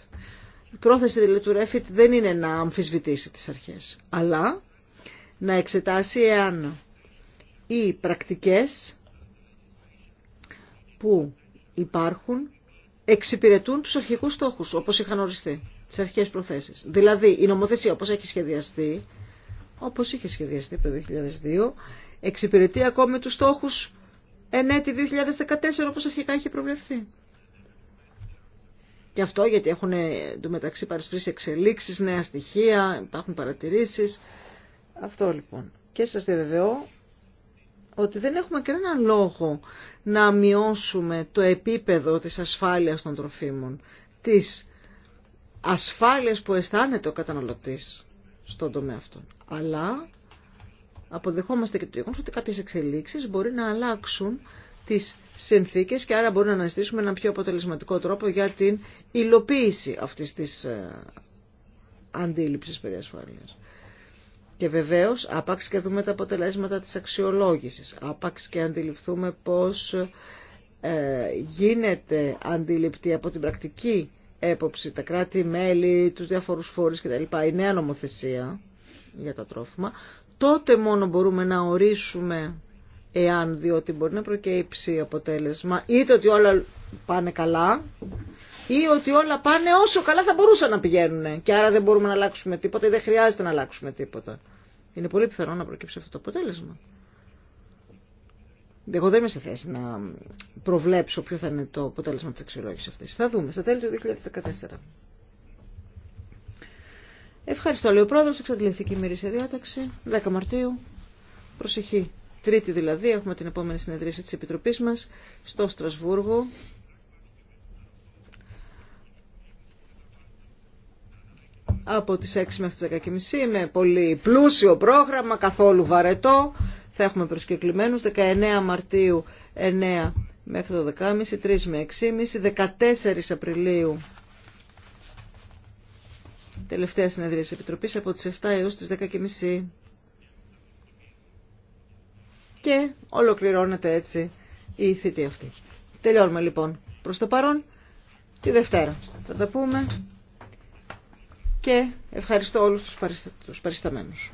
Η πρόθεση δηλαδή, του Ρέφιτ δεν είναι να αμφισβητήσει τις αρχές, αλλά να εξετάσει εάν οι πρακτικές που υπάρχουν εξυπηρετούν τους αρχικούς στόχους, όπως είχαν οριστεί, τις αρχικές προθέσεις. Δηλαδή, η νομοθεσία όπως έχει σχεδιαστεί, όπως είχε σχεδιαστεί το 2002, εξυπηρετεί ακόμη τους στόχους εν έτη 2014, όπως αρχικά είχε προβλεφθεί. Και αυτό γιατί έχουν ε, μεταξύ παρασφρήσει εξελίξεις, νέα στοιχεία, υπάρχουν παρατηρήσεις. Αυτό λοιπόν. Και σας διαβεβαιώ ότι δεν έχουμε κανένα λόγο να μειώσουμε το επίπεδο της ασφάλειας των τροφίμων, της ασφάλειας που αισθάνεται ο καταναλωτής στον τομέα αυτόν. Αλλά αποδεχόμαστε και το γεγονός ότι κάποιες εξελίξεις μπορεί να αλλάξουν τις συνθήκες και άρα μπορεί να αναζητήσουμε έναν πιο αποτελεσματικό τρόπο για την υλοποίηση αυτής της ε, αντίληψης περί ασφάλειας. Και βεβαίως άπαξ και δούμε τα αποτελέσματα της αξιολόγησης, άπαξ και αντιληφθούμε πώς ε, γίνεται αντιληπτή από την πρακτική έποψη τα κράτη-μέλη, τους διαφορούς φόρους κτλ. η νέα νομοθεσία για τα τρόφιμα, τότε μόνο μπορούμε να ορίσουμε εάν διότι μπορεί να προκύψει αποτέλεσμα είτε ότι όλα πάνε καλά ή ότι όλα πάνε όσο καλά θα μπορούσαν να πηγαίνουν και άρα δεν μπορούμε να αλλάξουμε τίποτα ή δεν χρειάζεται να αλλάξουμε τίποτα. Είναι πολύ πιθανό να προκύψει αυτό το αποτέλεσμα. Εγώ δεν είμαι σε θέση να προβλέψω ποιο θα είναι το αποτέλεσμα της αξιολόγησης αυτής. Θα δούμε στα τέλη του 2014. Ευχαριστώ, λέει ο πρόεδρος. Εξαντληθήκε η μυρίσια διάταξη. 10 Μαρτίου. Προσεχή. Τρίτη δηλαδή, έχουμε την επόμενη συνεδρίαση της Επιτροπής μας στο Στρασβούργο. από τις 6 μέχρι τις 10.30 με πολύ πλούσιο πρόγραμμα, καθόλου βαρετό. Θα έχουμε προσκεκλημένους 19 Μαρτίου 9 μέχρι το 12.30 3 με 6.30, 14 Απριλίου τελευταία συνεδρία της Επιτροπής από τις 7 έως τις 10.30 και ολοκληρώνεται έτσι η θητή αυτή. Τελειώνουμε λοιπόν προς το παρόν τη Δευτέρα. Θα τα πούμε και ευχαριστώ όλους τους παρισταμένους.